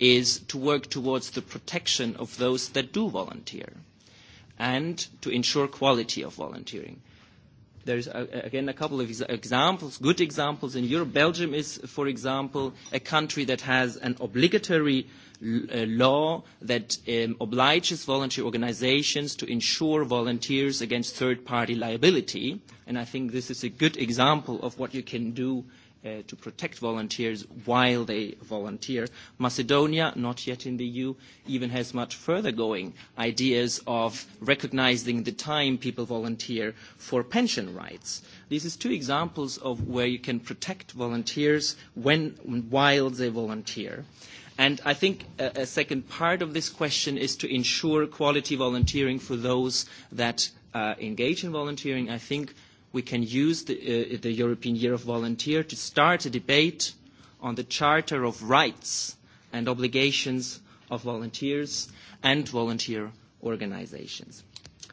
is to work towards the protection of those that do volunteer and to ensure quality of volunteering. There's, uh, uh, again, a couple of examples, good examples in Europe. Belgium is, for example, a country that has an obligatory uh, law that um, obliges voluntary organizations to insure volunteers against third-party liability. And I think this is a good example of what you can do uh, to protect volunteers while they volunteer. Macedonia, not yet in the EU, even has much further going ideas of recognizing the time people volunteer for pension rights. This is two examples of where you can protect volunteers when, while they volunteer. And I think a, a second part of this question is to ensure quality volunteering for those that uh, engage in volunteering. I think we can use the, uh, the European Year of Volunteer to start a debate on the Charter of Rights and Obligations of Volunteers and volunteer organizations.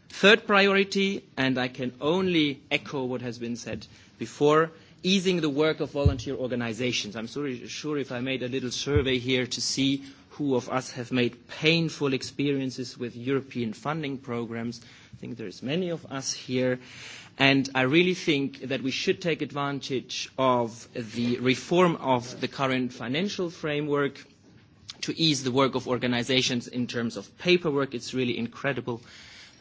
Third priority, and I can only echo what has been said before, easing the work of volunteer organizations. I'm sorry, sure if I made a little survey here to see who of us have made painful experiences with European funding programs. I think there's many of us here. And I really think that we should take advantage of the reform of the current financial framework to ease the work of organizations in terms of paperwork. It's really incredible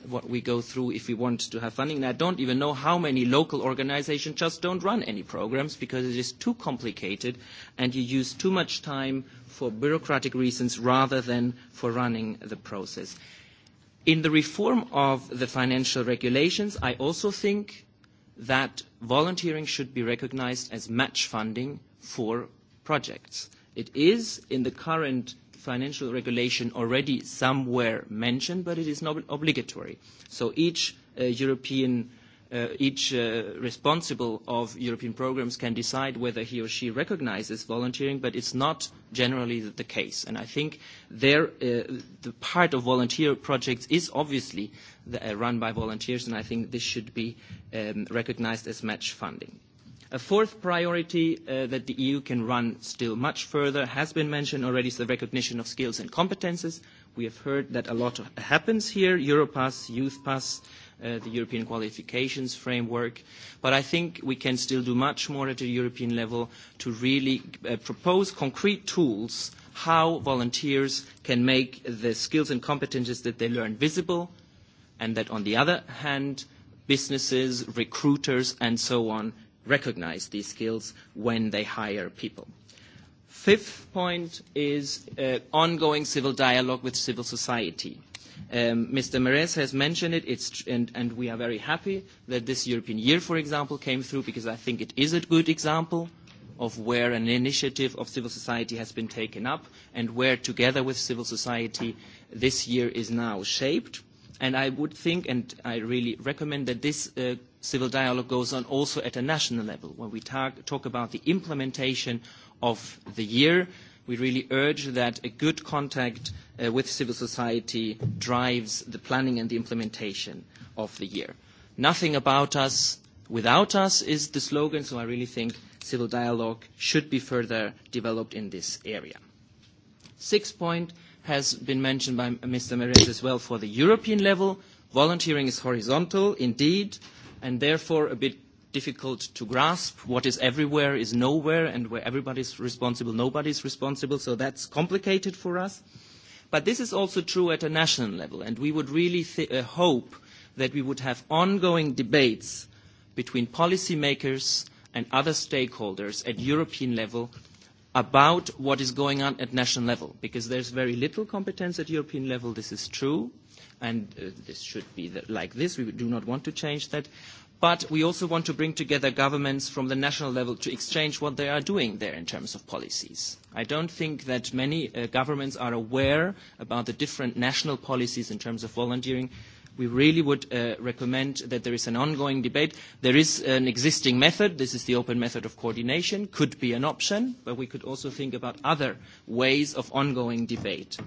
what we go through if we want to have funding. And I don't even know how many local organizations just don't run any programs because it is too complicated and you use too much time for bureaucratic reasons rather than for running the process. In the reform of the financial regulations, I also think that volunteering should be recognized as match funding for projects. It is in the current financial regulation already somewhere mentioned, but it is not obligatory. So each uh, European uh, each uh, responsible of European programs can decide whether he or she recognizes volunteering, but it's not generally the case. And I think there, uh, the part of volunteer projects is obviously the, uh, run by volunteers, and I think this should be um, recognized as match funding. A fourth priority uh, that the EU can run still much further has been mentioned already is the recognition of skills and competences. We have heard that a lot of, happens here, Europass, YouthPass, Uh, the European qualifications framework. But I think we can still do much more at a European level to really uh, propose concrete tools how volunteers can make the skills and competences that they learn visible and that on the other hand businesses, recruiters and so on recognize these skills when they hire people. Fifth point is uh, ongoing civil dialogue with civil society. Mr. Um, Meres has mentioned it, it's, and, and we are very happy that this European Year, for example, came through because I think it is a good example of where an initiative of civil society has been taken up and where, together with civil society, this year is now shaped. And I would think, and I really recommend that this uh, civil dialogue goes on also at a national level, when we talk about the implementation of the year, we really urge that a good contact uh, with civil society drives the planning and the implementation of the year. Nothing about us without us is the slogan, so I really think civil dialogue should be further developed in this area. Sixth point has been mentioned by Mr. Merez as well for the European level. Volunteering is horizontal indeed, and therefore a bit difficult to grasp. What is everywhere is nowhere, and where everybody's responsible, nobody's responsible. So that's complicated for us. But this is also true at a national level, and we would really th- uh, hope that we would have ongoing debates between policymakers and other stakeholders at European level about what is going on at national level, because there's very little competence at European level, this is true, and uh, this should be the, like this, we do not want to change that, But we also want to bring together governments from the national level to exchange what they are doing there in terms of policies. I don't think that many uh, governments are aware about the different national policies in terms of volunteering we really would uh, recommend that there is an ongoing debate. There is an existing method. This is the open method of coordination. Could be an option, but we could also think about other ways of ongoing debate.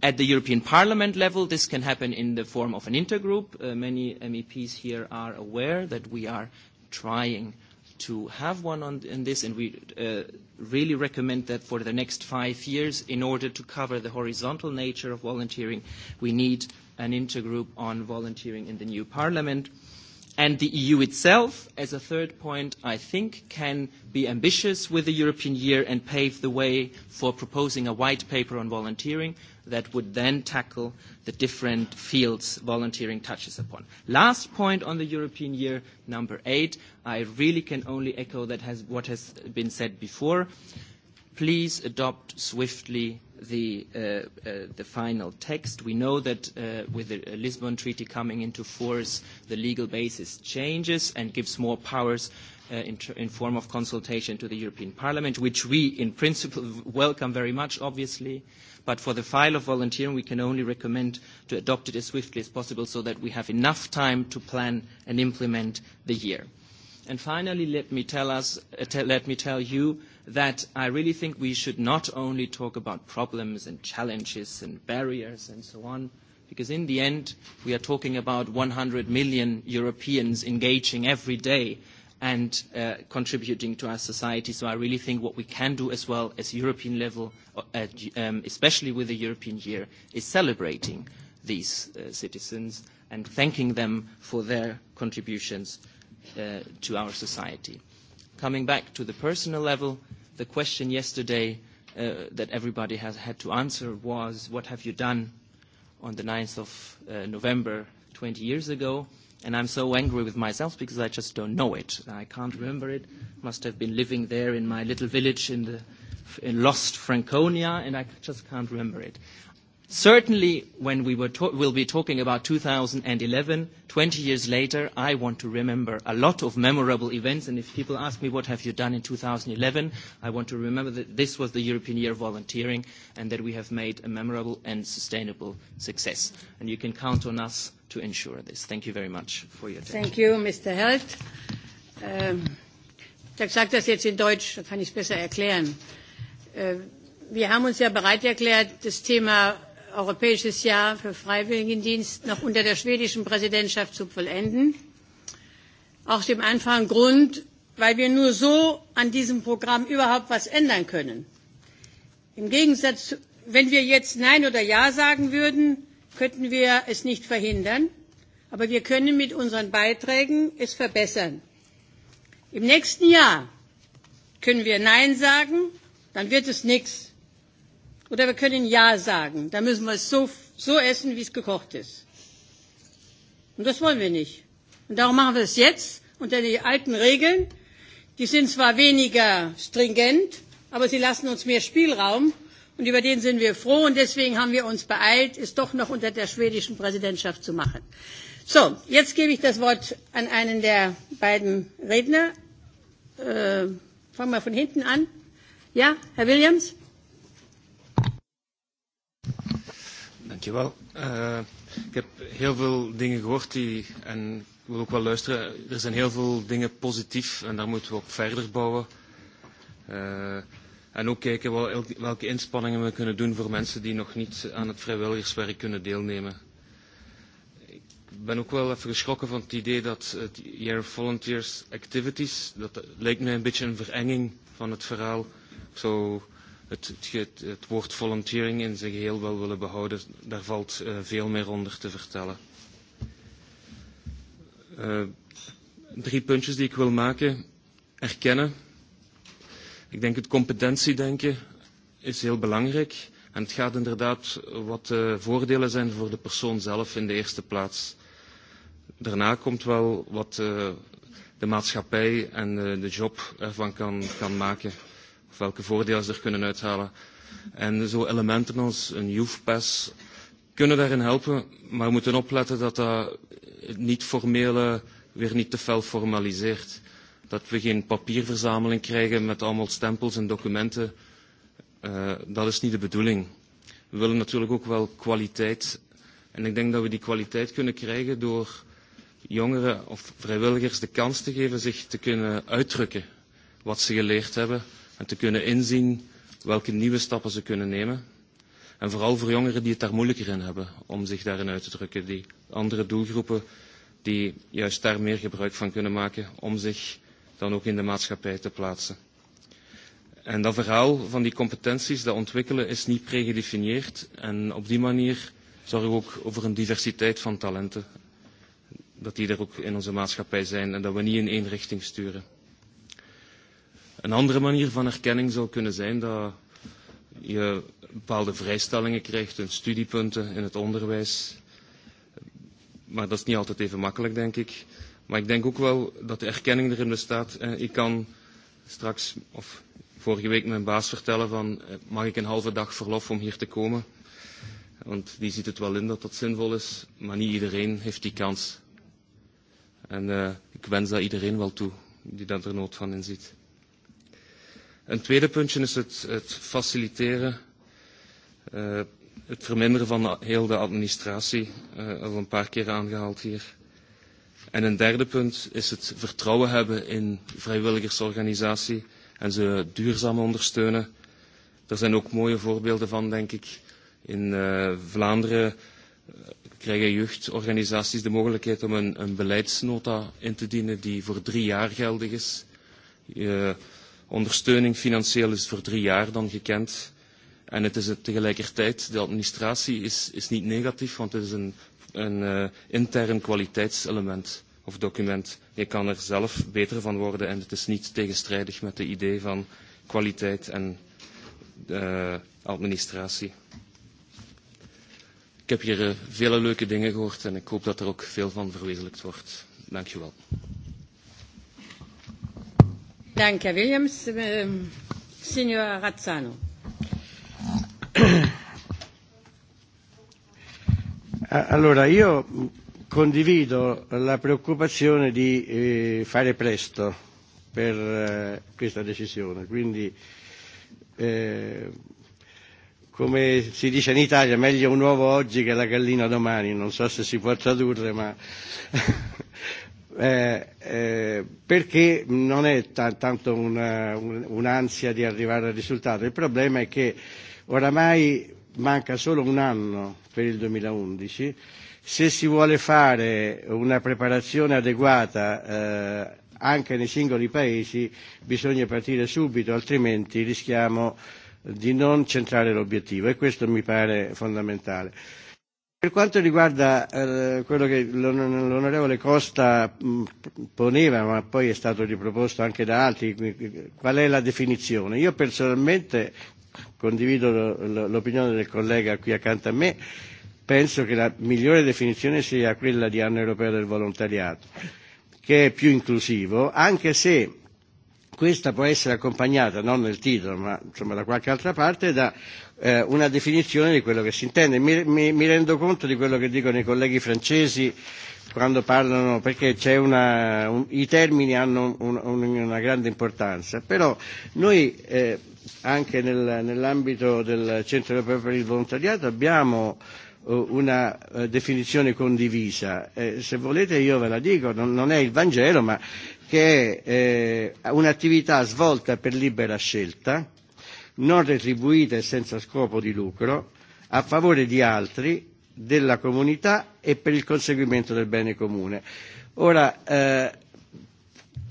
At the European Parliament level, this can happen in the form of an intergroup. Uh, many MEPs here are aware that we are trying to have one on in this, and we uh, really recommend that for the next five years, in order to cover the horizontal nature of volunteering, we need an intergroup on volunteering in the new Parliament. And the EU itself, as a third point, I think, can be ambitious with the European year and pave the way for proposing a white paper on volunteering that would then tackle the different fields volunteering touches upon. Last point on the European year, number eight, I really can only echo that has, what has been said before. Please adopt swiftly the, uh, uh, the final text. We know that uh, with the Lisbon Treaty coming into force, the legal basis changes and gives more powers uh, in, in form of consultation to the European Parliament, which we in principle [LAUGHS] welcome very much, obviously. But for the file of volunteering, we can only recommend to adopt it as swiftly as possible so that we have enough time to plan and implement the year. And finally, let me tell, us, uh, let me tell you that I really think we should not only talk about problems and challenges and barriers and so on, because in the end, we are talking about 100 million Europeans engaging every day and uh, contributing to our society. So I really think what we can do as well as European level, uh, um, especially with the European year, is celebrating these uh, citizens and thanking them for their contributions uh, to our society. Coming back to the personal level, the question yesterday uh, that everybody has had to answer was, what have you done on the 9th of uh, November 20 years ago? And I'm so angry with myself because I just don't know it. I can't remember it. Must have been living there in my little village in the in lost Franconia, and I just can't remember it. Certainly, when we were to- will be talking about 2011, 20 years later, I want to remember a lot of memorable events. And if people ask me, what have you done in 2011, I want to remember that this was the European Year of Volunteering and that we have made a memorable and sustainable success. And you can count on us to ensure this. Thank you very much for your time. Thank you, Mr. Held. Ähm, ich habe gesagt, das jetzt in Deutsch, dann kann ich es besser erklären. Äh, wir haben uns ja bereit erklärt, das Thema Europäisches Jahr für Freiwilligendienst noch unter der schwedischen Präsidentschaft zu vollenden. Aus dem einfachen Grund, weil wir nur so an diesem Programm überhaupt was ändern können. Im Gegensatz, wenn wir jetzt Nein oder Ja sagen würden, könnten wir es nicht verhindern, aber wir können mit unseren Beiträgen es verbessern. Im nächsten Jahr können wir Nein sagen, dann wird es nichts. Oder wir können Ja sagen. Da müssen wir es so, so essen, wie es gekocht ist. Und das wollen wir nicht. Und darum machen wir es jetzt unter die alten Regeln. Die sind zwar weniger stringent, aber sie lassen uns mehr Spielraum. Und über den sind wir froh. Und deswegen haben wir uns beeilt, es doch noch unter der schwedischen Präsidentschaft zu machen. So, jetzt gebe ich das Wort an einen der beiden Redner. Äh, fangen wir von hinten an. Ja, Herr Williams? Dankjewel. Uh, ik heb heel veel dingen gehoord die, en ik wil ook wel luisteren. Er zijn heel veel dingen positief en daar moeten we op verder bouwen. Uh, en ook kijken wel, welke inspanningen we kunnen doen voor mensen die nog niet aan het vrijwilligerswerk kunnen deelnemen. Ik ben ook wel even geschrokken van het idee dat het Year of Volunteers Activities, dat lijkt mij een beetje een verenging van het verhaal. Ik zou het, het, het het woord volunteering in zijn geheel wel willen behouden, daar valt uh, veel meer onder te vertellen. Uh, drie puntjes die ik wil maken. Erkennen. Ik denk het competentiedenken is heel belangrijk. En het gaat inderdaad wat de eh, voordelen zijn voor de persoon zelf in de eerste plaats. Daarna komt wel wat de maatschappij en de job ervan kan, kan maken welke voordelen ze er kunnen uithalen. En zo elementen als een youth pass kunnen daarin helpen, maar we moeten opletten dat dat het niet-formele weer niet te fel formaliseert. Dat we geen papierverzameling krijgen met allemaal stempels en documenten. Uh, dat is niet de bedoeling. We willen natuurlijk ook wel kwaliteit. En ik denk dat we die kwaliteit kunnen krijgen door jongeren of vrijwilligers de kans te geven zich te kunnen uitdrukken wat ze geleerd hebben en te kunnen inzien welke nieuwe stappen ze kunnen nemen. En vooral voor jongeren die het daar moeilijker in hebben om zich daarin uit te drukken. Die andere doelgroepen die juist daar meer gebruik van kunnen maken om zich dan ook in de maatschappij te plaatsen. En dat verhaal van die competenties, dat ontwikkelen, is niet pregedefinieerd. En op die manier zorgen we ook over een diversiteit van talenten. Dat die er ook in onze maatschappij zijn en dat we niet in één richting sturen. Een andere manier van erkenning zou kunnen zijn dat je bepaalde vrijstellingen krijgt en studiepunten in het onderwijs. Maar dat is niet altijd even makkelijk, denk ik. Maar ik denk ook wel dat de erkenning erin bestaat. Ik kan straks, of vorige week, mijn baas vertellen van... Eh, mag ik een halve dag verlof om hier te komen? Want die ziet het wel in dat dat zinvol is. Maar niet iedereen heeft die kans. En uh, ik wens dat iedereen wel toe die dat er nood van inziet. Een tweede puntje is het, het faciliteren, uh, het verminderen van de, heel de administratie, uh, al een paar keer aangehaald hier. En een derde punt is het vertrouwen hebben in vrijwilligersorganisatie en ze duurzaam ondersteunen. Er zijn ook mooie voorbeelden van, denk ik. In uh, Vlaanderen krijgen jeugdorganisaties de mogelijkheid om een, een beleidsnota in te dienen die voor drie jaar geldig is. Je, uh, Ondersteuning financieel is voor drie jaar dan gekend. En het is het tegelijkertijd, de administratie is, is niet negatief, want het is een, een uh, intern kwaliteitselement of document. Je kan er zelf beter van worden en het is niet tegenstrijdig met de idee van kwaliteit en uh, administratie. Ik heb hier uh, vele leuke dingen gehoord en ik hoop dat er ook veel van verwezenlijkt wordt. Dank je wel. Ähm, allora, io condivido la preoccupazione di eh, fare presto per eh, questa decisione. Quindi, eh, come si dice in Italia, meglio un uovo oggi che la gallina domani. Non so se si può tradurre, ma [LAUGHS] eh, eh, perché non è t- tanto una, un, un'ansia di arrivare al risultato, il problema è che oramai manca solo un anno per il 2011, se si vuole fare una preparazione adeguata eh, anche nei singoli paesi bisogna partire subito, altrimenti rischiamo di non centrare l'obiettivo e questo mi pare fondamentale. Per quanto riguarda eh, quello che l'onorevole Costa mh, mm, poneva, ma poi è stato riproposto anche da altri, qual è la definizione? Io personalmente condivido l'opinione del collega qui accanto a me, penso che la migliore definizione sia quella di anno europeo del volontariato, che è più inclusivo, anche se questa può essere accompagnata, non nel titolo, ma insomma da qualche altra parte, da eh, una definizione di quello che si intende. Mi, mi, mi rendo conto di quello che dicono i colleghi francesi quando parlano, perché c'è una, un, i termini hanno un, un, una grande importanza, però noi eh, anche nel, nell'ambito del Centro Europeo per il Volontariato abbiamo eh, una eh, definizione condivisa. Eh, se volete io ve la dico, non, non è il Vangelo, ma che è eh, un'attività svolta per libera scelta, non retribuite senza scopo di lucro a favore di altri, della comunità e per il conseguimento del bene comune. Ora, eh,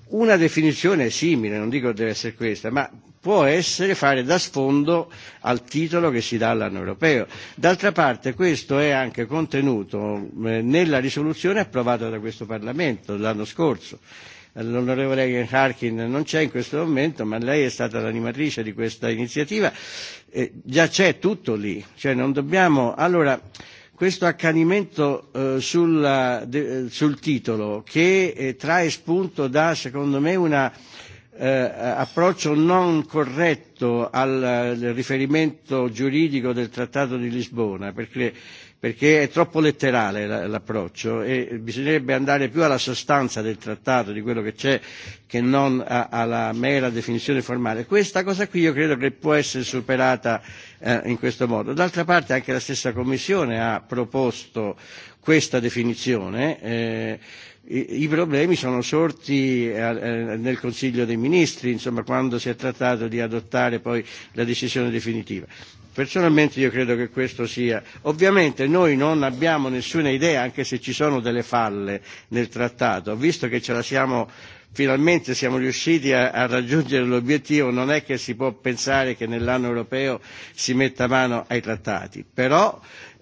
una definizione è simile, non dico che deve essere questa, ma può essere fare da sfondo al titolo che si dà all'anno europeo. D'altra parte questo è anche contenuto eh, nella risoluzione approvata da questo Parlamento l'anno scorso l'onorevole Egan Harkin non c'è in questo momento, ma lei è stata l'animatrice di questa iniziativa, eh, già c'è tutto lì, cioè non dobbiamo... Allora, questo accanimento eh, sulla, de, sul titolo che eh, trae spunto da, secondo me, un eh, approccio non corretto al, al riferimento giuridico del Trattato di Lisbona, perché perché è troppo letterale l'approccio e bisognerebbe andare più alla sostanza del trattato, di quello che c'è, che non a, alla mera definizione formale. Questa cosa qui io credo che può essere superata eh, in questo modo. D'altra parte anche la stessa Commissione ha proposto questa definizione. Eh, i, problemi sono sorti eh, eh, nel Consiglio dei Ministri, insomma, quando si è trattato di adottare poi la decisione definitiva. Personalmente io credo che questo sia. Ovviamente noi non abbiamo nessuna idea, anche se ci sono delle falle nel trattato, visto che ce la siamo finalmente siamo riusciti a, a raggiungere l'obiettivo, non è che si può pensare che nell'anno europeo si metta mano ai trattati, però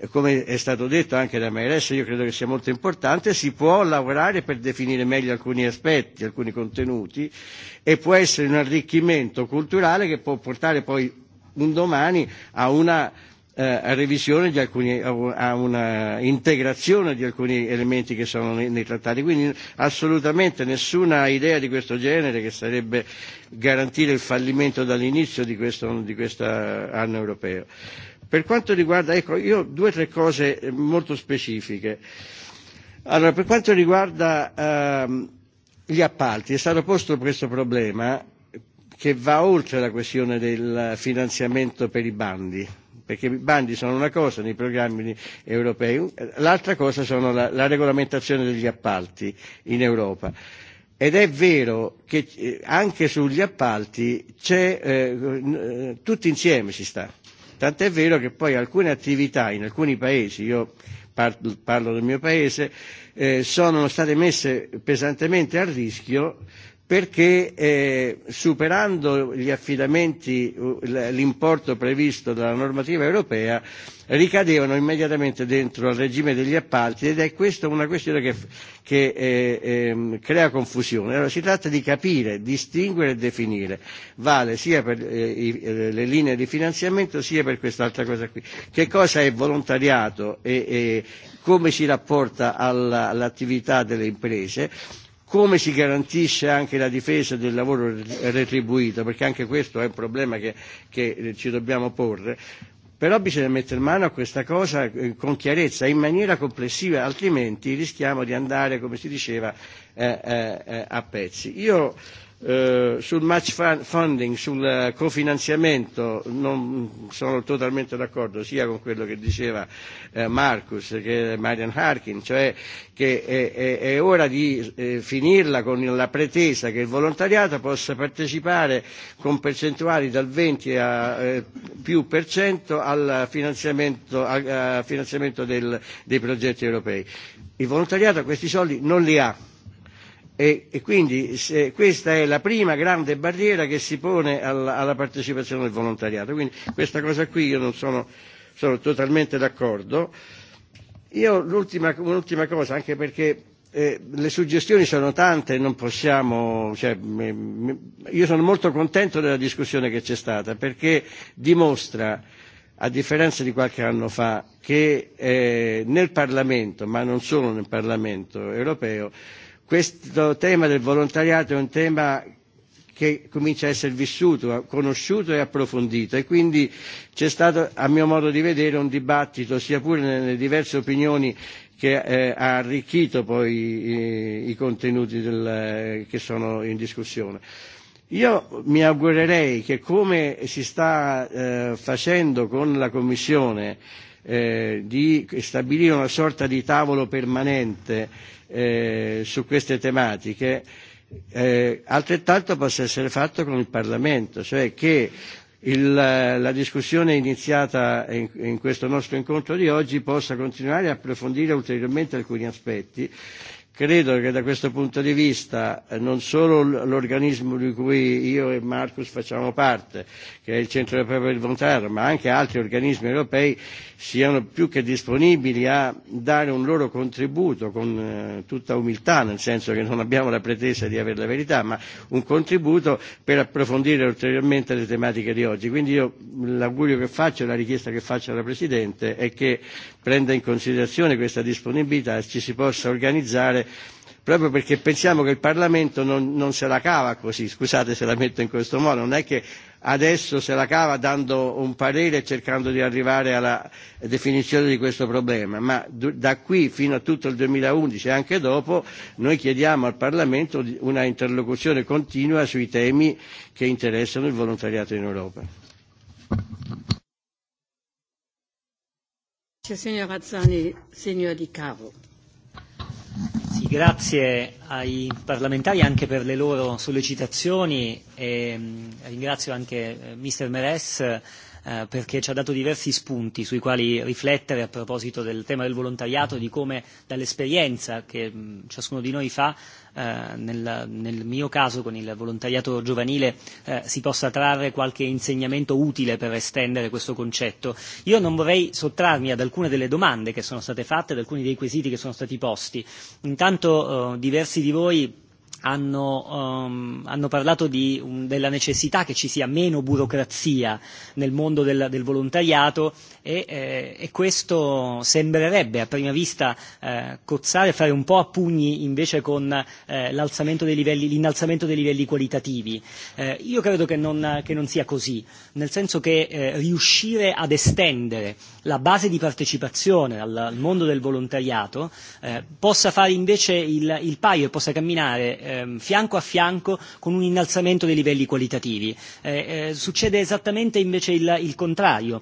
come è stato detto anche da me adesso, io credo che sia molto importante, si può lavorare per definire meglio alcuni aspetti, alcuni contenuti e può essere un arricchimento culturale che può portare poi un domani a una eh, revisione di alcuni, a una integrazione di alcuni elementi che sono nei, nei trattati. Quindi assolutamente nessuna idea di questo genere che sarebbe garantire il fallimento dall'inizio di questo di questo anno europeo. Per quanto riguarda, ecco, io due o tre cose eh, molto specifiche. Allora, per quanto riguarda ehm, gli appalti, è stato posto questo problema che va oltre la questione del finanziamento per i bandi, perché i bandi sono una cosa nei programmi europei, l'altra cosa sono la, la regolamentazione degli appalti in Europa. Ed è vero che eh, anche sugli appalti c'è, eh, tutti insieme si sta. Tant'è vero che poi alcune attività in alcuni paesi, io parlo, del mio paese, eh, sono state messe pesantemente a rischio perché eh, superando gli affidamenti l'importo previsto dalla normativa europea ricadevano immediatamente dentro al regime degli appalti ed è questa una questione che, che eh, eh, crea confusione. Allora si tratta di capire, distinguere e definire, vale sia per eh, i, eh, le linee di finanziamento sia per quest'altra cosa qui. Che cosa è volontariato e, e come si rapporta alla, all'attività delle imprese? come si garantisce anche la difesa del lavoro retribuito, perché anche questo è un problema che, che eh, ci dobbiamo porre, però bisogna mettere mano a questa cosa eh, con chiarezza, in maniera complessiva, altrimenti rischiamo di andare, come si diceva, eh, eh, eh a pezzi. Io eh, Eh, sul match funding, sul eh, cofinanziamento non sono totalmente d'accordo sia con quello che diceva eh, Marcus che Marian Harkin, cioè che è, è, è ora di eh, finirla con la pretesa che il volontariato possa partecipare con percentuali dal 20 a più per cento al finanziamento, a, finanziamento del, dei progetti europei. Il volontariato questi soldi non li ha E, e quindi se, questa è la prima grande barriera che si pone alla, alla partecipazione del volontariato. Quindi questa cosa qui io non sono, sono totalmente d'accordo. Io l'ultima, un'ultima cosa, anche perché eh, le suggestioni sono tante, e non possiamo, cioè, mi, mi, io sono molto contento della discussione che c'è stata perché dimostra a differenza di qualche anno fa, che eh, nel Parlamento, ma non solo nel Parlamento europeo, Questo tema del volontariato è un tema che comincia a essere vissuto, conosciuto e approfondito e quindi c'è stato, a mio modo di vedere, un dibattito, sia pure nelle diverse opinioni che eh, ha arricchito poi i, i contenuti del, eh, che sono in discussione. Io mi augurerei che come si sta eh, facendo con la Commissione, eh, Eh, di stabilire una sorta di tavolo permanente eh, su queste tematiche, eh, altrettanto possa essere fatto con il Parlamento, cioè che il, la discussione iniziata in, in questo nostro incontro di oggi possa continuare a approfondire ulteriormente alcuni aspetti Credo che da questo punto di vista eh, non solo l'organismo di cui io e Marcus facciamo parte, che è il Centro europeo del volontario, ma anche altri organismi europei siano più che disponibili a dare un loro contributo con eh, tutta umiltà, nel senso che non abbiamo la pretesa di avere la verità, ma un contributo per approfondire ulteriormente le tematiche di oggi. Quindi io l'augurio che faccio e la richiesta che faccio alla Presidente è che prenda in considerazione questa disponibilità e ci si possa organizzare proprio perché pensiamo che il Parlamento non, non se la cava così, scusate se la metto in questo modo, non è che adesso se la cava dando un parere e cercando di arrivare alla definizione di questo problema, ma da qui fino a tutto il 2011 e anche dopo noi chiediamo al Parlamento una interlocuzione continua sui temi che interessano il volontariato in Europa. Grazie Signor Razzani, signor Di Cavo. Sì, grazie ai parlamentari anche per le loro sollecitazioni e mm, ringrazio anche eh, Mr. Meres Eh, perché ci ha dato diversi spunti sui quali riflettere a proposito del tema del volontariato, e di come dall'esperienza che ciascuno di noi fa eh, nel, nel mio caso con il volontariato giovanile eh, si possa trarre qualche insegnamento utile per estendere questo concetto. Io non vorrei sottrarmi ad alcune delle domande che sono state fatte, ad alcuni dei quesiti che sono stati posti. Intanto eh, diversi di voi hanno, um, hanno parlato di, um, della necessità che ci sia meno burocrazia nel mondo del, del volontariato e, eh, e questo sembrerebbe a prima vista eh, cozzare e fare un po' a pugni invece con eh, l'alzamento dei livelli, l'innalzamento dei livelli qualitativi. Eh, io credo che non, che non sia così, nel senso che eh, riuscire ad estendere la base di partecipazione al, al mondo del volontariato eh, possa fare invece il, il paio e possa camminare eh, ehm, fianco a fianco con un innalzamento dei livelli qualitativi. Eh, eh, succede esattamente invece il, il contrario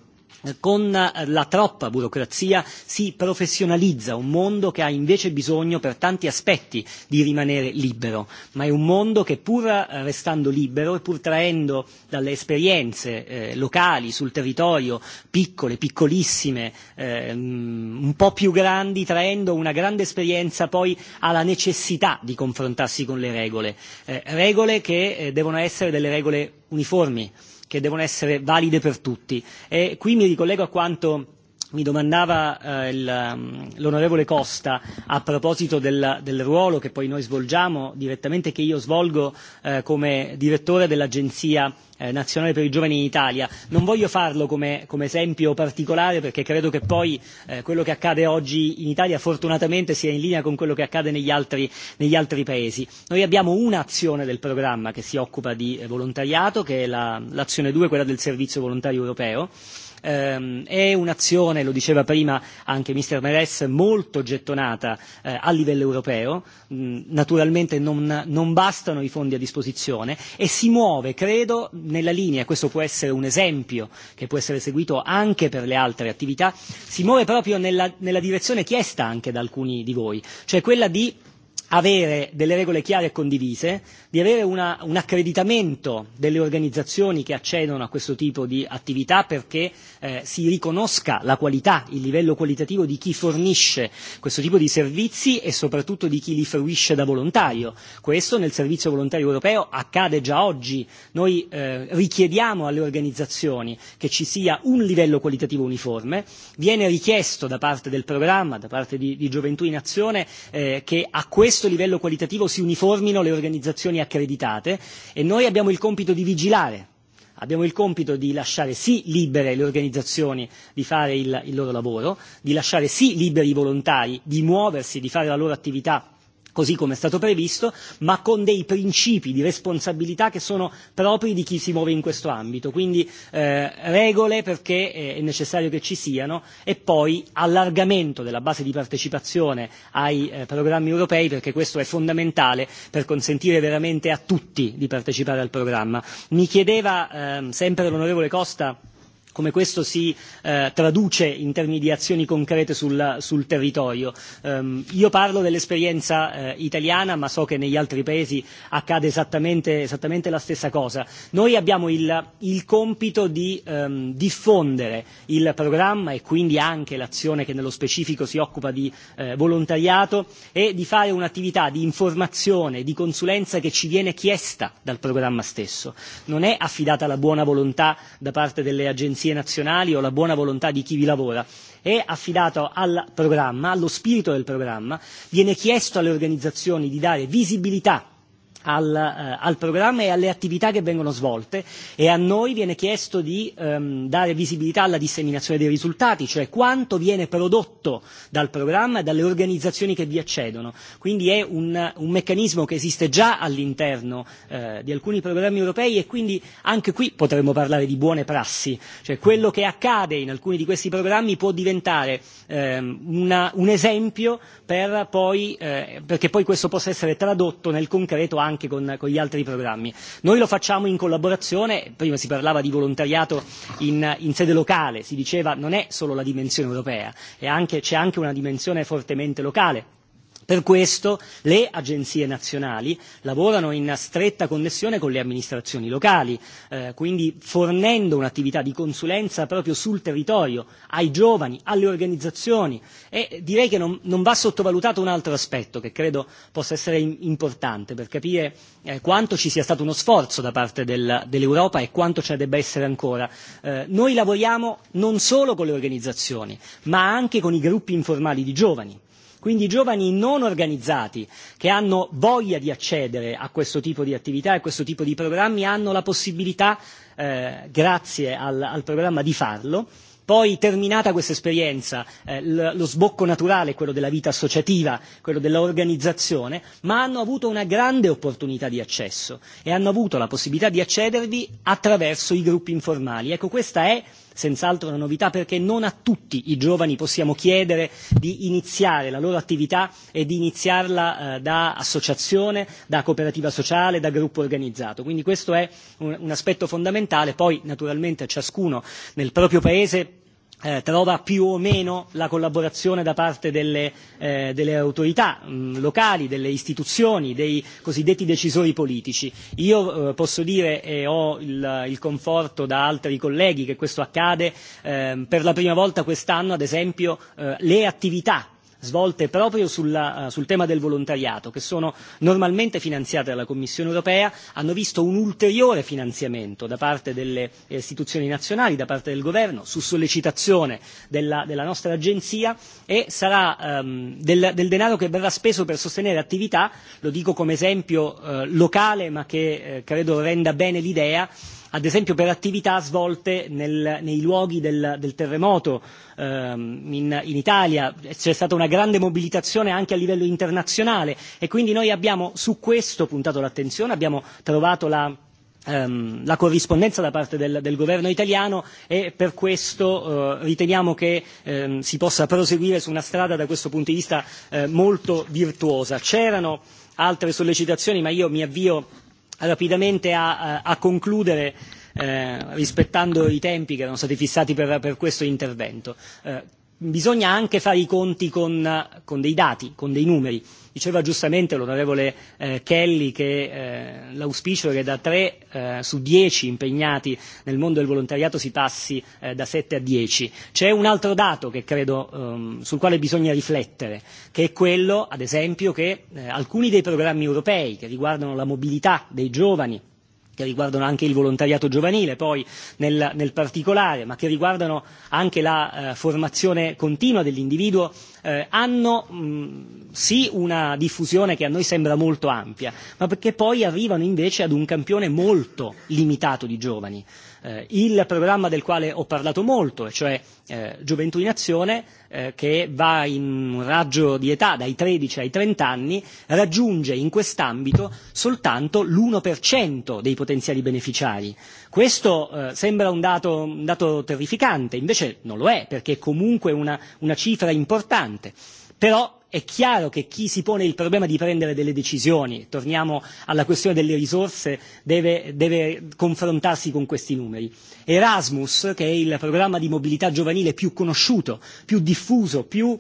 con eh, la troppa burocrazia si professionalizza un mondo che ha invece bisogno per tanti aspetti di rimanere libero, ma è un mondo che pur eh, restando libero e pur traendo dalle esperienze eh, locali sul territorio, piccole, piccolissime, eh, mm, un po' più grandi, traendo una grande esperienza poi ha la necessità di confrontarsi con le regole, eh, regole che eh, devono essere delle regole uniformi che devono essere valide per tutti. E qui mi ricollego a quanto mi domandava eh, ehm, l'onorevole Costa a proposito del, del ruolo che poi noi svolgiamo direttamente, che io svolgo eh, come direttore dell'Agenzia eh, nazionale per i giovani in Italia. Non voglio farlo come, come esempio particolare perché credo che poi eh, quello che accade oggi in Italia fortunatamente sia in linea con quello che accade negli altri, negli altri paesi. Noi abbiamo un'azione del programma che si occupa di volontariato, che è la, l'azione 2, quella del servizio volontario europeo ehm, è un'azione, lo diceva prima anche Mr. Meres, molto gettonata eh, a livello europeo, mh, mm, naturalmente non, non bastano i fondi a disposizione e si muove, credo, nella linea, e questo può essere un esempio che può essere seguito anche per le altre attività, si muove proprio nella, nella direzione chiesta anche da alcuni di voi, cioè quella di avere delle regole chiare e condivise, di avere una, un accreditamento delle organizzazioni che accedono a questo tipo di attività perché eh, si riconosca la qualità, il livello qualitativo di chi fornisce questo tipo di servizi e soprattutto di chi li fruisce da volontario. Questo nel servizio volontario europeo accade già oggi. Noi eh, richiediamo alle organizzazioni che ci sia un livello qualitativo uniforme, viene richiesto da parte del programma, da parte di, di Gioventù in Azione, eh, che a questo questo livello qualitativo si uniformino le organizzazioni accreditate e noi abbiamo il compito di vigilare abbiamo il compito di lasciare sì libere le organizzazioni di fare il, il loro lavoro, di lasciare sì liberi i volontari di muoversi, di fare la loro attività così come è stato previsto, ma con dei principi di responsabilità che sono propri di chi si muove in questo ambito. Quindi eh, regole perché eh, è necessario che ci siano e poi allargamento della base di partecipazione ai eh, programmi europei perché questo è fondamentale per consentire veramente a tutti di partecipare al programma. Mi chiedeva eh, sempre l'onorevole Costa come questo si eh, traduce in termini di azioni concrete sul, sul territorio. Um, io parlo dell'esperienza eh, italiana, ma so che negli altri paesi accade esattamente, esattamente la stessa cosa. Noi abbiamo il, il compito di um, diffondere il programma e quindi anche l'azione che nello specifico si occupa di eh, volontariato e di fare un'attività di informazione, di consulenza che ci viene chiesta dal programma stesso. Non è affidata alla buona volontà da parte delle agenzie agenzie nazionali o la buona volontà di chi vi lavora, è affidato al programma, allo spirito del programma, viene chiesto alle organizzazioni di dare visibilità al, eh, al programma e alle attività che vengono svolte e a noi viene chiesto di ehm, dare visibilità alla disseminazione dei risultati, cioè quanto viene prodotto dal programma e dalle organizzazioni che vi accedono. Quindi è un, un meccanismo che esiste già all'interno eh, di alcuni programmi europei e quindi anche qui potremmo parlare di buone prassi, cioè quello che accade in alcuni di questi programmi può diventare ehm, una, un esempio per poi, eh, perché poi questo possa essere tradotto nel concreto anche anche con, con gli altri programmi. Noi lo facciamo in collaborazione, prima si parlava di volontariato in, in sede locale, si diceva non è solo la dimensione europea, è anche, c'è anche una dimensione fortemente locale Per questo le agenzie nazionali lavorano in stretta connessione con le amministrazioni locali, eh, quindi fornendo un'attività di consulenza proprio sul territorio, ai giovani, alle organizzazioni e direi che non, non va sottovalutato un altro aspetto che credo possa essere importante per capire eh, quanto ci sia stato uno sforzo da parte del, dell'Europa e quanto ce ne debba essere ancora. Eh, noi lavoriamo non solo con le organizzazioni, ma anche con i gruppi informali di giovani Quindi giovani non organizzati che hanno voglia di accedere a questo tipo di attività e a questo tipo di programmi hanno la possibilità, eh, grazie al, al programma, di farlo. Poi, terminata questa esperienza, eh, lo sbocco naturale quello della vita associativa, quello dell'organizzazione, ma hanno avuto una grande opportunità di accesso e hanno avuto la possibilità di accedervi attraverso i gruppi informali. Ecco, questa è eh, senz'altro una novità perché non a tutti i giovani possiamo chiedere di iniziare la loro attività e di iniziarla eh, da associazione, da cooperativa sociale, da gruppo organizzato. Quindi questo è un, aspetto fondamentale, poi naturalmente a ciascuno nel proprio paese Eh, trova più o meno la collaborazione da parte delle, eh, delle autorità mh, mm, locali, delle istituzioni, dei cosiddetti decisori politici. Io eh, posso dire e ho il, il conforto da altri colleghi che questo accade, eh, per la prima volta quest'anno ad esempio eh, le attività svolte proprio sulla, eh, sul tema del volontariato, che sono normalmente finanziate dalla Commissione europea, hanno visto un ulteriore finanziamento da parte delle eh, istituzioni nazionali, da parte del governo, su sollecitazione della, della nostra agenzia e sarà ehm, del, del denaro che verrà speso per sostenere attività, lo dico come esempio eh, locale ma che eh, credo renda bene l'idea, ad esempio per attività svolte nel, nei luoghi del, del terremoto ehm, in, in Italia. C'è stata una grande mobilitazione anche a livello internazionale e quindi noi abbiamo su questo puntato l'attenzione, abbiamo trovato la ehm, la corrispondenza da parte del, del governo italiano e per questo eh, riteniamo che eh, si possa proseguire su una strada da questo punto di vista eh, molto virtuosa. C'erano altre sollecitazioni ma io mi avvio rapidamente a, a concludere eh, rispettando i tempi che erano stati fissati per, per questo intervento. Eh, bisogna anche fare i conti con, con dei dati, con dei numeri. Diceva giustamente l'onorevole eh, Kelly che eh, l'auspicio è che da 3 eh, su 10 impegnati nel mondo del volontariato si passi eh, da 7 a 10. C'è un altro dato che credo, ehm, sul quale bisogna riflettere, che è quello, ad esempio, che eh, alcuni dei programmi europei che riguardano la mobilità dei giovani che riguardano anche il volontariato giovanile poi nel, nel particolare, ma che riguardano anche la eh, formazione continua dell'individuo, eh, hanno mh, sì una diffusione che a noi sembra molto ampia, ma perché poi arrivano invece ad un campione molto limitato di giovani eh, il programma del quale ho parlato molto, cioè eh, Gioventù in Azione, eh, che va in un raggio di età dai 13 ai 30 anni, raggiunge in quest'ambito soltanto l'1% dei potenziali beneficiari. Questo eh, sembra un dato, un dato terrificante, invece non lo è, perché è comunque una, una cifra importante. Però è chiaro che chi si pone il problema di prendere delle decisioni, torniamo alla questione delle risorse, deve, deve confrontarsi con questi numeri. Erasmus, che è il programma di mobilità giovanile più conosciuto, più diffuso, più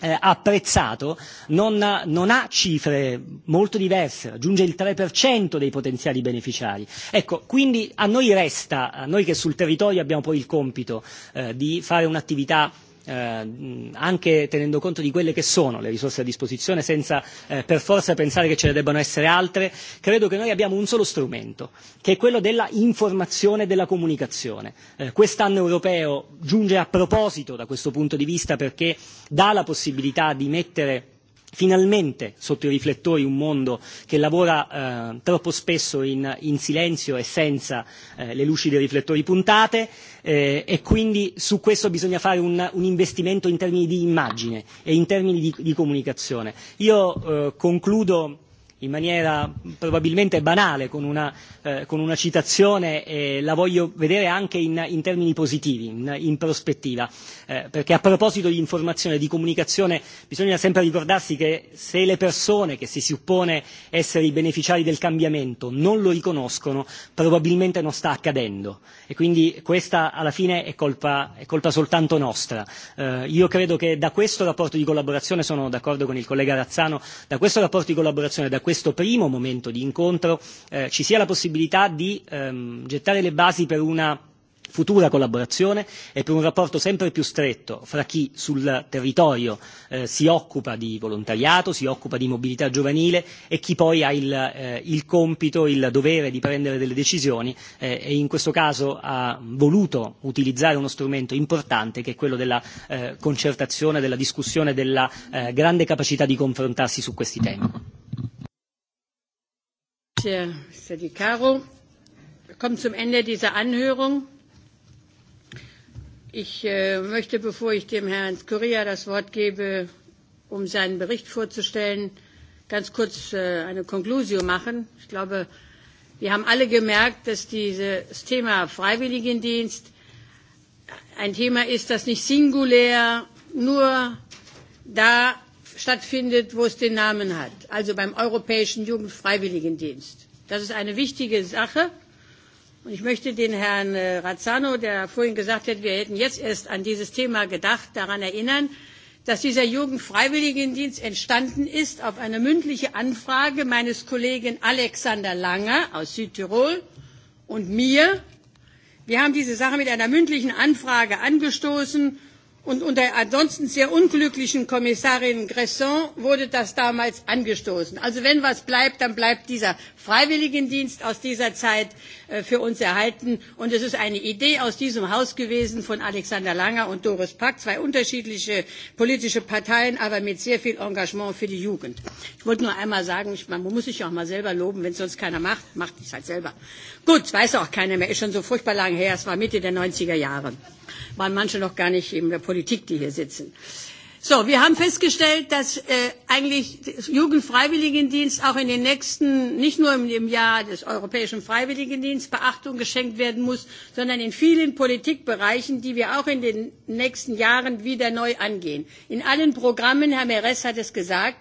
eh, apprezzato non, non ha cifre molto diverse, raggiunge il 3% dei potenziali beneficiari. Ecco, quindi a noi resta, a noi che sul territorio abbiamo poi il compito eh, di fare un'attività eh, anche tenendo conto di quelle che sono le risorse a disposizione, senza eh, per forza pensare che ce ne debbano essere altre, credo che noi abbiamo un solo strumento, che è quello della informazione e della comunicazione. Eh, quest'anno europeo giunge a proposito da questo punto di vista perché dà la possibilità di mettere finalmente sotto i riflettori un mondo che lavora eh, troppo spesso in, in silenzio e senza eh, le luci dei riflettori puntate eh, e quindi su questo bisogna fare un, un investimento in termini di immagine e in termini di, di comunicazione. Io eh, concludo in maniera probabilmente banale con una, eh, con una citazione e la voglio vedere anche in, in termini positivi, in, in prospettiva, eh, perché a proposito di informazione e di comunicazione bisogna sempre ricordarsi che se le persone che si suppone essere i beneficiari del cambiamento non lo riconoscono, probabilmente non sta accadendo e quindi questa alla fine è colpa, è colpa soltanto nostra. Eh, io credo che da questo rapporto di collaborazione, sono d'accordo con il collega Razzano, da questo rapporto di collaborazione, da questo primo momento di incontro eh, ci sia la possibilità di ehm, gettare le basi per una futura collaborazione e per un rapporto sempre più stretto fra chi sul territorio eh, si occupa di volontariato, si occupa di mobilità giovanile e chi poi ha il, eh, il compito, il dovere di prendere delle decisioni eh, e in questo caso ha voluto utilizzare uno strumento importante che è quello della eh, concertazione, della discussione, della eh, grande capacità di confrontarsi su questi temi. Grazie, Caro. Wir zum Ende dieser Anhörung. Ich äh, möchte, bevor ich dem Herrn Correa das Wort gebe, um seinen Bericht vorzustellen, ganz kurz äh, eine Konklusio machen. Ich glaube, wir haben alle gemerkt, dass dieses Thema Freiwilligendienst ein Thema ist, das nicht singulär nur da stattfindet, wo es den Namen hat, also beim Europäischen Jugendfreiwilligendienst. Das ist eine wichtige Sache Und ich möchte den Herrn äh, Razzano, der vorhin gesagt hat, wir hätten jetzt erst an dieses Thema gedacht, daran erinnern, dass dieser Jugendfreiwilligendienst entstanden ist auf eine mündliche Anfrage meines Kollegen Alexander Langer aus Südtirol und mir. Wir haben diese Sache mit einer mündlichen Anfrage angestoßen und unter ansonsten sehr unglücklichen Kommissarin Cresson wurde das damals angestoßen. Also wenn was bleibt, dann bleibt dieser Freiwilligendienst aus dieser Zeit Äh, für uns erhalten. Und es ist eine Idee aus diesem Haus gewesen von Alexander Langer und Doris Pack, zwei unterschiedliche politische Parteien, aber mit sehr viel Engagement für die Jugend. Ich wollte nur einmal sagen, man muss sich auch mal selber loben, wenn es sonst keiner macht, macht es halt selber. Gut, weiß auch keiner mehr, ist schon so furchtbar lange her, es war Mitte der 90er Jahre. Waren manche noch gar nicht in der Politik, die hier sitzen. Äh, So, wir haben festgestellt, dass äh, eigentlich der Jugendfreiwilligendienst auch in den nächsten, nicht nur im, im Jahr des Europäischen Freiwilligendienstes Beachtung geschenkt werden muss, sondern in vielen Politikbereichen, die wir auch in den nächsten Jahren wieder neu angehen. In allen Programmen, Herr Meres hat es gesagt,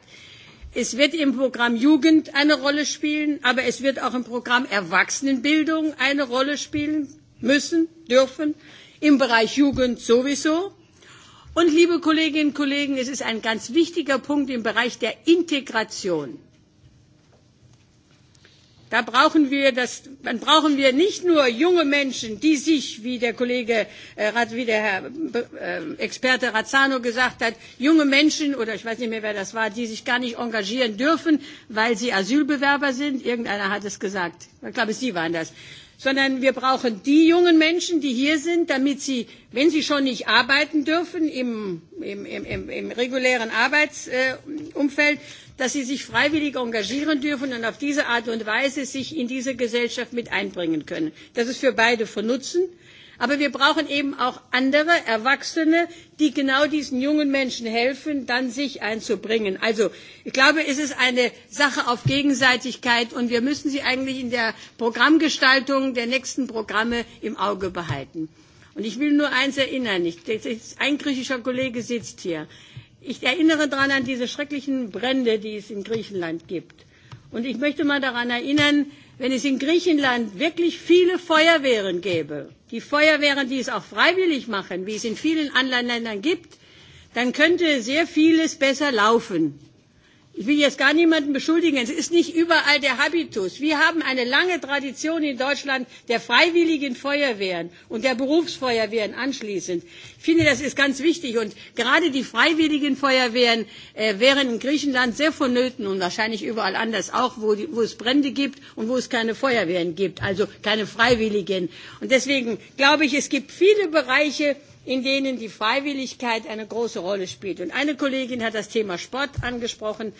es wird im Programm Jugend eine Rolle spielen, aber es wird auch im Programm Erwachsenenbildung eine Rolle spielen müssen, dürfen, im Bereich Jugend sowieso Und liebe Kolleginnen und Kollegen, es ist ein ganz wichtiger Punkt im Bereich der Integration. Da brauchen wir das, dann brauchen wir nicht nur junge Menschen, die sich, wie der Kollege, äh, wie der Herr äh, Experte Razzano gesagt hat, junge Menschen oder ich weiß nicht mehr, wer das war, die sich gar nicht engagieren dürfen, weil sie Asylbewerber sind. Irgendeiner hat es gesagt. Ich glaube, Sie waren das sondern wir brauchen die jungen Menschen, die hier sind, damit sie, wenn sie schon nicht arbeiten dürfen im, im, im, im regulären Arbeitsumfeld, äh, dass sie sich freiwillig engagieren dürfen und auf diese Art und Weise sich in diese Gesellschaft mit einbringen können. Das ist für beide von Nutzen. Aber wir brauchen eben auch andere Erwachsene, die genau diesen jungen Menschen helfen, dann sich einzubringen. Also ich glaube, es ist eine Sache auf Gegenseitigkeit und wir müssen sie eigentlich in der Programmgestaltung der nächsten Programme im Auge behalten. Und ich will nur eins erinnern, ich, ein griechischer Kollege sitzt hier. Ich erinnere daran an diese schrecklichen Brände, die es in Griechenland gibt. Und ich möchte mal daran erinnern, wenn es in Griechenland wirklich viele Feuerwehren gäbe die Feuerwehren dies auch freiwillig machen, wie es in vielen anderen Ländern gibt, dann könnte sehr vieles besser laufen. Ich will jetzt gar niemanden beschuldigen, es ist nicht überall der Habitus. Wir haben eine lange Tradition in Deutschland der freiwilligen Feuerwehren und der Berufsfeuerwehren anschließend. Ich finde, das ist ganz wichtig und gerade die freiwilligen Feuerwehren äh, wären in Griechenland sehr vonnöten und wahrscheinlich überall anders auch, wo, die, wo es Brände gibt und wo es keine Feuerwehren gibt, also keine Freiwilligen. Und deswegen glaube ich, es gibt viele Bereiche, in denen die Freiwilligkeit eine große Rolle spielt. Und eine Kollegin hat das Thema Sport angesprochen.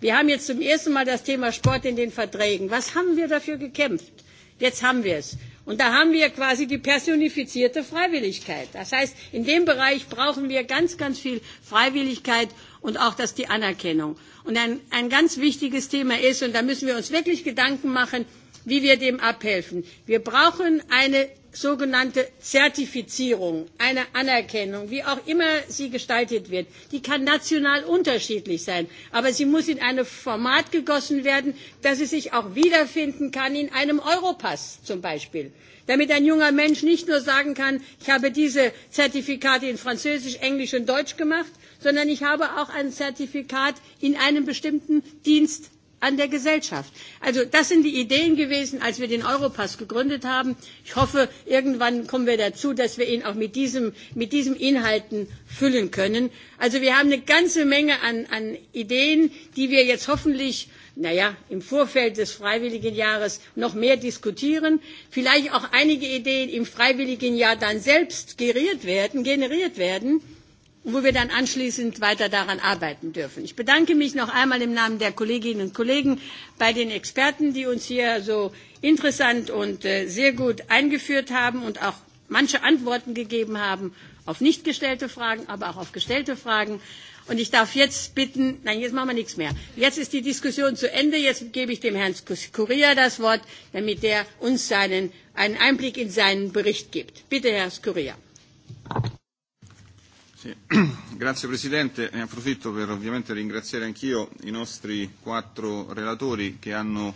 Wir haben jetzt zum ersten Mal das Thema Sport in den Verträgen. Was haben wir dafür gekämpft? Jetzt haben wir es. Und da haben wir quasi die personifizierte Freiwilligkeit. Das heißt, in dem Bereich brauchen wir ganz, ganz viel Freiwilligkeit und auch das die Anerkennung. Und ein, ein ganz wichtiges Thema ist, und da müssen wir uns wirklich Gedanken machen, wie wir dem abhelfen. Wir brauchen eine sogenannte Zertifizierung, eine Anerkennung, wie auch immer sie gestaltet wird, die kann national unterschiedlich sein, aber sie muss in ein Format gegossen werden, dass sie sich auch wiederfinden kann in einem Europass zum Beispiel, damit ein junger Mensch nicht nur sagen kann, ich habe diese Zertifikate in Französisch, Englisch und Deutsch gemacht, sondern ich habe auch ein Zertifikat in einem bestimmten Dienst an der Gesellschaft. Also das sind die Ideen gewesen, als wir den Europass gegründet haben. Ich hoffe, irgendwann kommen wir dazu, dass wir ihn auch mit diesem, mit diesem Inhalten füllen können. Also wir haben eine ganze Menge an, an Ideen, die wir jetzt hoffentlich naja, im Vorfeld des Freiwilligen Jahres noch mehr diskutieren, vielleicht auch einige Ideen im Freiwilligen Jahr dann selbst generiert werden, generiert werden wo wir dann anschließend weiter daran arbeiten dürfen. Ich bedanke mich noch einmal im Namen der Kolleginnen und Kollegen bei den Experten, die uns hier so interessant und äh, sehr gut eingeführt haben und auch manche Antworten gegeben haben auf nicht gestellte Fragen, aber auch auf gestellte Fragen. Und ich darf jetzt bitten, nein, jetzt machen wir nichts mehr. Jetzt ist die Diskussion zu Ende. Jetzt gebe ich dem Herrn Skurria das Wort, damit er uns seinen, einen Einblick in seinen Bericht gibt. Bitte, Herr Skurria. Sì. [CLEARS THROAT] Grazie Presidente, ne approfitto per ovviamente ringraziare anch'io i nostri quattro relatori che hanno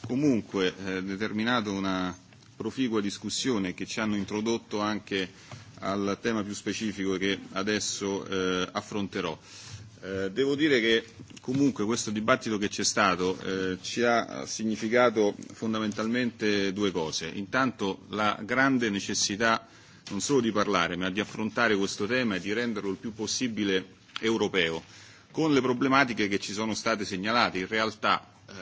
comunque eh, determinato una proficua discussione e che ci hanno introdotto anche al tema più specifico che adesso eh, affronterò. Eh, devo dire che comunque questo dibattito che c'è stato eh, ci ha significato fondamentalmente due cose. Intanto la grande necessità non solo di parlare, ma di affrontare questo tema e di renderlo il più possibile europeo, con le problematiche che ci sono state segnalate. In realtà eh,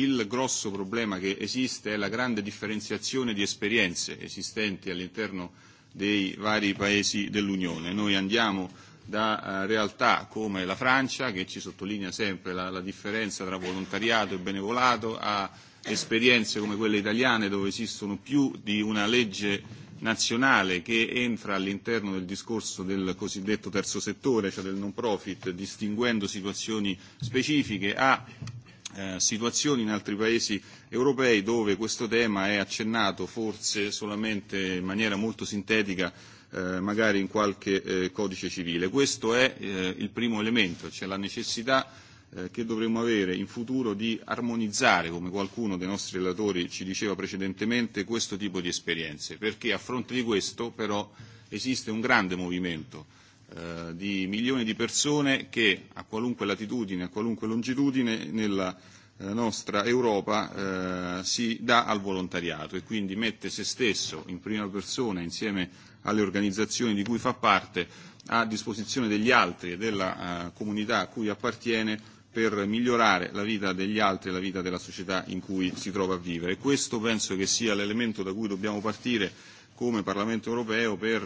il grosso problema che esiste è la grande differenziazione di esperienze esistenti all'interno dei vari paesi dell'Unione. Noi andiamo da eh, realtà come la Francia, che ci sottolinea sempre la, la differenza tra volontariato e benevolato, a esperienze come quelle italiane, dove esistono più di una legge nazionale che entra all'interno del discorso del cosiddetto terzo settore, cioè del non profit, distinguendo situazioni specifiche, a eh, situazioni in altri paesi europei dove questo tema è accennato forse solamente in maniera molto sintetica eh, magari in qualche eh, codice civile. Questo è eh, il primo elemento, cioè la necessità Eh, che dovremmo avere in futuro di armonizzare, come qualcuno dei nostri relatori ci diceva precedentemente, questo tipo di esperienze, perché a fronte di questo però esiste un grande movimento eh, di milioni di persone che a qualunque latitudine, a qualunque longitudine nella eh, nostra Europa eh, si dà al volontariato e quindi mette se stesso in prima persona insieme alle organizzazioni di cui fa parte a disposizione degli altri e della eh, comunità a cui appartiene per migliorare la vita degli altri e la vita della società in cui si trova a vivere. Questo penso che sia l'elemento da cui dobbiamo partire come Parlamento europeo per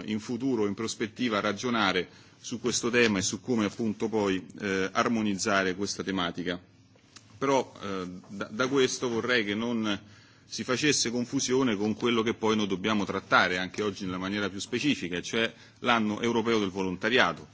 eh, in futuro, in prospettiva, ragionare su questo tema e su come appunto poi eh, armonizzare questa tematica. Però eh, da, da questo vorrei che non si facesse confusione con quello che poi noi dobbiamo trattare anche oggi nella maniera più specifica, e cioè l'anno europeo del volontariato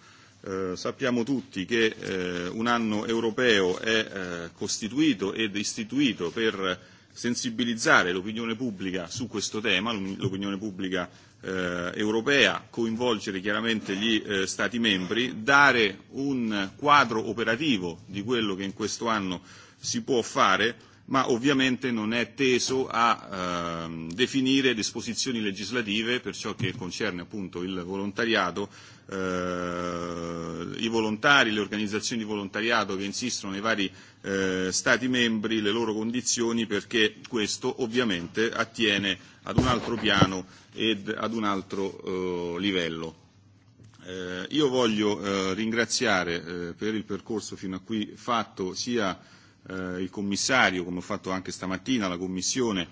Eh, sappiamo tutti che eh, un anno europeo è eh, costituito ed istituito per sensibilizzare l'opinione pubblica su questo tema, l'opinione pubblica eh, europea, coinvolgere chiaramente gli eh, Stati membri, dare un quadro operativo di quello che in questo anno si può fare, ma ovviamente non è teso a eh, definire disposizioni legislative per ciò che concerne appunto il volontariato eh, i volontari, le organizzazioni di volontariato che insistono nei vari eh, Stati membri, le loro condizioni, perché questo ovviamente attiene ad un altro piano ed ad un altro eh, livello. Eh, io voglio eh, ringraziare eh, per il percorso fino a qui fatto sia eh, il commissario, come ho fatto anche stamattina, la Commissione, eh,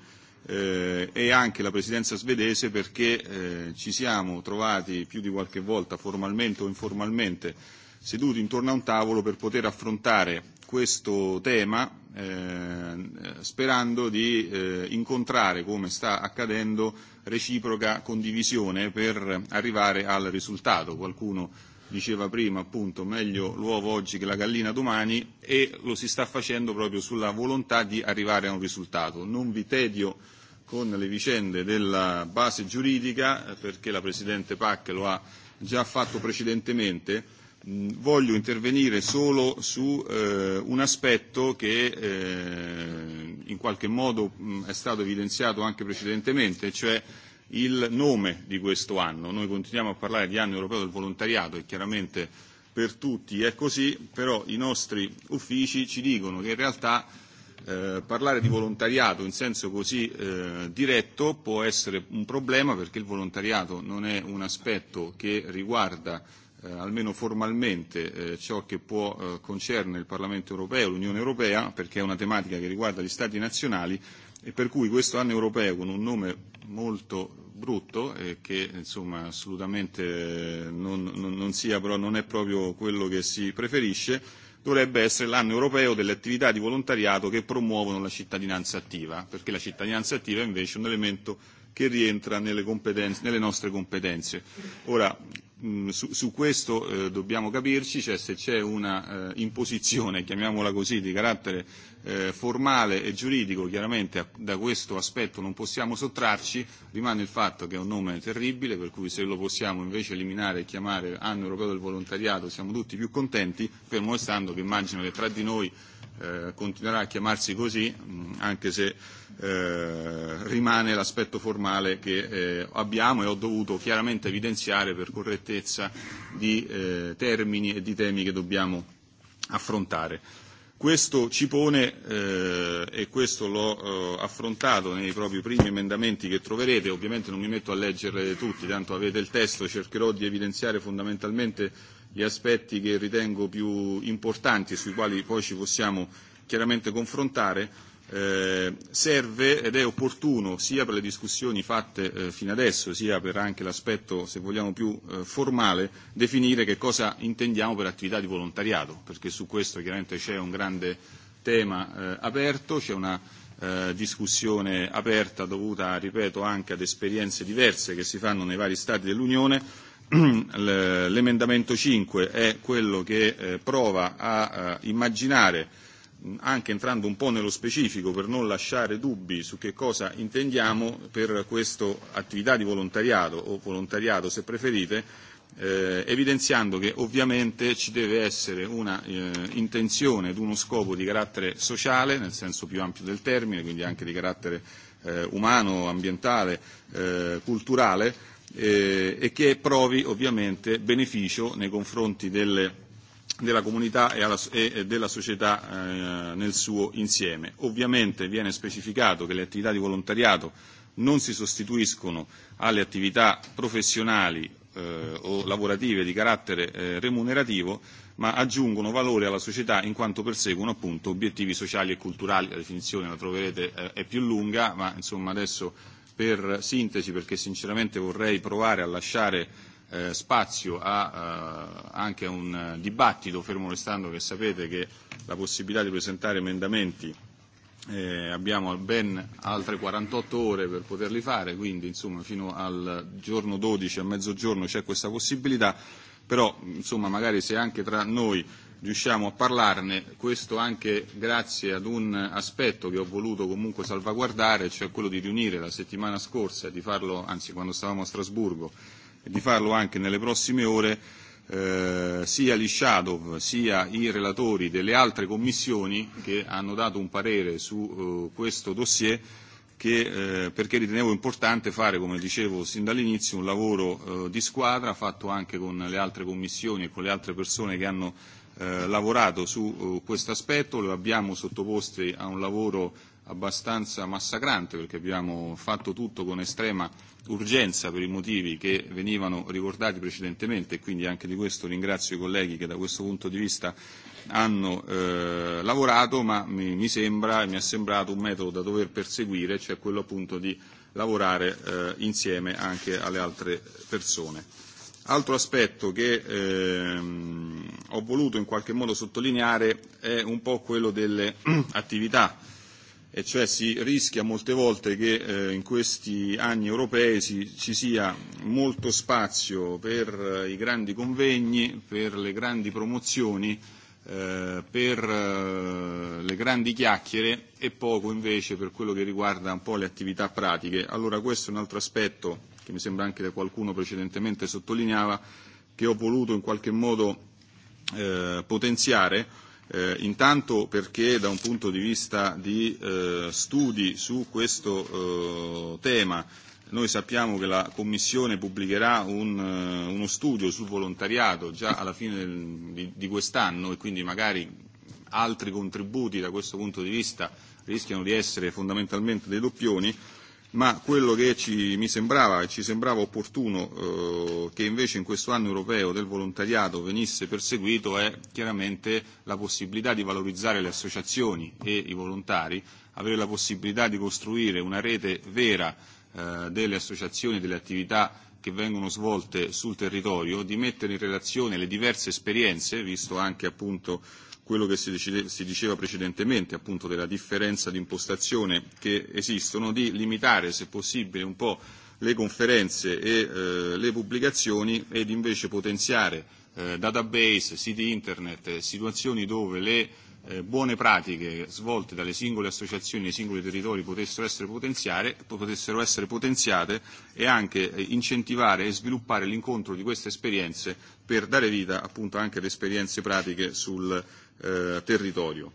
eh, e anche la presidenza svedese perché eh, ci siamo trovati più di qualche volta formalmente o informalmente seduti intorno a un tavolo per poter affrontare questo tema eh, sperando di eh, incontrare, come sta accadendo, reciproca condivisione per arrivare al risultato. Qualcuno diceva prima appunto meglio l'uovo oggi che la gallina domani e lo si sta facendo proprio sulla volontà di arrivare a un risultato. Non vi tedio con le vicende della base giuridica eh, perché la Presidente Pac lo ha già fatto precedentemente. Mm, voglio intervenire solo su eh, un aspetto che eh, in qualche modo mh, mm, è stato evidenziato anche precedentemente, cioè il nome di questo anno. Noi continuiamo a parlare di anno europeo del volontariato e chiaramente per tutti è così, però i nostri uffici ci dicono che in realtà eh, parlare di volontariato in senso così eh, diretto può essere un problema perché il volontariato non è un aspetto che riguarda eh, almeno formalmente eh, ciò che può eh, concerne il Parlamento europeo, l'Unione europea, perché è una tematica che riguarda gli Stati nazionali, e per cui questo anno europeo con un nome molto brutto e che insomma assolutamente non, non, non, sia, però non è proprio quello che si preferisce, dovrebbe essere l'anno europeo delle attività di volontariato che promuovono la cittadinanza attiva, perché la cittadinanza attiva è invece un elemento che rientra nelle, competenze, nelle nostre competenze. Ora, su, su questo eh, dobbiamo capirci, cioè se c'è una eh, imposizione, chiamiamola così, di carattere eh, formale e giuridico, chiaramente da questo aspetto non possiamo sottrarci, rimane il fatto che è un nome terribile, per cui se lo possiamo invece eliminare e chiamare anno europeo del volontariato siamo tutti più contenti, fermo restando che immagino che tra di noi eh, continuerà a chiamarsi così, mh, anche se eh, rimane l'aspetto formale che eh, abbiamo e ho dovuto chiaramente evidenziare per correttezza di eh, termini e di temi che dobbiamo affrontare. Questo ci pone, eh, e questo l'ho eh, affrontato nei propri primi emendamenti che troverete, ovviamente non mi metto a leggere tutti, tanto avete il testo, cercherò di evidenziare fondamentalmente gli aspetti che ritengo più importanti e sui quali poi ci possiamo chiaramente confrontare Eh, serve ed è opportuno sia per le discussioni fatte eh, fino adesso, sia per anche l'aspetto, se vogliamo, più eh, formale, definire che cosa intendiamo per attività di volontariato, perché su questo chiaramente c'è un grande tema eh, aperto, c'è una eh, discussione aperta dovuta, ripeto, anche ad esperienze diverse che si fanno nei vari Stati dell'Unione. [CLEARS THROAT] L'emendamento 5 è quello che eh, prova a eh, immaginare anche entrando un po' nello specifico per non lasciare dubbi su che cosa intendiamo per questa attività di volontariato o volontariato se preferite, eh, evidenziando che ovviamente ci deve essere una eh, intenzione ed uno scopo di carattere sociale, nel senso più ampio del termine, quindi anche di carattere eh, umano, ambientale, eh, culturale, eh, e che provi ovviamente beneficio nei confronti delle della comunità e, alla, e, e della società eh, nel suo insieme. Ovviamente viene specificato che le attività di volontariato non si sostituiscono alle attività professionali eh, o lavorative di carattere eh, remunerativo, ma aggiungono valore alla società in quanto perseguono appunto obiettivi sociali e culturali. La definizione la troverete eh, è più lunga, ma insomma adesso per sintesi, perché sinceramente vorrei provare a lasciare eh, spazio a eh, anche un eh, dibattito, fermo restando che sapete che la possibilità di presentare emendamenti eh, abbiamo ben altre 48 ore per poterli fare, quindi insomma fino al giorno 12 a mezzogiorno c'è questa possibilità, però insomma magari se anche tra noi riusciamo a parlarne, questo anche grazie ad un aspetto che ho voluto comunque salvaguardare, cioè quello di riunire la settimana scorsa, e di farlo, anzi quando stavamo a Strasburgo, e di farlo anche nelle prossime ore, eh, sia gli shadow sia i relatori delle altre commissioni che hanno dato un parere su eh, questo dossier che, eh, perché ritenevo importante fare, come dicevo sin dall'inizio, un lavoro eh, di squadra fatto anche con le altre commissioni e con le altre persone che hanno eh, lavorato su uh, questo aspetto, lo abbiamo sottoposto a un lavoro abbastanza massacrante perché abbiamo fatto tutto con estrema urgenza per i motivi che venivano ricordati precedentemente e quindi anche di questo ringrazio i colleghi che da questo punto di vista hanno eh, lavorato, ma mi, mi sembra e mi è sembrato un metodo da dover perseguire, cioè quello appunto di lavorare eh, insieme anche alle altre persone. Altro aspetto che ehm, ho voluto in qualche modo sottolineare è un po' quello delle [CLEARS THROAT] attività e cioè si rischia molte volte che eh, in questi anni europei si, ci sia molto spazio per eh, i grandi convegni, per le grandi promozioni, eh, per eh, le grandi chiacchiere e poco invece per quello che riguarda un po' le attività pratiche. Allora questo è un altro aspetto che mi sembra anche da qualcuno precedentemente sottolineava, che ho voluto in qualche modo eh, potenziare Eh, intanto perché da un punto di vista di eh, studi su questo eh, tema noi sappiamo che la Commissione pubblicherà un, eh, uno studio sul volontariato già alla fine del, di, di quest'anno e quindi magari altri contributi da questo punto di vista rischiano di essere fondamentalmente dei doppioni ma quello che ci, mi sembrava e ci sembrava opportuno eh, che invece in questo anno europeo del volontariato venisse perseguito è chiaramente la possibilità di valorizzare le associazioni e i volontari, avere la possibilità di costruire una rete vera eh, delle associazioni e delle attività che vengono svolte sul territorio, di mettere in relazione le diverse esperienze, visto anche appunto eh, quello che si diceva precedentemente, appunto della differenza di impostazione che esistono, di limitare, se possibile, un po' le conferenze e eh, le pubblicazioni ed invece potenziare eh, database, siti internet, eh, situazioni dove le eh, buone pratiche svolte dalle singole associazioni nei singoli territori potessero essere, potessero essere potenziate e anche eh, incentivare e sviluppare l'incontro di queste esperienze per dare vita appunto anche ad esperienze pratiche sul Eh, territorio.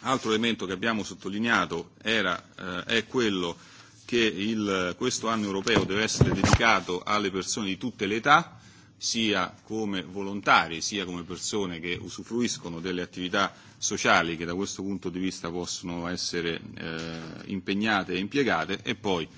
Altro elemento che abbiamo sottolineato era, eh, è quello che il, questo anno europeo deve essere dedicato alle persone di tutte le età, sia come volontari, sia come persone che usufruiscono delle attività sociali che da questo punto di vista possono essere eh, impegnate e impiegate e poi eh,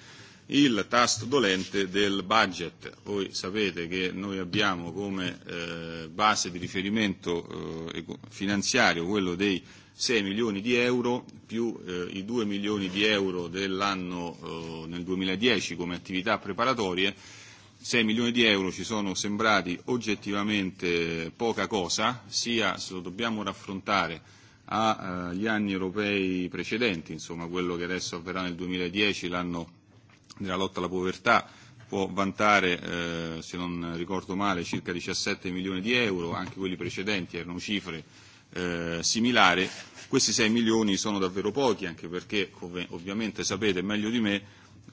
il tasto dolente del budget. Voi sapete che noi abbiamo come eh, base di riferimento eh, finanziario quello dei 6 milioni di euro più eh, i 2 milioni di euro dell'anno eh, nel 2010 come attività preparatorie. 6 milioni di euro ci sono sembrati oggettivamente poca cosa, sia se lo dobbiamo raffrontare agli anni europei precedenti, insomma quello che adesso avverrà nel 2010, l'anno nella lotta alla povertà può vantare, eh, se non ricordo male, circa 17 milioni di euro, anche quelli precedenti erano cifre eh, similari. Questi 6 milioni sono davvero pochi, anche perché, come ovviamente sapete meglio di me,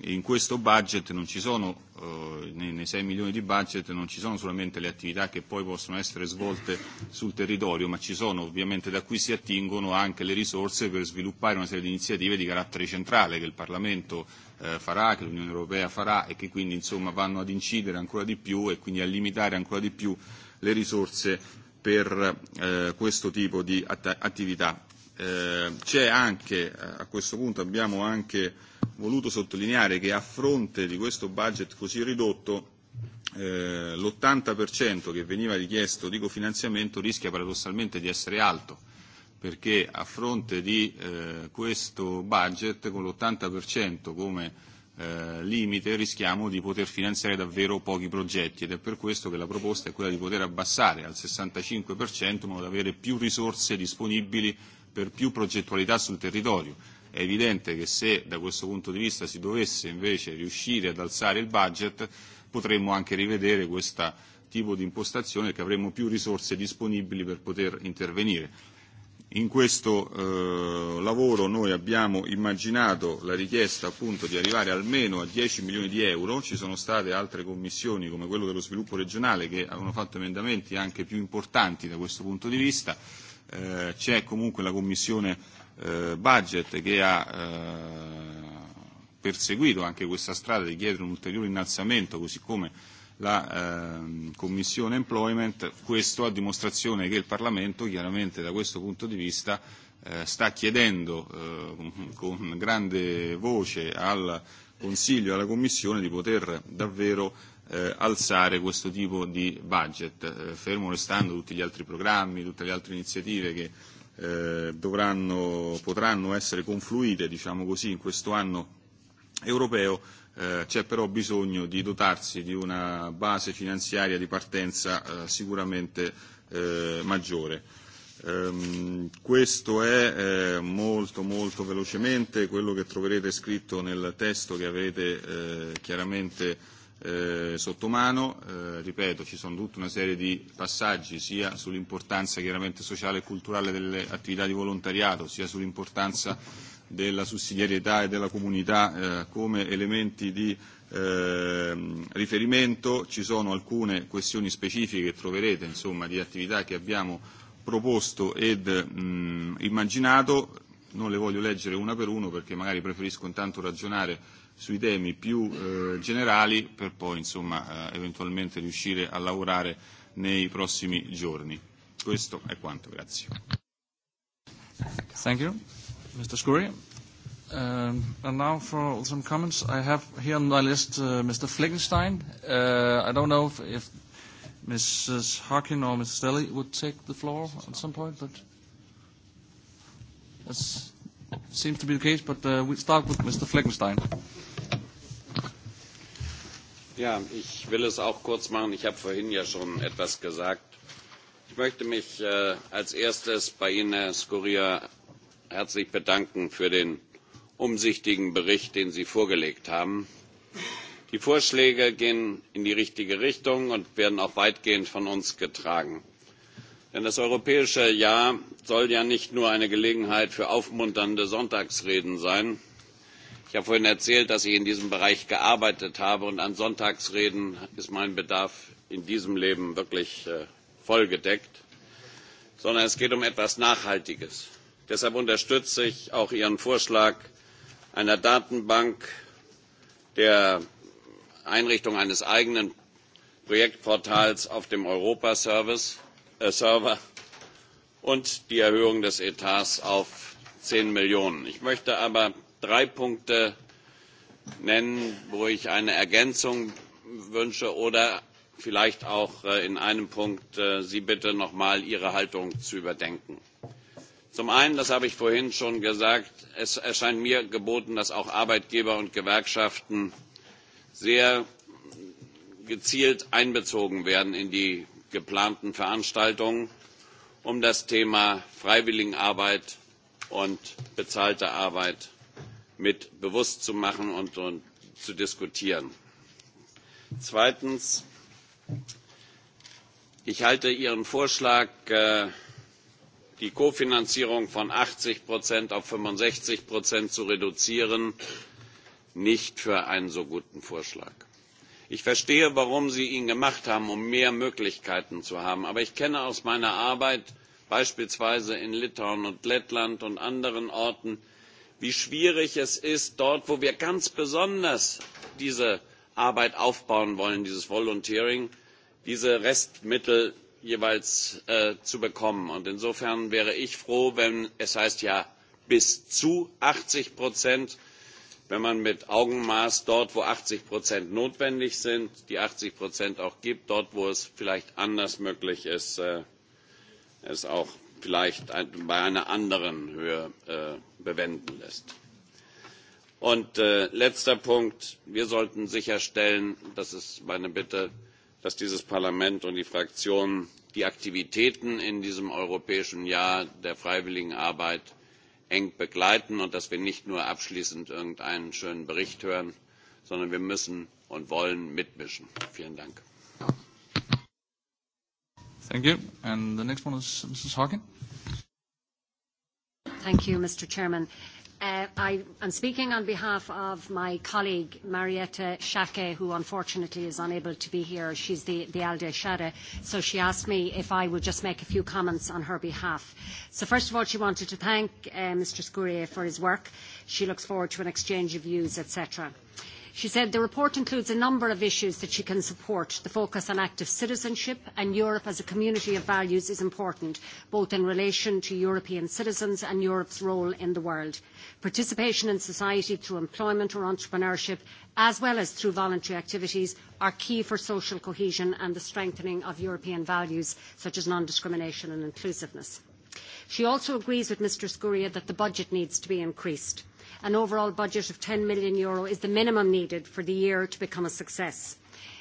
in questo budget non ci sono, eh, nei, 6 milioni di budget non ci sono solamente le attività che poi possono essere svolte sul territorio, ma ci sono ovviamente da cui si attingono anche le risorse per sviluppare una serie di iniziative di carattere centrale che il Parlamento eh, farà, che l'Unione Europea farà e che quindi insomma vanno ad incidere ancora di più e quindi a limitare ancora di più le risorse per eh, questo tipo di att- attività Eh, c'è anche, a questo punto abbiamo anche voluto sottolineare che a fronte di questo budget così ridotto eh, l'80% che veniva richiesto di cofinanziamento rischia paradossalmente di essere alto perché a fronte di eh, questo budget con l'80% come eh, limite rischiamo di poter finanziare davvero pochi progetti ed è per questo che la proposta è quella di poter abbassare al 65% in modo da avere più risorse disponibili per più progettualità sul territorio. È evidente che se da questo punto di vista si dovesse invece riuscire ad alzare il budget, potremmo anche rivedere questo tipo di impostazione che avremmo più risorse disponibili per poter intervenire. In questo eh, lavoro noi abbiamo immaginato la richiesta appunto di arrivare almeno a 10 milioni di euro, ci sono state altre commissioni come quello dello sviluppo regionale che hanno fatto emendamenti anche più importanti da questo punto di vista Eh, c'è comunque la Commissione eh, Budget che ha eh, perseguito anche questa strada di chiedere un ulteriore innalzamento, così come la eh, Commissione Employment, questo a dimostrazione che il Parlamento chiaramente da questo punto di vista eh, sta chiedendo eh, con grande voce al Consiglio e alla Commissione di poter davvero eh, alzare questo tipo di budget, eh, fermo restando tutti gli altri programmi, tutte le altre iniziative che eh, dovranno, potranno essere confluite diciamo così, in questo anno europeo, eh, c'è però bisogno di dotarsi di una base finanziaria di partenza eh, sicuramente eh, maggiore. Um, questo è eh, molto molto velocemente quello che troverete scritto nel testo che avete eh, chiaramente eh, eh, sotto mano, eh, ripeto ci sono tutta una serie di passaggi sia sull'importanza chiaramente sociale e culturale delle attività di volontariato, sia sull'importanza della sussidiarietà e della comunità eh, come elementi di eh, riferimento, ci sono alcune questioni specifiche che troverete insomma, di attività che abbiamo proposto ed mh, mm, immaginato, non le voglio leggere una per uno perché magari preferisco intanto ragionare sui temi più eh, generali per poi insomma, eh, eventualmente riuscire a lavorare nei prossimi giorni. Questo è quanto, grazie. Thank you, Mr. Scurry. Um, and now for some comments. I have here on my list uh, Mr. Fleckenstein. Uh, I don't know if, if Mrs. Harkin or Mrs. Stelly would take the floor at some point, but that seems to be the case. But uh, we start with Mr. Fleckenstein. Ja, ich will es auch kurz machen. Ich habe vorhin ja schon etwas gesagt. Ich möchte mich äh, als erstes bei Ihnen, Herr Scoria, herzlich bedanken für den umsichtigen Bericht, den Sie vorgelegt haben. Die Vorschläge gehen in die richtige Richtung und werden auch weitgehend von uns getragen. Denn das europäische Jahr soll ja nicht nur eine Gelegenheit für aufmunternde Sonntagsreden sein, Ich habe vorhin erzählt, dass ich in diesem Bereich gearbeitet habe und an Sonntagsreden ist mein Bedarf in diesem Leben wirklich äh, voll gedeckt, sondern es geht um etwas Nachhaltiges. Deshalb unterstütze ich auch Ihren Vorschlag einer Datenbank der Einrichtung eines eigenen Projektportals auf dem Europa-Server äh, und die Erhöhung des Etats auf 10 Millionen. Ich möchte aber drei Punkte nennen, wo ich eine Ergänzung wünsche oder vielleicht auch äh, in einem Punkt äh, Sie bitte mal Ihre Haltung zu überdenken. Zum einen, das habe ich vorhin schon gesagt, es erscheint mir geboten, dass auch Arbeitgeber und Gewerkschaften sehr gezielt einbezogen werden in die geplanten Veranstaltungen, um das Thema Freiwilligenarbeit und bezahlte Arbeit mit bewusst zu machen und, zu diskutieren. Zweitens, ich halte Ihren Vorschlag, äh, die Kofinanzierung von achtzig auf fünfundsechzig zu reduzieren, nicht für einen so guten Vorschlag. Ich verstehe, warum Sie ihn gemacht haben, um mehr Möglichkeiten zu haben. Aber ich kenne aus meiner Arbeit beispielsweise in Litauen und Lettland und anderen Orten, wie schwierig es ist dort wo wir ganz besonders diese arbeit aufbauen wollen dieses volunteering diese restmittel jeweils äh, zu bekommen. Und insofern wäre ich froh wenn es heißt ja bis zu achtzig wenn man mit augenmaß dort wo achtzig notwendig sind die achtzig auch gibt dort wo es vielleicht anders möglich ist äh, es auch vielleicht bei einer anderen höhe äh, bewenden lässt. Und äh, letzter Punkt. Wir sollten sicherstellen, das ist meine Bitte, dass dieses Parlament und die Fraktionen die Aktivitäten in diesem europäischen Jahr der freiwilligen Arbeit eng begleiten und dass wir nicht nur abschließend irgendeinen schönen Bericht hören, sondern wir müssen und wollen mitmischen. Vielen Dank. Thank you. And the next one is Mrs. Harkin. Thank you, Mr. Chairman. Uh, I am speaking on behalf of my colleague, Marietta Schaake, who unfortunately is unable to be here. She's the, the ALDE shadow, so she asked me if I would just make a few comments on her behalf. So first of all, she wanted to thank uh, Mr. Scourier for his work. She looks forward to an exchange of views, etc. Uh, She said the report includes a number of issues that she can support. The focus on active citizenship and Europe as a community of values is important, both in relation to European citizens and Europe's role in the world. Participation in society through employment or entrepreneurship, as well as through voluntary activities, are key for social cohesion and the strengthening of European values such as non-discrimination and inclusiveness. She also agrees with Mr Scurria that the budget needs to be increased. An overall budget of 10 million euro is the minimum needed for the year to become a success.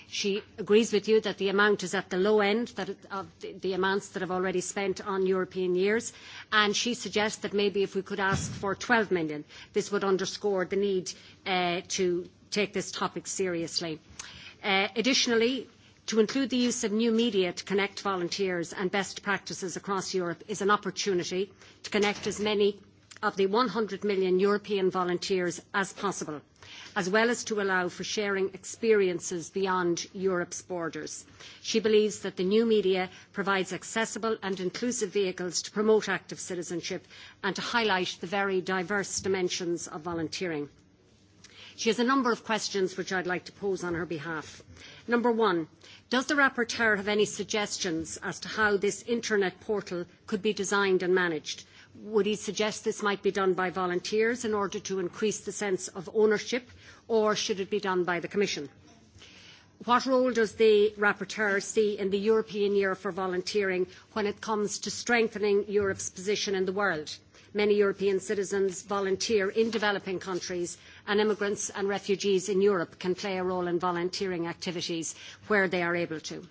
She agrees with you that the amount is at the low end of the amounts that have already spent on European years, and she suggests that maybe if we could ask for 12 million, this would underscore the need uh, to take this topic seriously. Uh, additionally, to include the use of new media to connect volunteers and best practices across Europe is an opportunity to connect as many of the 100 million European volunteers as possible, as well as to allow for sharing experiences beyond Europe's borders. She believes that the new media provides accessible and inclusive vehicles to promote active citizenship and to highlight the very diverse dimensions of volunteering. She has a number of questions which I'd like to pose on her behalf. Number one, does the rapporteur have any suggestions as to how this internet portal could be designed and managed? would he suggest this might be done by volunteers in order to increase the sense of ownership, or should it be done by the Commission? What role does the rapporteur see in the European Year for Volunteering when it comes to strengthening Europe's position in the world? Many European citizens volunteer in developing countries, and immigrants and refugees in Europe can play a role in volunteering activities where they are able to.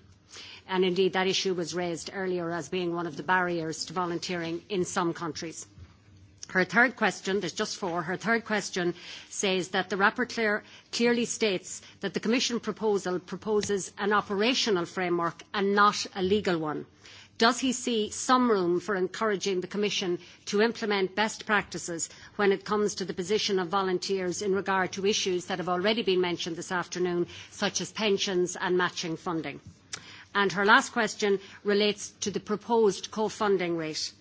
And indeed, that issue was raised earlier as being one of the barriers to volunteering in some countries. Her third question, there's just four, her third question says that the rapporteur clearly states that the Commission proposal proposes an operational framework and not a legal one. Does he see some room for encouraging the Commission to implement best practices when it comes to the position of volunteers in regard to issues that have already been mentioned this afternoon, such as pensions and matching funding? And her last question relates to the proposed co-funding rate.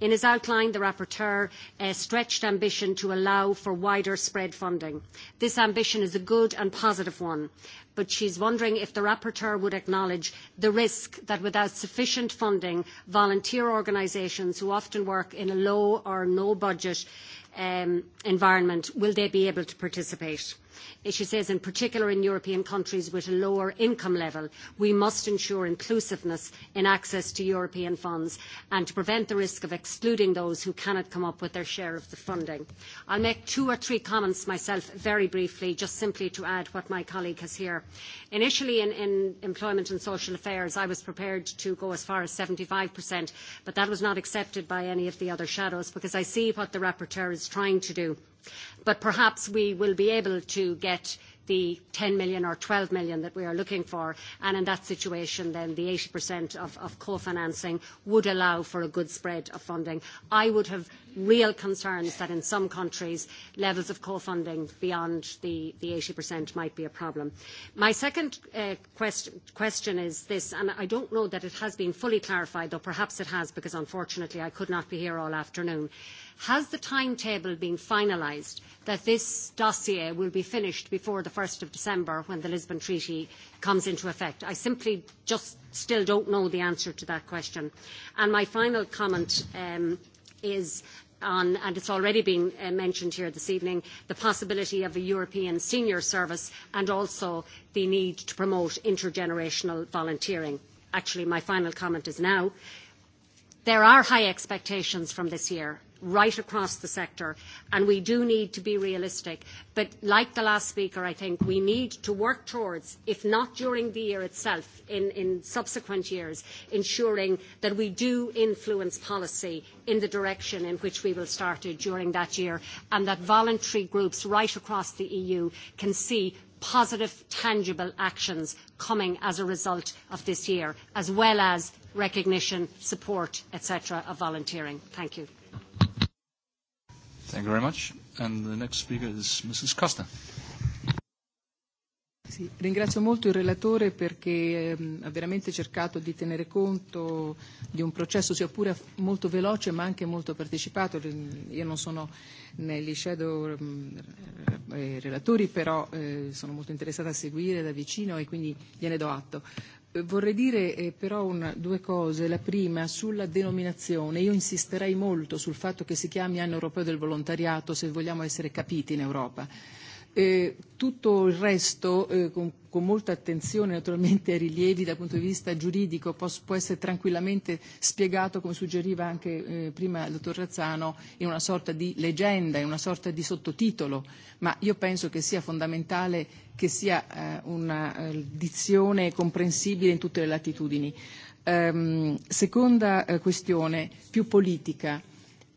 In his outline, the rapporteur uh, stretched ambition to allow for wider spread funding. This ambition is a good and positive one, but she's wondering if the rapporteur would acknowledge the risk that without sufficient funding, volunteer organisations who often work in a low or no budget um, environment, will they be able to participate? She says, in particular in European countries with a lower income level, we must ensure inclusiveness in access to European funds and to prevent the risk of excluding those who cannot come up with their share of the funding. I'll make two or three comments myself very briefly, just simply to add what my colleague has here. Initially in, in Employment and Social Affairs, I was prepared to go as far as 75%, but that was not accepted by any of the other shadows because I see what the rapporteur is trying to do But perhaps we will be able to get the 10 million or 12 million that we are looking for. And in that situation, then the 80% of, of co-financing would allow for a good spread of funding. I would have real concerns that in some countries levels of co-funding beyond the, the 80% might be a problem. My second uh, question, question is this, and I don't know that it has been fully clarified, though perhaps it has, because unfortunately I could not be here all afternoon. Has the timetable been finalised that this dossier will be finished before the 1st of December when the Lisbon Treaty comes into effect? I simply just still don't know the answer to that question. And my final comment um, is on, and it's already been uh, mentioned here this evening, the possibility of a European senior service and also the need to promote intergenerational volunteering. Actually, my final comment is now. There are high expectations from this year right across the sector, and we do need to be realistic. But like the last speaker, I think we need to work towards, if not during the year itself, in, in subsequent years, ensuring that we do influence policy in the direction in which we will start it during that year, and that voluntary groups right across the EU can see positive, tangible actions coming as a result of this year, as well as recognition, support, etc., of volunteering. Thank you. Thank you very much. the next speaker is Mrs. Costa. Sì, ringrazio molto il relatore perché ehm, ha veramente cercato di tenere conto di un processo sia pure molto veloce ma anche molto partecipato. Ehm, io non sono negli shadow ehm, eh, relatori però eh, sono molto interessata a seguire da vicino e quindi gliene do atto. Vorrei dire eh, però un, due cose. La prima, sulla denominazione. Io insisterei molto sul fatto che si chiami anno europeo del volontariato se vogliamo essere capiti in Europa E tutto il resto, eh, con, con molta attenzione naturalmente ai rilievi dal punto di vista giuridico, pos, può essere tranquillamente spiegato, come suggeriva anche eh, prima il dottor Razzano, in una sorta di leggenda, in una sorta di sottotitolo, ma io penso che sia fondamentale che sia eh, una eh, dizione comprensibile in tutte le latitudini. Ehm, seconda eh, questione, più politica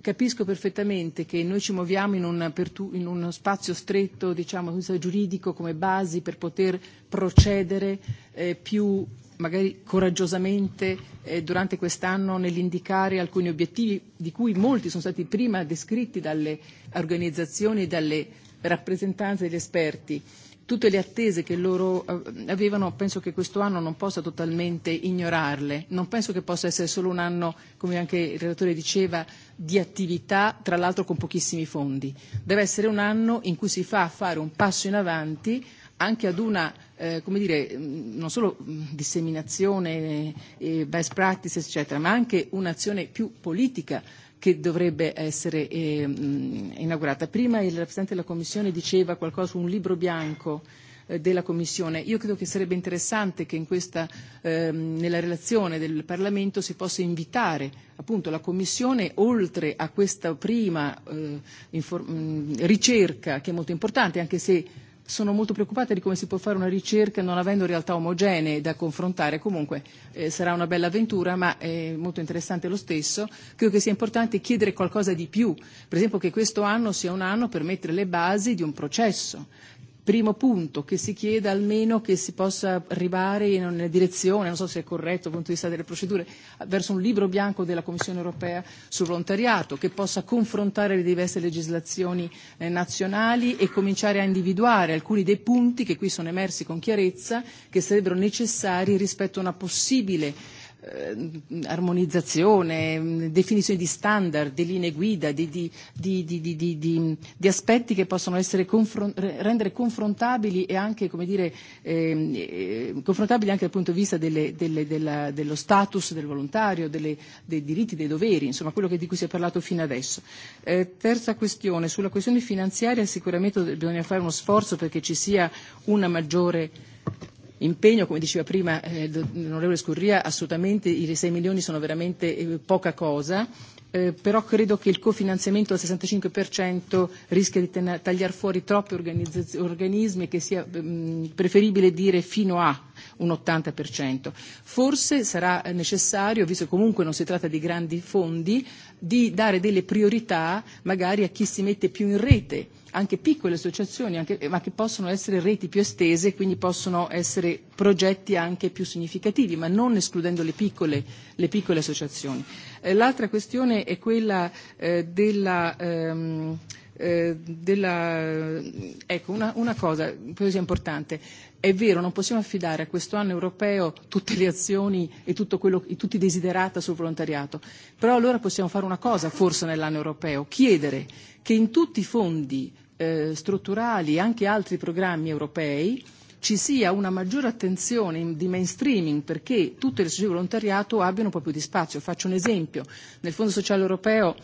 capisco perfettamente che noi ci muoviamo in, una, in uno spazio stretto, diciamo, giuridico come basi per poter procedere eh, più magari coraggiosamente eh, durante quest'anno nell'indicare alcuni obiettivi di cui molti sono stati prima descritti dalle organizzazioni e dalle rappresentanze degli esperti. Tutte le attese che loro eh, avevano penso che questo anno non possa totalmente ignorarle, non penso che possa essere solo un anno, come anche il relatore diceva, di attività, tra l'altro con pochissimi fondi. Deve essere un anno in cui si fa fare un passo in avanti anche ad una eh, come dire, mm, non solo mm, disseminazione, eh, e best practices, eccetera, ma anche un'azione più politica che dovrebbe essere eh, mm, inaugurata. Prima il rappresentante della Commissione diceva qualcosa su un libro bianco Eh, della Commissione. Io credo che sarebbe interessante che in questa, ehm, nella relazione del Parlamento si possa invitare appunto la Commissione, oltre a questa prima eh, mm, ricerca che è molto importante, anche se sono molto preoccupata di come si può fare una ricerca non avendo realtà omogenee da confrontare, comunque eh, sarà una bella avventura ma è molto interessante lo stesso. Credo che sia importante chiedere qualcosa di più, per esempio che questo anno sia un anno per mettere le basi di un processo primo punto che si chieda almeno che si possa arrivare in una direzione, non so se è corretto dal punto di vista delle procedure, verso un libro bianco della Commissione europea sul volontariato, che possa confrontare le diverse legislazioni eh, nazionali e cominciare a individuare alcuni dei punti che qui sono emersi con chiarezza che sarebbero necessari rispetto a una possibile eh, armonizzazione, definizione di standard, di linee guida, di, di, di, di, di, di, di, di aspetti che possono essere confron- rendere confrontabili e anche, come dire, eh, eh, confrontabili anche dal punto di vista delle, delle, della, dello status del volontario, delle, dei diritti, dei doveri, insomma quello che, di cui si è parlato fino adesso. Eh, terza questione, sulla questione finanziaria sicuramente bisogna fare uno sforzo perché ci sia una maggiore impegno, come diceva prima eh, l'onorevole Scurria, assolutamente i 6 milioni sono veramente eh, poca cosa, eh, però credo che il cofinanziamento al 65% rischia di ten- tagliare fuori troppi organismi e che sia mh, mm, preferibile dire fino a un 80%. Forse sarà eh, necessario, visto che comunque non si tratta di grandi fondi, di dare delle priorità magari a chi si mette più in rete, anche piccole associazioni, anche, ma che possono essere reti più estese, quindi possono essere progetti anche più significativi, ma non escludendo le piccole, le piccole associazioni. Eh, l'altra questione è quella eh, della. Ehm, eh, della, ecco, una, una cosa è importante. È vero, non possiamo affidare a questo anno europeo tutte le azioni e tutto quello, tutti i desiderata sul volontariato, però allora possiamo fare una cosa forse nell'anno europeo, chiedere che in tutti i fondi eh, strutturali e anche altri programmi europei ci sia una maggiore attenzione in, di mainstreaming perché tutte le società di volontariato abbiano un po' più di spazio. Faccio un esempio. Nel Fondo Sociale Europeo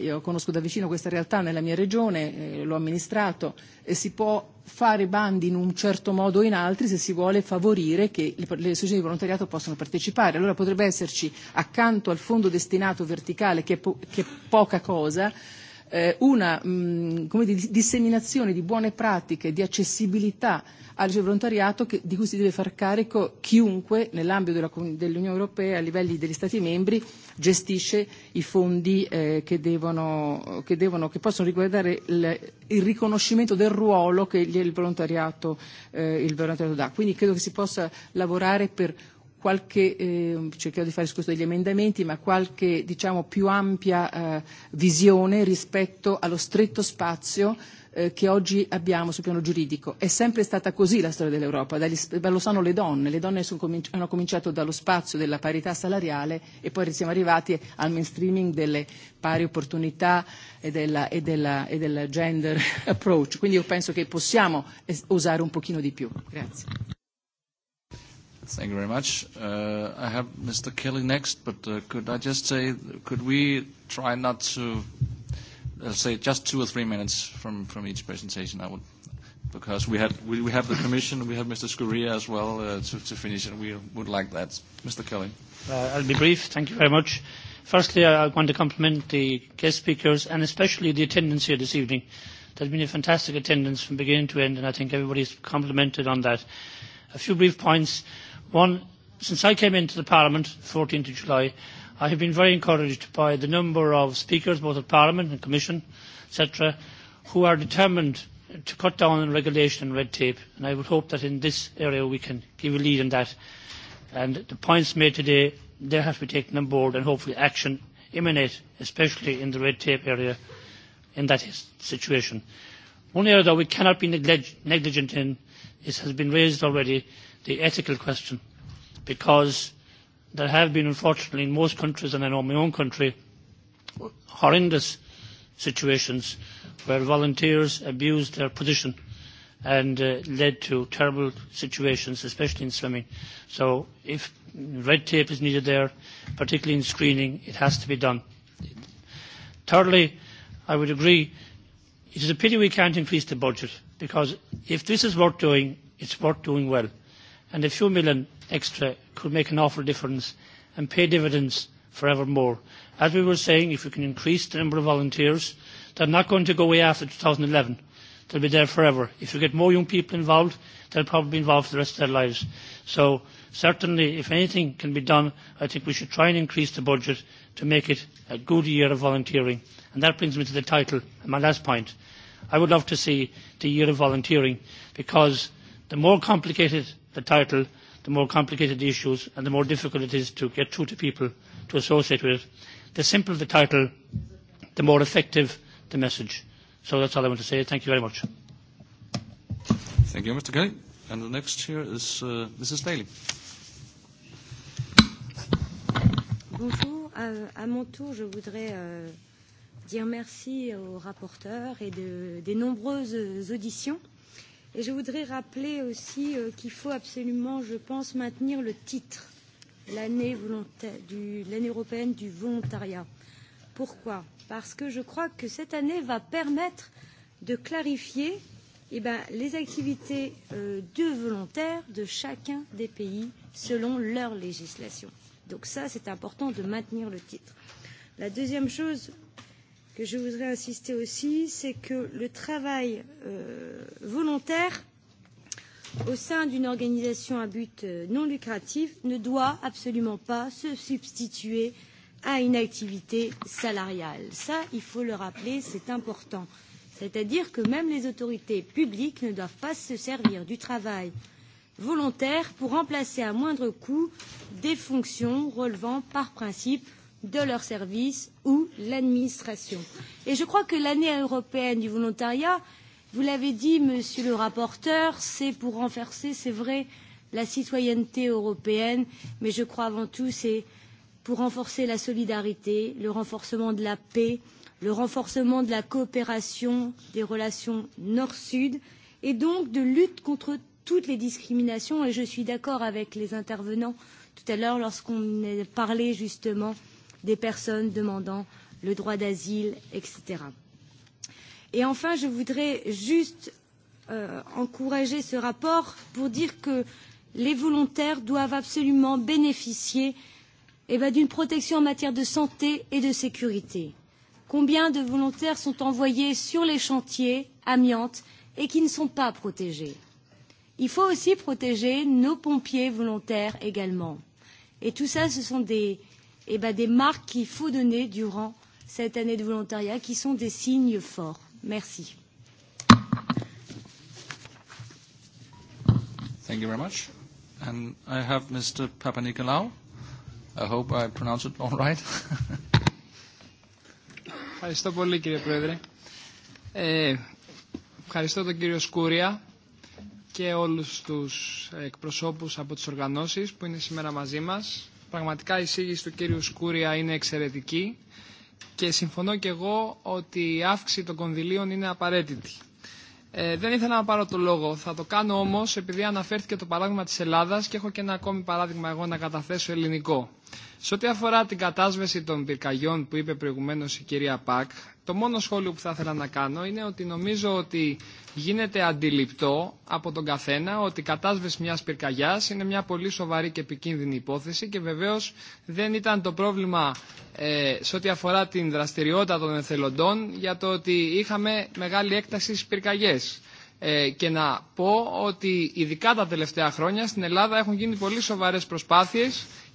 io conosco da vicino questa realtà nella mia regione, eh, l'ho amministrato, e si può fare bandi in un certo modo o in altri se si vuole favorire che le, le associazioni di volontariato possano partecipare. Allora potrebbe esserci accanto al fondo destinato verticale, che è, po- che è poca cosa, eh, una mh, mm, come di, disseminazione di buone pratiche di accessibilità al volontariato che, di cui si deve far carico chiunque nell'ambito della, dell'Unione Europea a livelli degli Stati membri gestisce i fondi eh, che, devono, che, devono, che possono riguardare il, il riconoscimento del ruolo che il volontariato, eh, il volontariato dà. Quindi credo che si possa lavorare per qualche, eh, cercherò di fare scusa degli emendamenti, ma qualche diciamo, più ampia eh, visione rispetto allo stretto spazio eh, che oggi abbiamo sul piano giuridico. È sempre stata così la storia dell'Europa, dagli, lo sanno le donne, le donne sono cominci- hanno cominciato dallo spazio della parità salariale e poi siamo arrivati al mainstreaming delle pari opportunità e, della, e, della, e della gender [LAUGHS] approach. Quindi io penso che possiamo usare un pochino di più. Grazie. Thank you very much. Uh, I have Mr. Kelly next, but uh, could I just say, could we try not to, uh, say just two or three minutes from, from each presentation? I would, because we, had, we, we have the commission, we have Mr. Scuria as well uh, to, to finish, and we would like that. Mr. Kelly. Uh, I'll be brief. Thank you very much. Firstly, I want to compliment the guest speakers and especially the attendance here this evening. There's been a fantastic attendance from beginning to end, and I think everybody's complimented on that. A few brief points. One, since I came into the Parliament, 14th of July, I have been very encouraged by the number of speakers, both at Parliament and Commission, etc., who are determined to cut down on regulation and red tape. And I would hope that in this area we can give a lead in that. And the points made today, they have to be taken on board and hopefully action emanate, especially in the red tape area, in that situation. One area that we cannot be negligent in, this has been raised already, the ethical question because there have been, unfortunately, in most countries, and I know my own country, horrendous situations where volunteers abused their position and uh, led to terrible situations, especially in swimming. So if red tape is needed there, particularly in screening, it has to be done. Thirdly, I would agree, it is a pity we can't increase the budget because if this is worth doing, it's worth doing well and a few million extra could make an awful difference and pay dividends forevermore. As we were saying, if we can increase the number of volunteers, they're not going to go away after 2011. They'll be there forever. If you get more young people involved, they'll probably be involved for the rest of their lives. So certainly, if anything can be done, I think we should try and increase the budget to make it a good year of volunteering. And that brings me to the title and my last point. I would love to see the year of volunteering because the more complicated the title, the more complicated the issues and the more difficult it is to get through to people to associate with The simpler the title, the more effective the message. So that's all I want to say. Thank you very much. Thank you, Mr. Kelly. And the next here is uh, Mrs. Daly. Bonjour. À, à mon tour, je voudrais euh, dire merci aux rapporteurs et de, des nombreuses auditions Et je voudrais rappeler aussi euh, qu'il faut absolument, je pense, maintenir le titre l'année européenne du volontariat. Pourquoi Parce que je crois que cette année va permettre de clarifier eh ben, les activités euh, de volontaires de chacun des pays selon leur législation. Donc ça, c'est important de maintenir le titre. La deuxième chose, que je voudrais insister aussi, c'est que le travail euh, volontaire au sein d'une organisation à but euh, non lucratif ne doit absolument pas se substituer à une activité salariale. Ça, il faut le rappeler, c'est important. C'est-à-dire que même les autorités publiques ne doivent pas se servir du travail volontaire pour remplacer à moindre coût des fonctions relevant par principe de leurs services ou l'administration. Et je crois que l'année européenne du volontariat, vous l'avez dit, monsieur le rapporteur, c'est pour renforcer, c'est vrai, la citoyenneté européenne, mais je crois avant tout c'est pour renforcer la solidarité, le renforcement de la paix, le renforcement de la coopération, des relations nord-sud et donc de lutte contre toutes les discriminations. Et je suis d'accord avec les intervenants tout à l'heure lorsqu'on parlait justement euh, des personnes demandant le droit d'asile, etc. Et enfin, je voudrais juste euh, encourager ce rapport pour dire que les volontaires doivent absolument bénéficier eh ben, d'une protection en matière de santé et de sécurité. Combien de volontaires sont envoyés sur les chantiers amiantes et qui ne sont pas protégés Il faut aussi protéger nos pompiers volontaires également. Et tout ça, ce sont des, eh ben, des marques qu'il faut donner durant cette année de volontariat, qui sont des signes forts. Merci. Thank you very much. And I have Mr. Papanikolaou. I hope I pronounce it all right. [LAUGHS] Ευχαριστώ πολύ κύριε Πρόεδρε. Ε, ευχαριστώ τον κύριο Σκούρια και όλους τους εκπροσώπους από τις οργανώσεις που είναι σήμερα μαζί μας Πραγματικά η εισήγηση του κύριου Σκούρια είναι εξαιρετική και συμφωνώ και εγώ ότι η αύξηση των κονδυλίων είναι απαραίτητη. Ε, δεν ήθελα να πάρω το λόγο. Θα το κάνω όμω επειδή αναφέρθηκε το παράδειγμα τη Ελλάδα και έχω και ένα ακόμη παράδειγμα εγώ να καταθέσω ελληνικό. Σε ό,τι αφορά την κατάσβεση των πυρκαγιών που είπε προηγουμένω η κυρία Πακ, το μόνο σχόλιο που θα ήθελα να κάνω είναι ότι νομίζω ότι γίνεται αντιληπτό από τον καθένα ότι η κατάσβεση μια πυρκαγιά είναι μια πολύ σοβαρή και επικίνδυνη υπόθεση και βεβαίω δεν ήταν το πρόβλημα ε, σε ό,τι αφορά την δραστηριότητα των εθελοντών για το ότι είχαμε μεγάλη έκταση στι πυρκαγιέ. Ε, και να πω ότι ειδικά τα τελευταία χρόνια στην Ελλάδα έχουν γίνει πολύ σοβαρέ προσπάθειε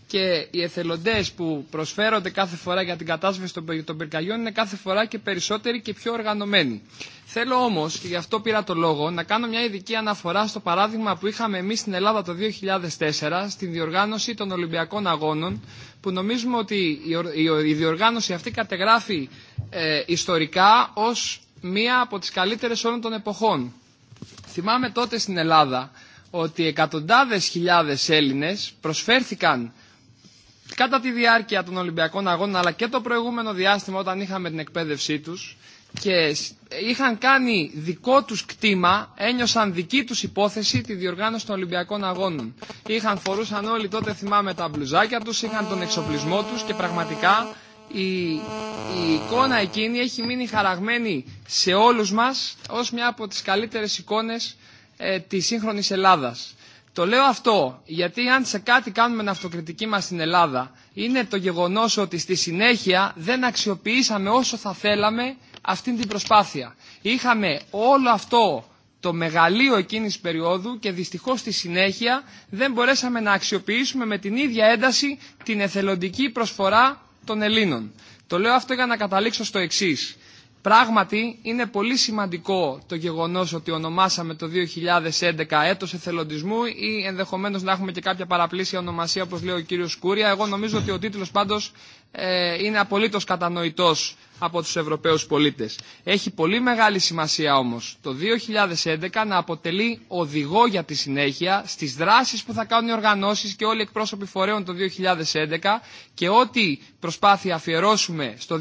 και οι εθελοντέ που προσφέρονται κάθε φορά για την κατάσβεση των πυρκαγιών είναι κάθε φορά και περισσότεροι και πιο οργανωμένοι. Θέλω όμω, και γι' αυτό πήρα το λόγο, να κάνω μια ειδική αναφορά στο παράδειγμα που είχαμε εμεί στην Ελλάδα το 2004 στην διοργάνωση των Ολυμπιακών Αγώνων που νομίζουμε ότι η διοργάνωση αυτή κατεγράφει ε, ιστορικά ω μία από τι καλύτερε όλων των εποχών. Θυμάμαι τότε στην Ελλάδα ότι εκατοντάδες χιλιάδες Έλληνες προσφέρθηκαν κατά τη διάρκεια των Ολυμπιακών Αγώνων αλλά και το προηγούμενο διάστημα όταν είχαμε την εκπαίδευσή τους και είχαν κάνει δικό τους κτήμα, ένιωσαν δική τους υπόθεση τη διοργάνωση των Ολυμπιακών Αγώνων. Είχαν φορούσαν όλοι τότε θυμάμαι τα μπλουζάκια τους, είχαν τον εξοπλισμό τους και πραγματικά η, η εικόνα εκείνη έχει μείνει χαραγμένη σε όλους μας ως μια από τις καλύτερες εικόνες ε, της σύγχρονης Ελλάδας. Το λέω αυτό γιατί αν σε κάτι κάνουμε την αυτοκριτική μας στην Ελλάδα είναι το γεγονός ότι στη συνέχεια δεν αξιοποιήσαμε όσο θα θέλαμε αυτήν την προσπάθεια. Είχαμε όλο αυτό το μεγαλείο εκείνης της περίοδου και δυστυχώς στη συνέχεια δεν μπορέσαμε να αξιοποιήσουμε με την ίδια ένταση την εθελοντική προσφορά των Ελλήνων. Το λέω αυτό για να καταλήξω στο εξής. Πράγματι, είναι πολύ σημαντικό το γεγονός ότι ονομάσαμε το 2011 έτος εθελοντισμού ή ενδεχομένως να έχουμε και κάποια παραπλήσια ονομασία όπως λέει ο κύριος Κούρια. Εγώ νομίζω ότι ο τίτλος πάντως ε, είναι απολύτως κατανοητός από τους Ευρωπαίους πολίτες. Έχει πολύ μεγάλη σημασία όμως το 2011 να αποτελεί οδηγό για τη συνέχεια στις δράσεις που θα κάνουν οι οργανώσεις και όλοι οι εκπρόσωποι φορέων το 2011 και ό,τι προσπάθεια αφιερώσουμε στο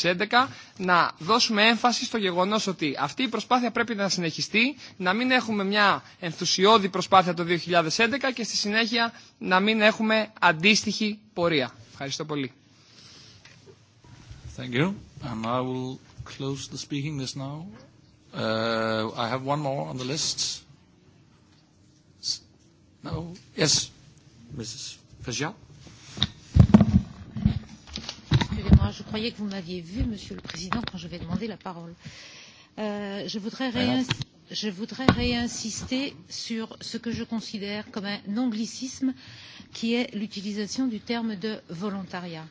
2011 να δώσουμε έμφαση στο γεγονός ότι αυτή η προσπάθεια πρέπει να συνεχιστεί, να μην έχουμε μια ενθουσιώδη προσπάθεια το 2011 και στη συνέχεια να μην έχουμε αντίστοιχη πορεία. Ευχαριστώ πολύ. Thank you. I will close the speaking list now. Uh, I have one more on the list. No? Yes, Mrs. Fagia. Excusez-moi, je croyais que vous m'aviez vu, Monsieur le Président, quand j'avais demandé la parole. Euh, je voudrais réinsister sur ce que je considère comme un anglicisme qui est l'utilisation du terme de volontariat.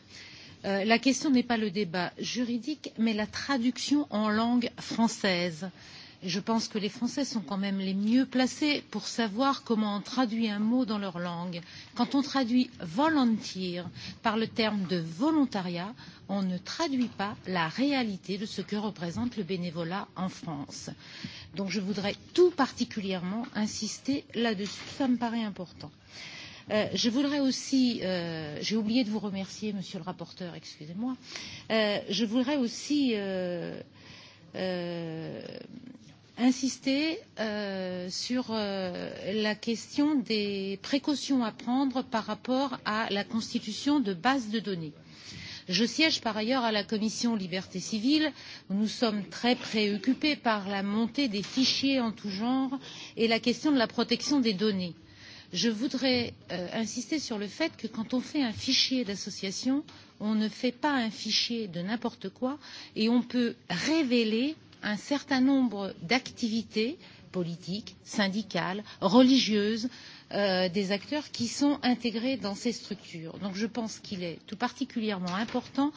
Euh, la question n'est pas le débat juridique, mais la traduction en langue française. Et je pense que les Français sont quand même les mieux placés pour savoir comment on traduit un mot dans leur langue. Quand on traduit volunteer par le terme de volontariat, on ne traduit pas la réalité de ce que représente le bénévolat en France. Donc je voudrais tout particulièrement insister là-dessus, ça me paraît important. Euh, Euh, je voudrais aussi, euh, j'ai oublié de vous remercier, monsieur le rapporteur, excusez-moi, euh, je voudrais aussi euh, euh, insister euh, sur euh, la question des précautions à prendre par rapport à la constitution de bases de données. Je siège par ailleurs à la commission Liberté civile. Où nous sommes très préoccupés par la montée des fichiers en tout genre et la question de la protection des données je voudrais euh, insister sur le fait que quand on fait un fichier d'association, on ne fait pas un fichier de n'importe quoi et on peut révéler un certain nombre d'activités politiques, syndicales, religieuses, euh, des acteurs qui sont intégrés dans ces structures. Donc je pense qu'il est tout particulièrement important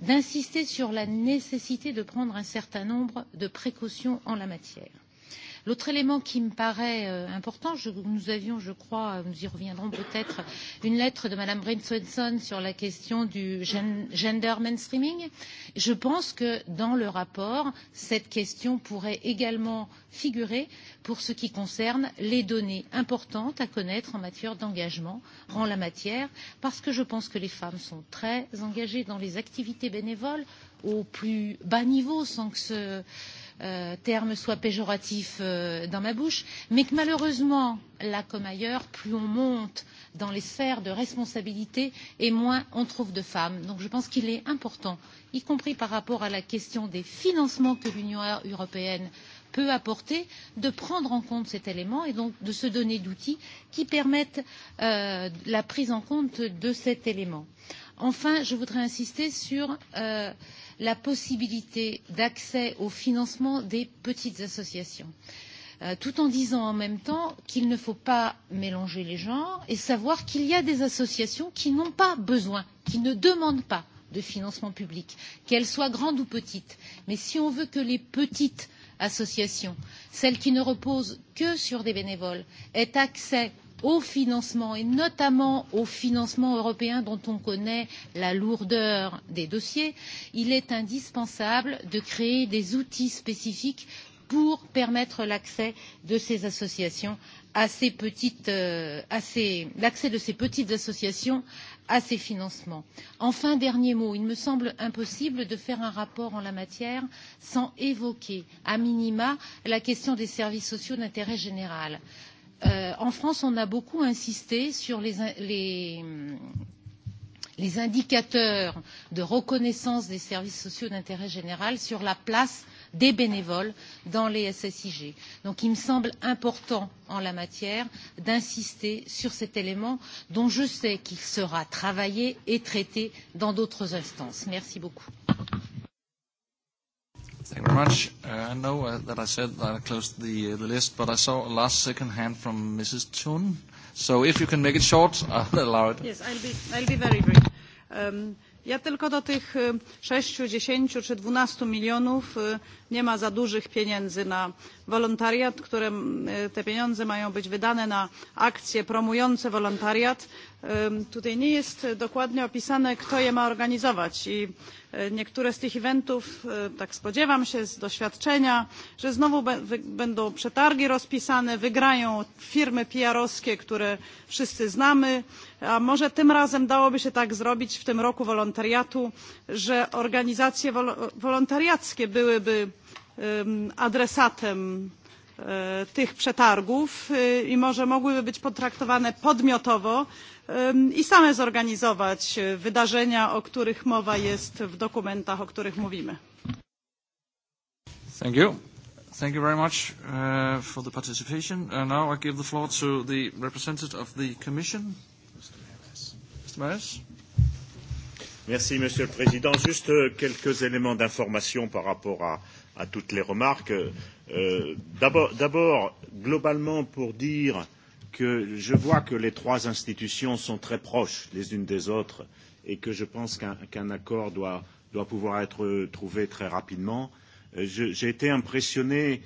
d'insister sur la nécessité de prendre un certain nombre de précautions en la matière. L'autre élément qui me paraît euh, important, je, nous avions, je crois, nous y reviendrons peut-être, une lettre de Mme Brinson sur la question du gen gender mainstreaming. Je pense que dans le rapport, cette question pourrait également figurer pour ce qui concerne les données importantes à connaître en matière d'engagement en la matière, parce que je pense que les femmes sont très engagées dans les activités bénévoles au plus bas niveau sans que ce Euh, terme soit péjoratif euh, dans ma bouche, mais que malheureusement, là comme ailleurs, plus on monte dans les sphères de responsabilité et moins on trouve de femmes. Donc je pense qu'il est important, y compris par rapport à la question des financements que l'Union européenne peut apporter, de prendre en compte cet élément et donc de se donner d'outils qui permettent euh, la prise en compte de cet élément. Enfin, je voudrais insister sur euh, la possibilité d'accès au financement des petites associations euh, tout en disant en même temps qu'il ne faut pas mélanger les genres et savoir qu'il y a des associations qui n'ont pas besoin, qui ne demandent pas de financement public, qu'elles soient grandes ou petites. Mais si on veut que les petites associations, celles qui ne reposent que sur des bénévoles, aient accès au financement et notamment au financement européen dont on connaît la lourdeur des dossiers, il est indispensable de créer des outils spécifiques pour permettre l'accès de ces associations à ces petites, euh, à ces, l'accès de ces petites associations à ces financements. Enfin, dernier mot, il me semble impossible de faire un rapport en la matière sans évoquer, à minima, la question des services sociaux d'intérêt général. Euh, en France, on a beaucoup insisté sur les, les, les indicateurs de reconnaissance des services sociaux d'intérêt général sur la place des bénévoles dans les SSIG. Donc il me semble important en la matière d'insister sur cet élément dont je sais qu'il sera travaillé et traité dans d'autres instances. Merci beaucoup. Thank you very much. Uh, I know uh, that I said that I closed the, uh, the list, but I saw a last second hand from Mrs. Thun. So if you can make it short, [LAUGHS] I'll allow it. Yes, I'll be, I'll be very brief. Um, Ja tylko do tych 6, e, 10 czy 12 milionów e, nie ma za dużych pieniędzy na wolontariat, które e, te pieniądze mają być wydane na akcje promujące wolontariat. Tutaj nie jest dokładnie opisane, kto je ma organizować i niektóre z tych eventów, tak spodziewam się z doświadczenia, że znowu będą przetargi rozpisane, wygrają firmy PR-owskie, które wszyscy znamy, a może tym razem dałoby się tak zrobić w tym roku wolontariatu że organizacje wolontariackie byłyby adresatem e, tych przetargów i może mogłyby być potraktowane podmiotowo i same zorganizować wydarzenia o których mowa jest w dokumentach o których mówimy. Thank you. Thank you very much uh, for the participation. Uh, now I give the floor to the representative of the Commission, Christmas. Merci, Monsieur le Président. Juste euh, quelques éléments d'information par rapport à, à toutes les remarques. Euh, D'abord, globalement, pour dire que je vois que les trois institutions sont très proches les unes des autres et que je pense qu'un qu, accord doit, doit pouvoir être trouvé très rapidement. Euh, j'ai été impressionné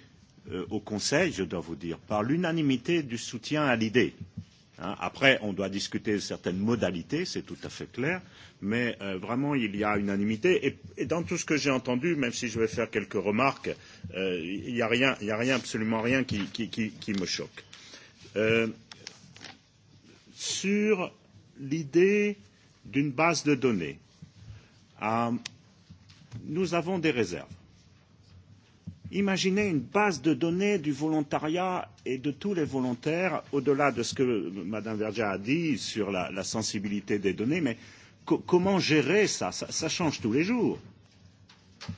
euh, au Conseil, je dois vous dire, par l'unanimité du soutien à l'idée euh, Hein. Après, on doit discuter de certaines modalités, c'est tout à fait clair, mais euh, vraiment, il y a unanimité. Et, et dans tout ce que j'ai entendu, même si je vais faire quelques remarques, euh, il n'y a, rien, il y a rien, absolument rien qui, qui, qui, qui me choque. Euh, sur l'idée d'une base de données, euh, nous avons des réserves Imaginez une base de données du volontariat et de tous les volontaires, au-delà de ce que Mme Verja a dit sur la, la sensibilité des données, mais co comment gérer ça, ça Ça change tous les jours.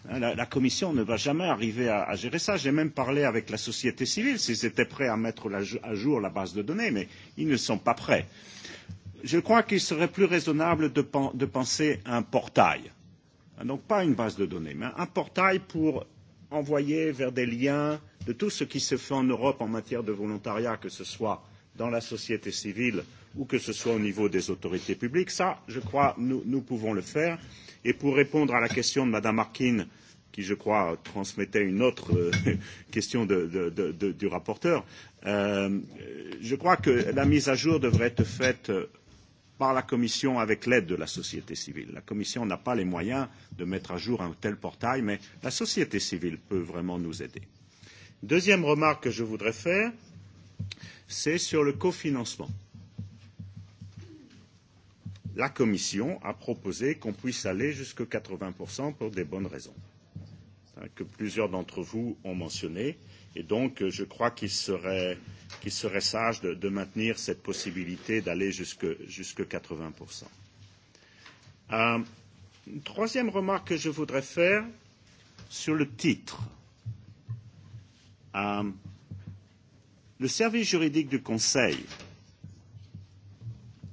La, la Commission ne va jamais arriver à, à gérer ça. J'ai même parlé avec la société civile s'ils étaient prêts à mettre la, à jour la base de données, mais ils ne sont pas prêts. Je crois qu'il serait plus raisonnable de, pan de penser à un portail. Donc pas une base de données, mais un portail pour Envoyer vers des liens de tout ce qui se fait en Europe en matière de volontariat, que ce soit dans la société civile ou que ce soit au niveau des autorités publiques. Ça, je crois, nous, nous pouvons le faire. Et pour répondre à la question de Mme Harkin, qui, je crois, transmettait une autre euh, [LAUGHS] question de, de, de, de, du rapporteur, euh, je crois que la mise à jour devrait être faite euh, par la Commission avec l'aide de la société civile. La Commission n'a pas les moyens de mettre à jour un tel portail, mais la société civile peut vraiment nous aider. Deuxième remarque que je voudrais faire, c'est sur le cofinancement. La Commission a proposé qu'on puisse aller jusqu'à 80% pour des bonnes raisons, que plusieurs d'entre vous ont mentionné. Et donc, je crois qu'il serait euh, qu'il serait sage de, de maintenir cette possibilité d'aller jusque, jusque 80%. Euh, une troisième remarque que je voudrais faire sur le titre. Euh, le service juridique du Conseil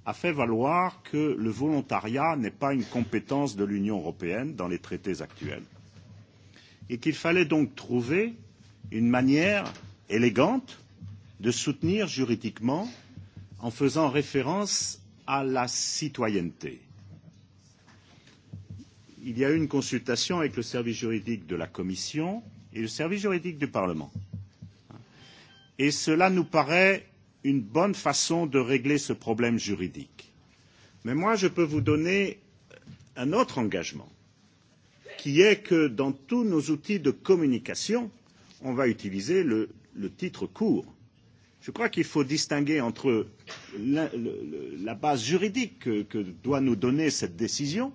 a fait valoir que le volontariat n'est pas une compétence de l'Union européenne dans les traités actuels et qu'il fallait donc trouver une manière élégante de soutenir juridiquement en faisant référence à la citoyenneté. Il y a eu une consultation avec le service juridique de la Commission et le service juridique du Parlement. Et cela nous paraît une bonne façon de régler ce problème juridique. Mais moi, je peux vous donner un autre engagement, qui est que dans tous nos outils de communication, on va utiliser le, le titre court Je crois qu'il faut distinguer entre la, la base juridique que, que doit nous donner cette décision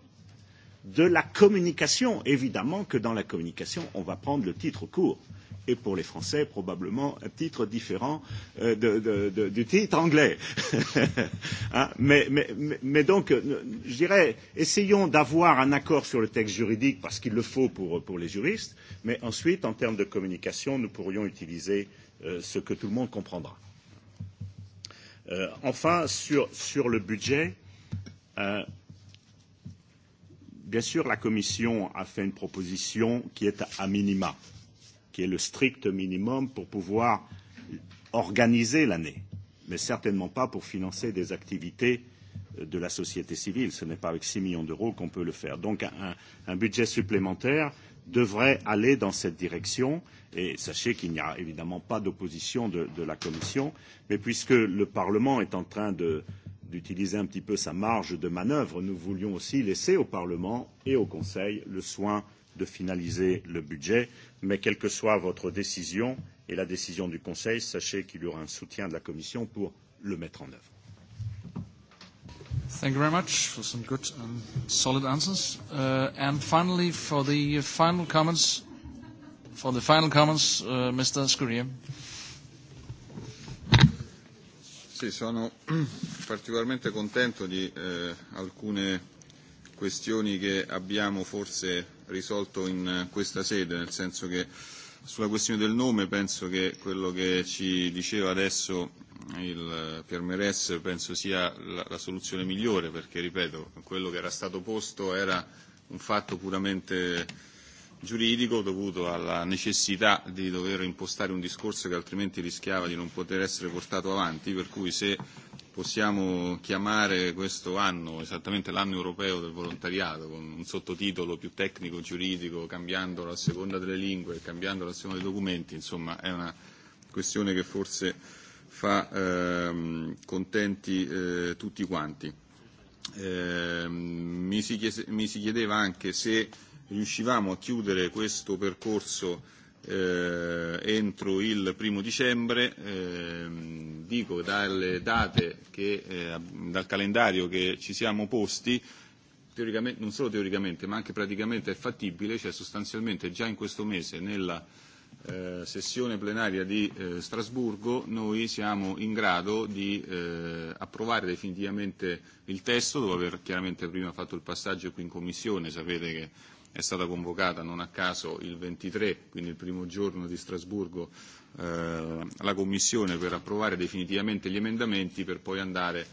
de la communication. Évidemment que dans la communication, on va prendre le titre court et pour les Français probablement un titre différent euh, de, de, de, du titre anglais. [LAUGHS] hein? mais, mais, mais donc, euh, je dirais, essayons d'avoir un accord sur le texte juridique parce qu'il le faut pour, pour les juristes, mais ensuite, en termes de communication, nous pourrions utiliser euh, Euh, ce que tout le monde comprendra. Euh, enfin, sur, sur le budget, euh, bien sûr, la Commission a fait une proposition qui est à minima, qui est le strict minimum pour pouvoir organiser l'année, mais certainement pas pour financer des activités euh, de la société civile. Ce n'est pas avec 6 millions d'euros qu'on peut le faire. Donc un, un budget supplémentaire devrait aller dans cette direction. Et sachez qu'il n'y a évidemment pas d'opposition de, de la Commission, mais puisque le Parlement est en train de, d'utiliser un petit peu sa marge de manœuvre, nous voulions aussi laisser au Parlement et au Conseil le soin de finaliser le budget. Mais quelle que soit votre décision et la décision du Conseil, sachez qu'il y aura un soutien de la Commission pour le mettre en œuvre. Thank you very much for some good and solid answers. Uh, and finally, for the final comments, for the final comments, uh, Mr. Scurria. Sì, sono [CLEARS THROAT] particolarmente contento di eh, alcune questioni che abbiamo forse risolto in questa sede, nel senso che sulla questione del nome penso che quello che ci diceva adesso il, per Meres penso sia la, la soluzione migliore perché, ripeto, quello che era stato posto era un fatto puramente giuridico dovuto alla necessità di dover impostare un discorso che altrimenti rischiava di non poter essere portato avanti, per cui se possiamo chiamare questo anno esattamente l'anno europeo del volontariato, con un sottotitolo più tecnico, giuridico, cambiandolo a seconda delle lingue, cambiandolo a seconda dei documenti, insomma è una questione che forse fa ehm, contenti eh, tutti quanti. Eh, mi, si chiese, mi si chiedeva anche se riuscivamo a chiudere questo percorso eh, entro il primo dicembre. Eh, dico dalle date che, eh, dal calendario che ci siamo posti, teoricamente, non solo teoricamente ma anche praticamente è fattibile, cioè sostanzialmente già in questo mese nella eh, sessione plenaria di eh, Strasburgo noi siamo in grado di eh, approvare definitivamente il testo, dopo aver chiaramente prima fatto il passaggio qui in Commissione, sapete che è stata convocata non a caso il 23, quindi il primo giorno di Strasburgo, eh, la Commissione per approvare definitivamente gli emendamenti per poi andare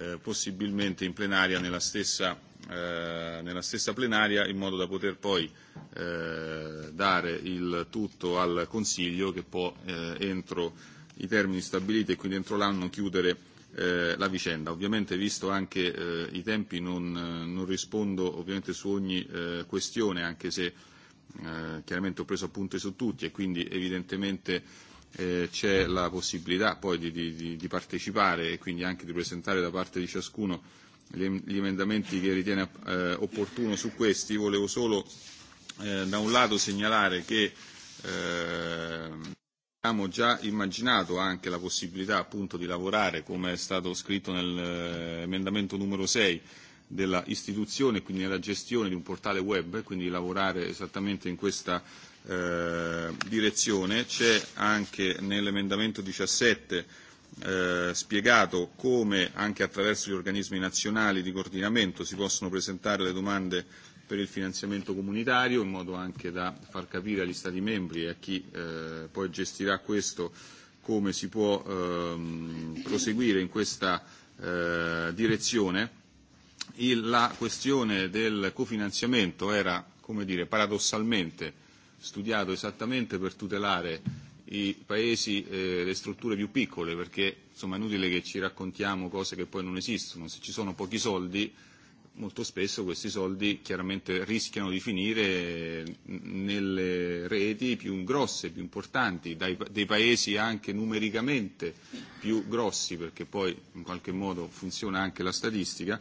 eh, possibilmente in plenaria nella stessa, eh, nella stessa plenaria in modo da poter poi eh, dare il tutto al Consiglio che può eh, entro i termini stabiliti e quindi entro l'anno chiudere eh, la vicenda. Ovviamente visto anche eh, i tempi non, non rispondo ovviamente su ogni eh, questione anche se eh, chiaramente ho preso appunti su tutti e quindi evidentemente eh, c'è la possibilità poi di, di, di partecipare e quindi anche di presentare da parte di ciascuno gli emendamenti che ritiene eh, opportuno su questi. Volevo solo eh, da un lato segnalare che eh, abbiamo già immaginato anche la possibilità appunto di lavorare, come è stato scritto nell'emendamento eh, numero 6, della istituzione, quindi nella gestione di un portale web, quindi lavorare esattamente in questa eh, direzione c'è anche nell'emendamento 17 eh, spiegato come anche attraverso gli organismi nazionali di coordinamento si possono presentare le domande per il finanziamento comunitario, in modo anche da far capire agli Stati membri e a chi eh, poi gestirà questo come si può ehm, proseguire in questa eh, direzione. Il, la questione del cofinanziamento era, come dire, paradossalmente studiato esattamente per tutelare i paesi e eh, le strutture più piccole, perché insomma, è inutile che ci raccontiamo cose che poi non esistono. Se ci sono pochi soldi, molto spesso questi soldi chiaramente rischiano di finire nelle reti più grosse, più importanti, dai, dei paesi anche numericamente più grossi, perché poi in qualche modo funziona anche la statistica.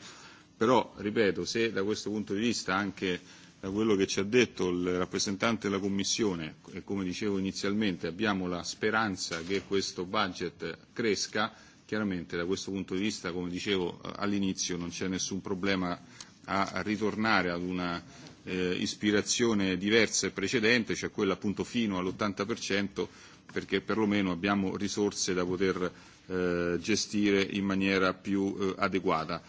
Però, ripeto, se da questo punto di vista anche da quello che ci ha detto il rappresentante della Commissione e come dicevo inizialmente abbiamo la speranza che questo budget cresca, chiaramente da questo punto di vista, come dicevo eh, all'inizio, non c'è nessun problema a ritornare ad una eh, ispirazione diversa e precedente, cioè quella appunto fino all'80%, perché perlomeno abbiamo risorse da poter eh, gestire in maniera più eh, adeguata.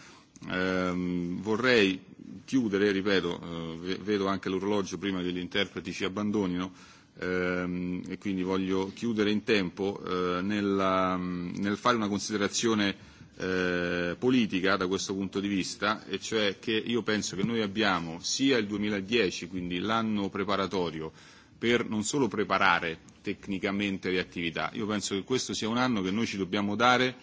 Ehm, vorrei chiudere, ripeto, eh, vedo anche l'orologio prima che gli interpreti ci abbandonino, ehm, e quindi voglio chiudere in tempo eh, nella, nel fare una considerazione eh, politica da questo punto di vista, e cioè che io penso che noi abbiamo sia il 2010, quindi l'anno preparatorio, per non solo preparare tecnicamente le attività, io penso che questo sia un anno che noi ci dobbiamo dare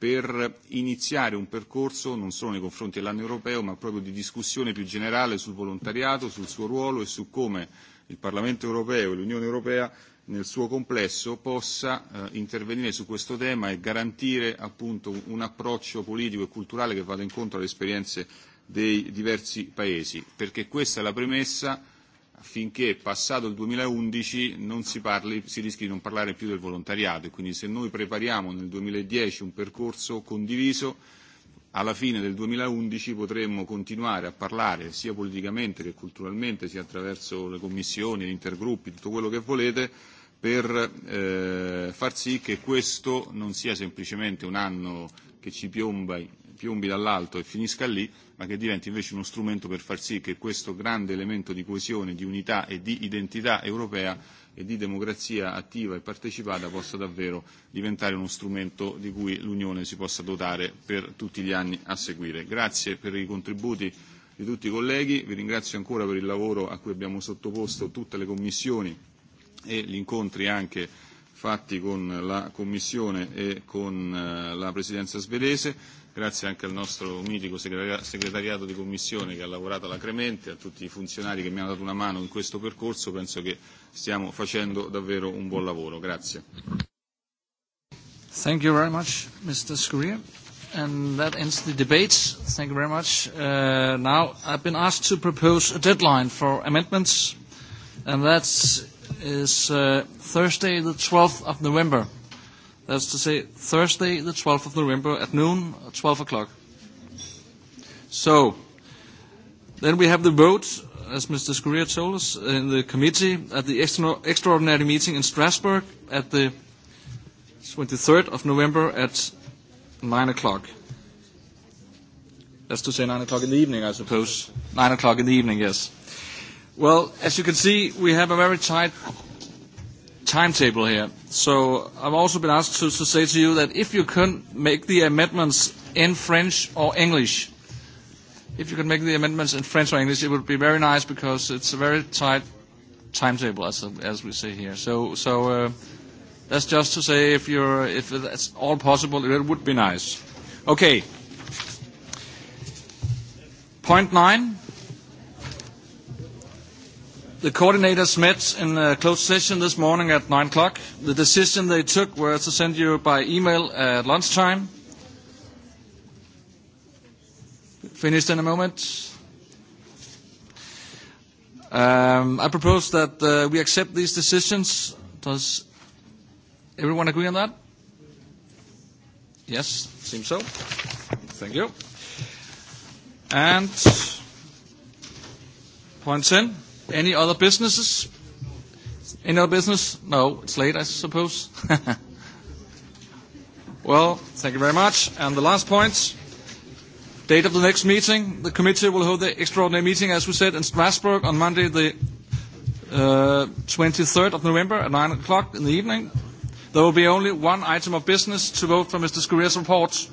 per iniziare un percorso non solo nei confronti dell'anno europeo, ma proprio di discussione più generale sul volontariato, sul suo ruolo e su come il Parlamento europeo e l'Unione europea nel suo complesso possa eh, intervenire su questo tema e garantire appunto un approccio politico e culturale che vada incontro alle esperienze dei diversi paesi, perché questa è la premessa affinché passato il 2011 non si, parli, si rischi di non parlare più del volontariato e quindi se noi prepariamo nel 2010 un percorso condiviso alla fine del 2011 potremmo continuare a parlare sia politicamente che culturalmente, sia attraverso le commissioni, gli intergruppi, tutto quello che volete, per eh, far sì che questo non sia semplicemente un anno che ci piomba, piombi dall'alto e finisca lì, ma che diventi invece uno strumento per far sì che questo grande elemento di coesione, di unità e di identità europea e di democrazia attiva e partecipata possa davvero diventare uno strumento di cui l'Unione si possa dotare per tutti gli anni a seguire. Grazie per i contributi di tutti i colleghi, vi ringrazio ancora per il lavoro a cui abbiamo sottoposto tutte le commissioni e gli incontri anche fatti con la Commissione e con eh, la Presidenza svedese Grazie anche al nostro mitico segretariato di commissione che ha lavorato alacremente, a tutti i funzionari che mi hanno dato una mano in questo percorso, penso che stiamo facendo davvero un buon lavoro. Grazie. Thank you very much, Mr. Scurria. And that ends the debate. Thank you very much. Uh, now, I've been asked to propose a deadline for amendments, and that is uh, Thursday, the 12th of November That's to say, Thursday, the 12th of November at noon, 12 o'clock. So, then we have the vote, as Mr. Scuria told us, in the committee at the extra extraordinary meeting in Strasbourg at the 23rd of November at 9 o'clock. That's to say 9 o'clock in the evening, I suppose. 9 o'clock in the evening, yes. Well, as you can see, we have a very tight timetable here. So I've also been asked to, to say to you that if you can make the amendments in French or English, if you can make the amendments in French or English, it would be very nice because it's a very tight timetable, as, as we say here. So, so uh, that's just to say if, you're, if that's all possible, it would be nice. Okay. Point nine The coordinators met in a closed session this morning at 9 o'clock. The decision they took was to send you by email at lunchtime. Finished in a moment. Um, I propose that uh, we accept these decisions. Does everyone agree on that? Yes, seems so. Thank you. And point 10. Any other businesses? Any other business? No, it's late, I suppose. [LAUGHS] well, thank you very much. And the last point, date of the next meeting. The committee will hold the extraordinary meeting, as we said, in Strasbourg on Monday, the 23rd uh, of November at 9 o'clock in the evening. There will be only one item of business to vote for Mr. Scurria's report.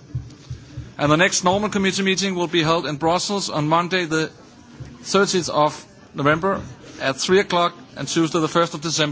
And the next normal committee meeting will be held in Brussels on Monday, the 30th of november at three o'clock and tuesday the first of december.